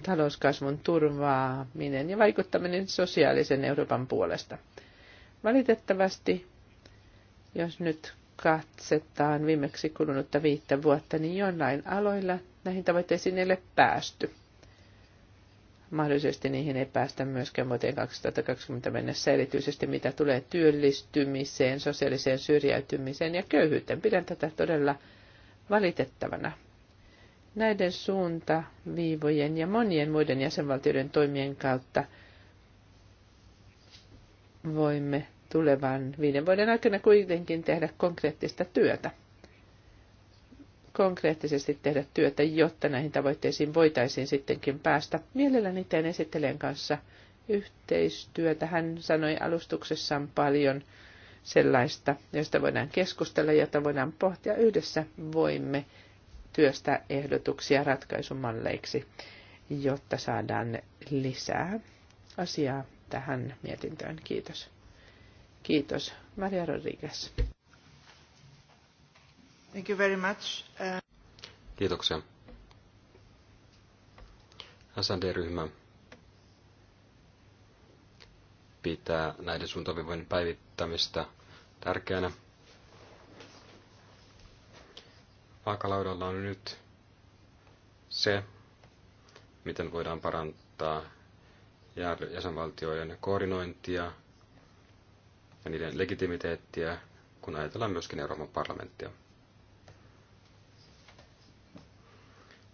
talouskasvun turvaaminen ja vaikuttaminen sosiaalisen Euroopan puolesta – Valitettavasti, jos nyt katsetaan viimeksi kulunutta viittä vuotta, niin jollain aloilla näihin tavoitteisiin ei ole päästy. Mahdollisesti niihin ei päästä myöskään vuoteen 2020 mennessä, erityisesti mitä tulee työllistymiseen, sosiaaliseen syrjäytymiseen ja köyhyyteen. Pidän tätä todella valitettavana. Näiden suuntaviivojen ja monien muiden jäsenvaltioiden toimien kautta voimme tulevan viiden vuoden aikana kuitenkin tehdä konkreettista työtä. Konkreettisesti tehdä työtä, jotta näihin tavoitteisiin voitaisiin sittenkin päästä. Mielelläni teen esittelijän kanssa yhteistyötä. Hän sanoi alustuksessaan paljon sellaista, josta voidaan keskustella, jota voidaan pohtia. Yhdessä voimme työstää ehdotuksia ratkaisumalleiksi, jotta saadaan lisää asiaa tähän mietintöön. Kiitos. Kiitos. Maria Rodriguez. Thank you very much. Uh... Kiitoksia. SND-ryhmä pitää näiden suuntavivojen päivittämistä tärkeänä. Vaakalaudalla on nyt se, miten voidaan parantaa jäsenvaltioiden koordinointia ja niiden legitimiteettiä, kun ajatellaan myöskin Euroopan parlamenttia.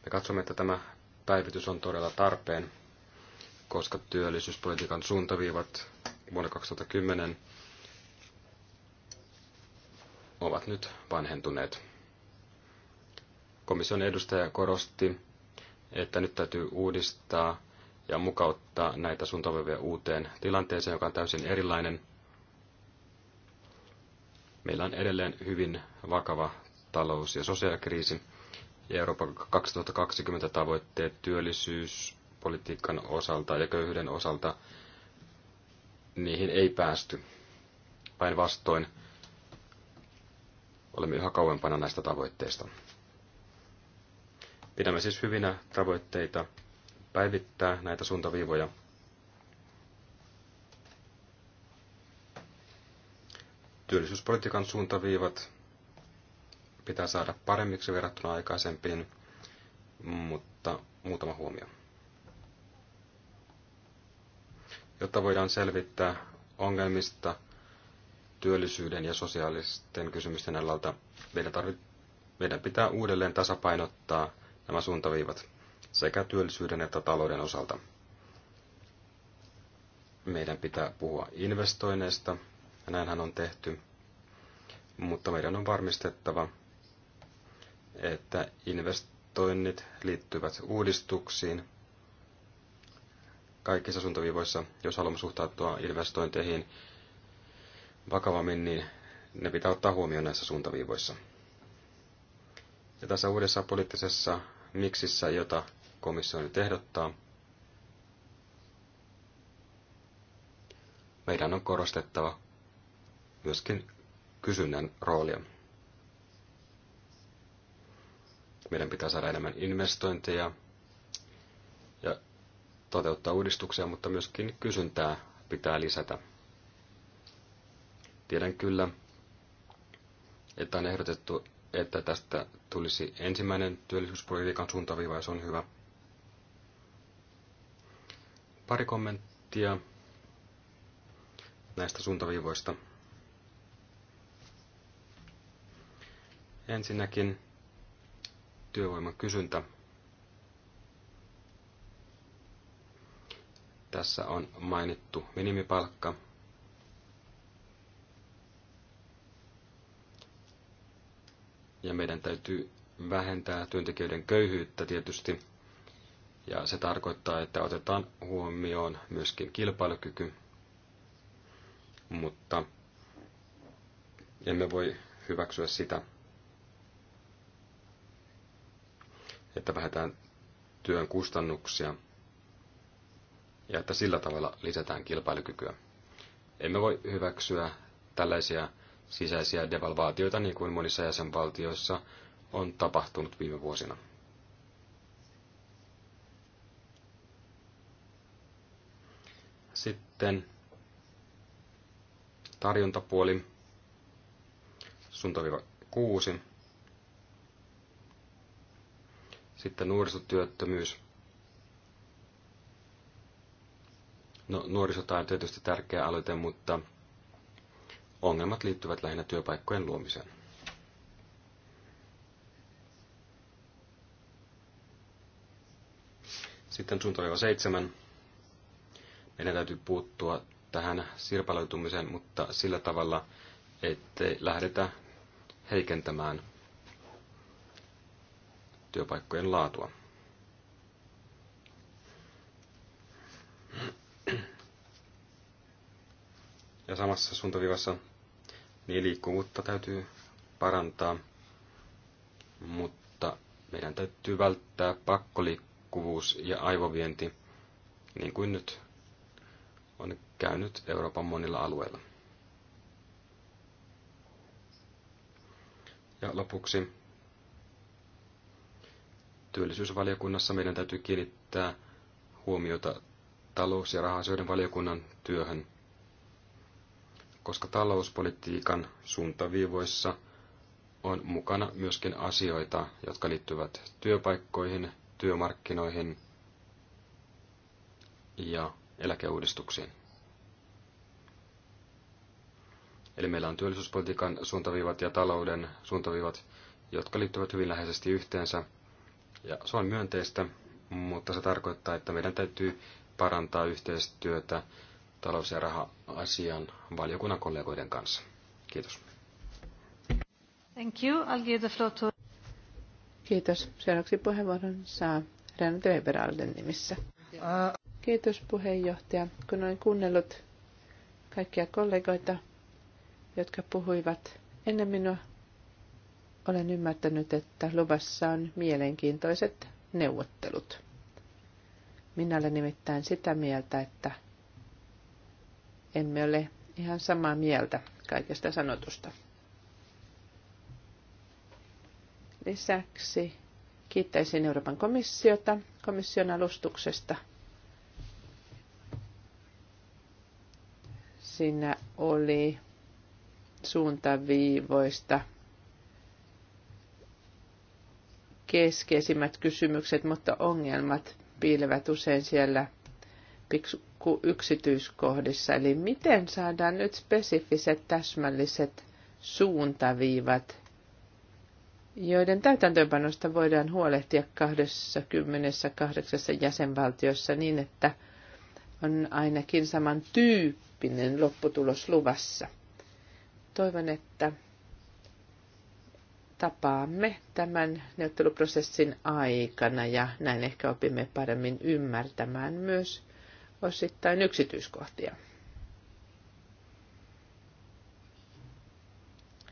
Me katsomme, että tämä päivitys on todella tarpeen, koska työllisyyspolitiikan suuntaviivat vuonna 2010 ovat nyt vanhentuneet. Komission edustaja korosti, että nyt täytyy uudistaa ja mukauttaa näitä suuntaviivoja uuteen tilanteeseen, joka on täysin erilainen – Meillä on edelleen hyvin vakava talous- ja sosiaalikriisi. Ja Euroopan 2020 tavoitteet työllisyyspolitiikan osalta ja köyhyyden osalta, niihin ei päästy. Päinvastoin olemme yhä kauempana näistä tavoitteista. Pidämme siis hyvinä tavoitteita päivittää näitä suuntaviivoja – työllisyyspolitiikan suuntaviivat pitää saada paremmiksi verrattuna aikaisempiin, mutta muutama huomio. Jotta voidaan selvittää ongelmista työllisyyden ja sosiaalisten kysymysten alalta, meidän, tarvit, meidän pitää uudelleen tasapainottaa nämä suuntaviivat sekä työllisyyden että talouden osalta. Meidän pitää puhua investoinneista, ja näinhän on tehty. Mutta meidän on varmistettava, että investoinnit liittyvät uudistuksiin kaikissa asuntoviivoissa, jos haluamme suhtautua investointeihin vakavammin, niin ne pitää ottaa huomioon näissä suuntaviivoissa. Ja tässä uudessa poliittisessa miksissä, jota komissio nyt ehdottaa, meidän on korostettava myöskin kysynnän roolia. Meidän pitää saada enemmän investointeja ja toteuttaa uudistuksia, mutta myöskin kysyntää pitää lisätä. Tiedän kyllä, että on ehdotettu, että tästä tulisi ensimmäinen työllisyyspolitiikan suuntaviiva, ja se on hyvä. Pari kommenttia näistä suuntaviivoista. Ensinnäkin työvoiman kysyntä. Tässä on mainittu minimipalkka. Ja meidän täytyy vähentää työntekijöiden köyhyyttä tietysti. Ja se tarkoittaa, että otetaan huomioon myöskin kilpailukyky. Mutta emme voi hyväksyä sitä, että vähentään työn kustannuksia ja että sillä tavalla lisätään kilpailukykyä. Emme voi hyväksyä tällaisia sisäisiä devalvaatioita niin kuin monissa jäsenvaltioissa on tapahtunut viime vuosina. Sitten tarjontapuoli, suunta 6. Sitten nuorisotyöttömyys. No, nuorisota on tietysti tärkeä aloite, mutta ongelmat liittyvät lähinnä työpaikkojen luomiseen. Sitten suuntaviiva seitsemän. Meidän täytyy puuttua tähän sirpaloitumiseen, mutta sillä tavalla, ettei lähdetä heikentämään työpaikkojen laatua. Ja samassa suuntaviivassa niin liikkuvuutta täytyy parantaa, mutta meidän täytyy välttää pakkoliikkuvuus ja aivovienti, niin kuin nyt on käynyt Euroopan monilla alueilla. Ja lopuksi työllisyysvaliokunnassa meidän täytyy kiinnittää huomiota talous- ja rahasioiden valiokunnan työhön, koska talouspolitiikan suuntaviivoissa on mukana myöskin asioita, jotka liittyvät työpaikkoihin, työmarkkinoihin ja eläkeuudistuksiin. Eli meillä on työllisyyspolitiikan suuntaviivat ja talouden suuntaviivat, jotka liittyvät hyvin läheisesti yhteensä – ja se on myönteistä, mutta se tarkoittaa, että meidän täytyy parantaa yhteistyötä talous- ja raha-asian valiokunnan kollegoiden kanssa. Kiitos. Thank you. I'll give the floor to... Kiitos. Seuraavaksi puheenvuoron saa Renate Weberalden nimissä. Kiitos puheenjohtaja. Kun olen kuunnellut kaikkia kollegoita, jotka puhuivat ennen minua, olen ymmärtänyt, että luvassa on mielenkiintoiset neuvottelut. Minä olen nimittäin sitä mieltä, että emme ole ihan samaa mieltä kaikesta sanotusta. Lisäksi kiittäisin Euroopan komissiota komission alustuksesta. Siinä oli suuntaviivoista – keskeisimmät kysymykset, mutta ongelmat piilevät usein siellä yksityiskohdissa. Eli miten saadaan nyt spesifiset, täsmälliset suuntaviivat, joiden täytäntöönpanosta voidaan huolehtia 28 jäsenvaltiossa niin, että on ainakin tyyppinen lopputulos luvassa. Toivon, että tapaamme tämän neuvotteluprosessin aikana ja näin ehkä opimme paremmin ymmärtämään myös osittain yksityiskohtia.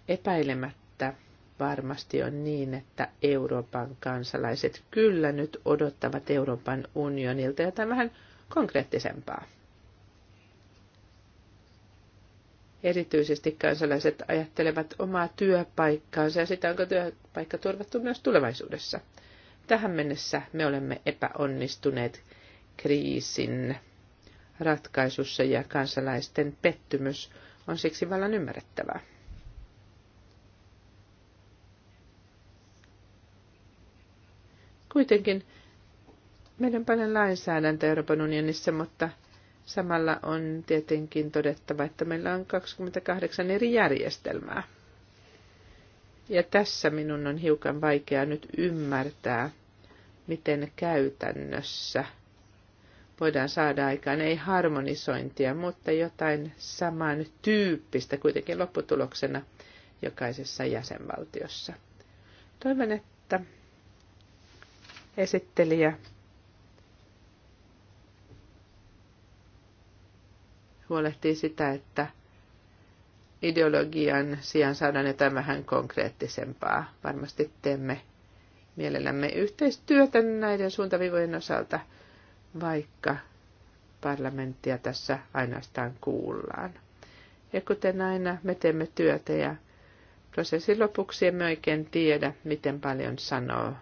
Epäilemättä varmasti on niin, että Euroopan kansalaiset kyllä nyt odottavat Euroopan unionilta jotain vähän konkreettisempaa. erityisesti kansalaiset ajattelevat omaa työpaikkaansa ja sitä, onko työpaikka turvattu myös tulevaisuudessa. Tähän mennessä me olemme epäonnistuneet kriisin ratkaisussa ja kansalaisten pettymys on siksi vallan ymmärrettävää. Kuitenkin meillä on paljon lainsäädäntöä Euroopan unionissa, mutta – Samalla on tietenkin todettava, että meillä on 28 eri järjestelmää. Ja tässä minun on hiukan vaikea nyt ymmärtää, miten käytännössä voidaan saada aikaan, ei harmonisointia, mutta jotain saman tyyppistä kuitenkin lopputuloksena jokaisessa jäsenvaltiossa. Toivon, että esittelijä huolehtii sitä, että ideologian sijaan saadaan jotain vähän konkreettisempaa. Varmasti teemme mielellämme yhteistyötä näiden suuntavivojen osalta, vaikka parlamenttia tässä ainoastaan kuullaan. Ja kuten aina, me teemme työtä ja prosessin lopuksi emme oikein tiedä, miten paljon sanoo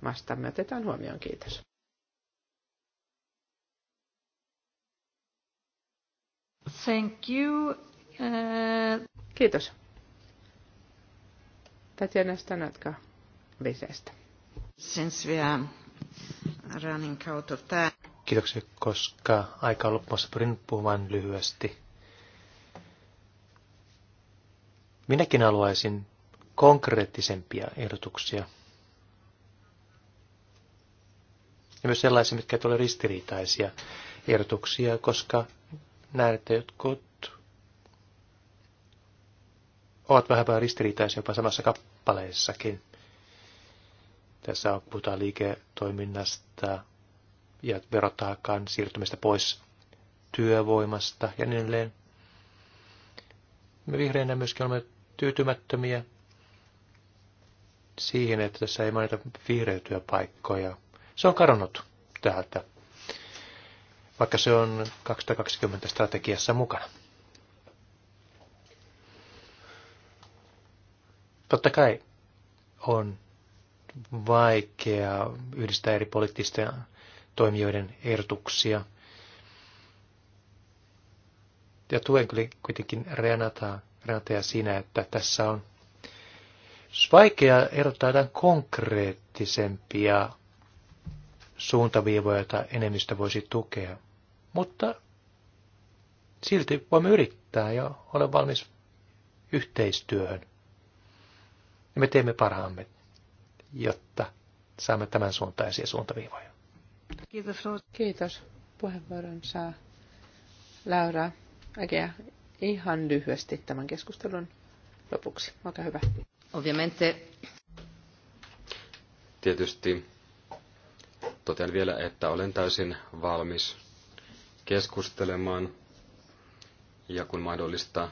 mastamme. Otetaan huomioon. Kiitos. Thank you. Uh... Kiitos. Tatjana Stanatka Visestä. Since we are running out of time. Kiitoksia, koska aika on loppumassa. Pyrin puhumaan lyhyesti. Minäkin haluaisin konkreettisempia ehdotuksia. Ja myös sellaisia, mitkä eivät ole ristiriitaisia ehdotuksia, koska näen, että jotkut ovat vähän ristiriitaisia jopa samassa kappaleessakin. Tässä on, puhutaan liiketoiminnasta ja verotaakan siirtymistä pois työvoimasta ja niin edelleen. Me vihreinä myöskin olemme tyytymättömiä siihen, että tässä ei mainita vihreytyä paikkoja. Se on kadonnut täältä vaikka se on 2020 strategiassa mukana. Totta kai on vaikea yhdistää eri poliittisten toimijoiden ehdotuksia. Ja tuen kyllä kuitenkin Renataa, Renataa siinä, että tässä on vaikea erottaa jotain konkreettisempia suuntaviivoja, joita enemmistö voisi tukea. Mutta silti voimme yrittää ja olen valmis yhteistyöhön. Ja me teemme parhaamme, jotta saamme tämän suuntaisia suuntaviivoja. Kiitos. Kiitos. Puheenvuoron saa Laura Agea ihan lyhyesti tämän keskustelun lopuksi. Olkaa hyvä. Obviamente. Tietysti Totean vielä, että olen täysin valmis keskustelemaan ja kun mahdollista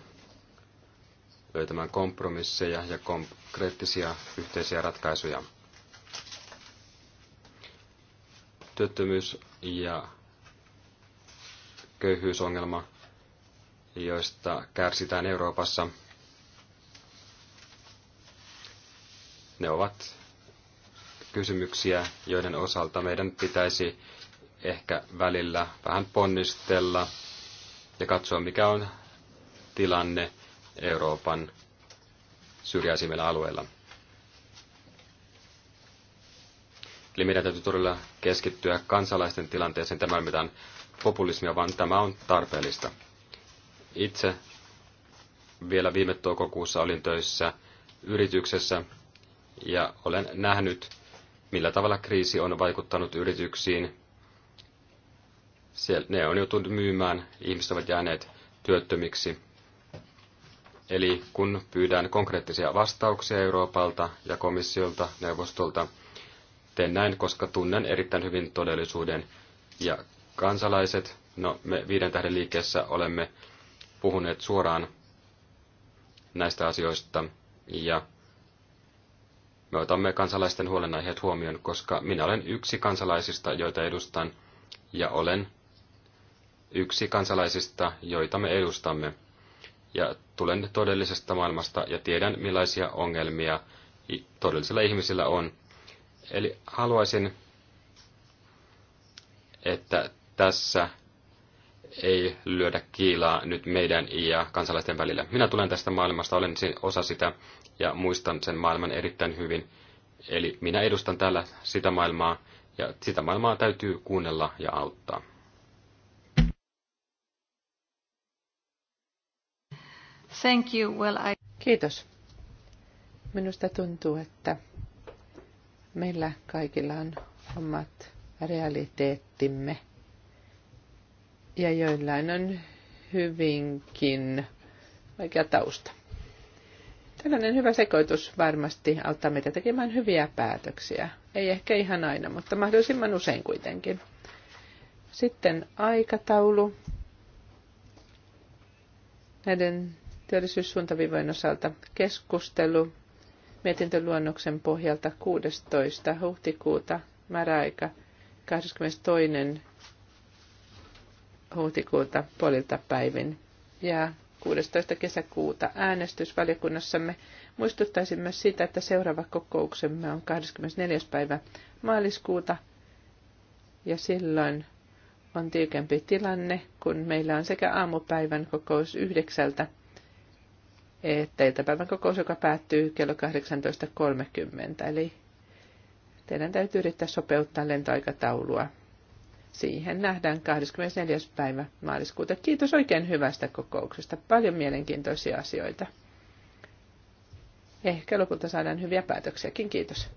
löytämään kompromisseja ja konkreettisia yhteisiä ratkaisuja. Työttömyys ja köyhyysongelma, joista kärsitään Euroopassa, ne ovat kysymyksiä, joiden osalta meidän pitäisi ehkä välillä vähän ponnistella ja katsoa, mikä on tilanne Euroopan syrjäisimmillä alueilla. Eli meidän täytyy todella keskittyä kansalaisten tilanteeseen. Tämä ei mitään populismia, vaan tämä on tarpeellista. Itse vielä viime toukokuussa olin töissä yrityksessä ja olen nähnyt, millä tavalla kriisi on vaikuttanut yrityksiin. Siellä ne on joutunut myymään, ihmiset ovat jääneet työttömiksi. Eli kun pyydään konkreettisia vastauksia Euroopalta ja komissiolta, neuvostolta, teen näin, koska tunnen erittäin hyvin todellisuuden. Ja kansalaiset, no me viiden tähden liikkeessä olemme puhuneet suoraan näistä asioista ja me otamme kansalaisten huolenaiheet huomioon, koska minä olen yksi kansalaisista, joita edustan, ja olen yksi kansalaisista, joita me edustamme. Ja tulen todellisesta maailmasta ja tiedän, millaisia ongelmia todellisilla ihmisillä on. Eli haluaisin, että tässä ei lyödä kiilaa nyt meidän ja kansalaisten välillä. Minä tulen tästä maailmasta, olen osa sitä ja muistan sen maailman erittäin hyvin. Eli minä edustan täällä sitä maailmaa ja sitä maailmaa täytyy kuunnella ja auttaa. Thank you. Well, I... Kiitos. Minusta tuntuu, että meillä kaikilla on omat realiteettimme – ja joillain on hyvinkin vaikea tausta. Tällainen hyvä sekoitus varmasti auttaa meitä tekemään hyviä päätöksiä. Ei ehkä ihan aina, mutta mahdollisimman usein kuitenkin. Sitten aikataulu näiden työllisyyssuuntavivojen osalta keskustelu mietintöluonnoksen pohjalta 16. huhtikuuta määräaika 22 huhtikuuta puolilta päivin ja 16. kesäkuuta äänestysvaliokunnassamme. Muistuttaisin myös siitä, että seuraava kokouksemme on 24. päivä maaliskuuta ja silloin on tiukempi tilanne, kun meillä on sekä aamupäivän kokous yhdeksältä että iltapäivän kokous, joka päättyy kello 18.30. Eli teidän täytyy yrittää sopeuttaa lentoaikataulua siihen nähdään 24. päivä maaliskuuta. Kiitos oikein hyvästä kokouksesta. Paljon mielenkiintoisia asioita. Ehkä lopulta saadaan hyviä päätöksiäkin. Kiitos.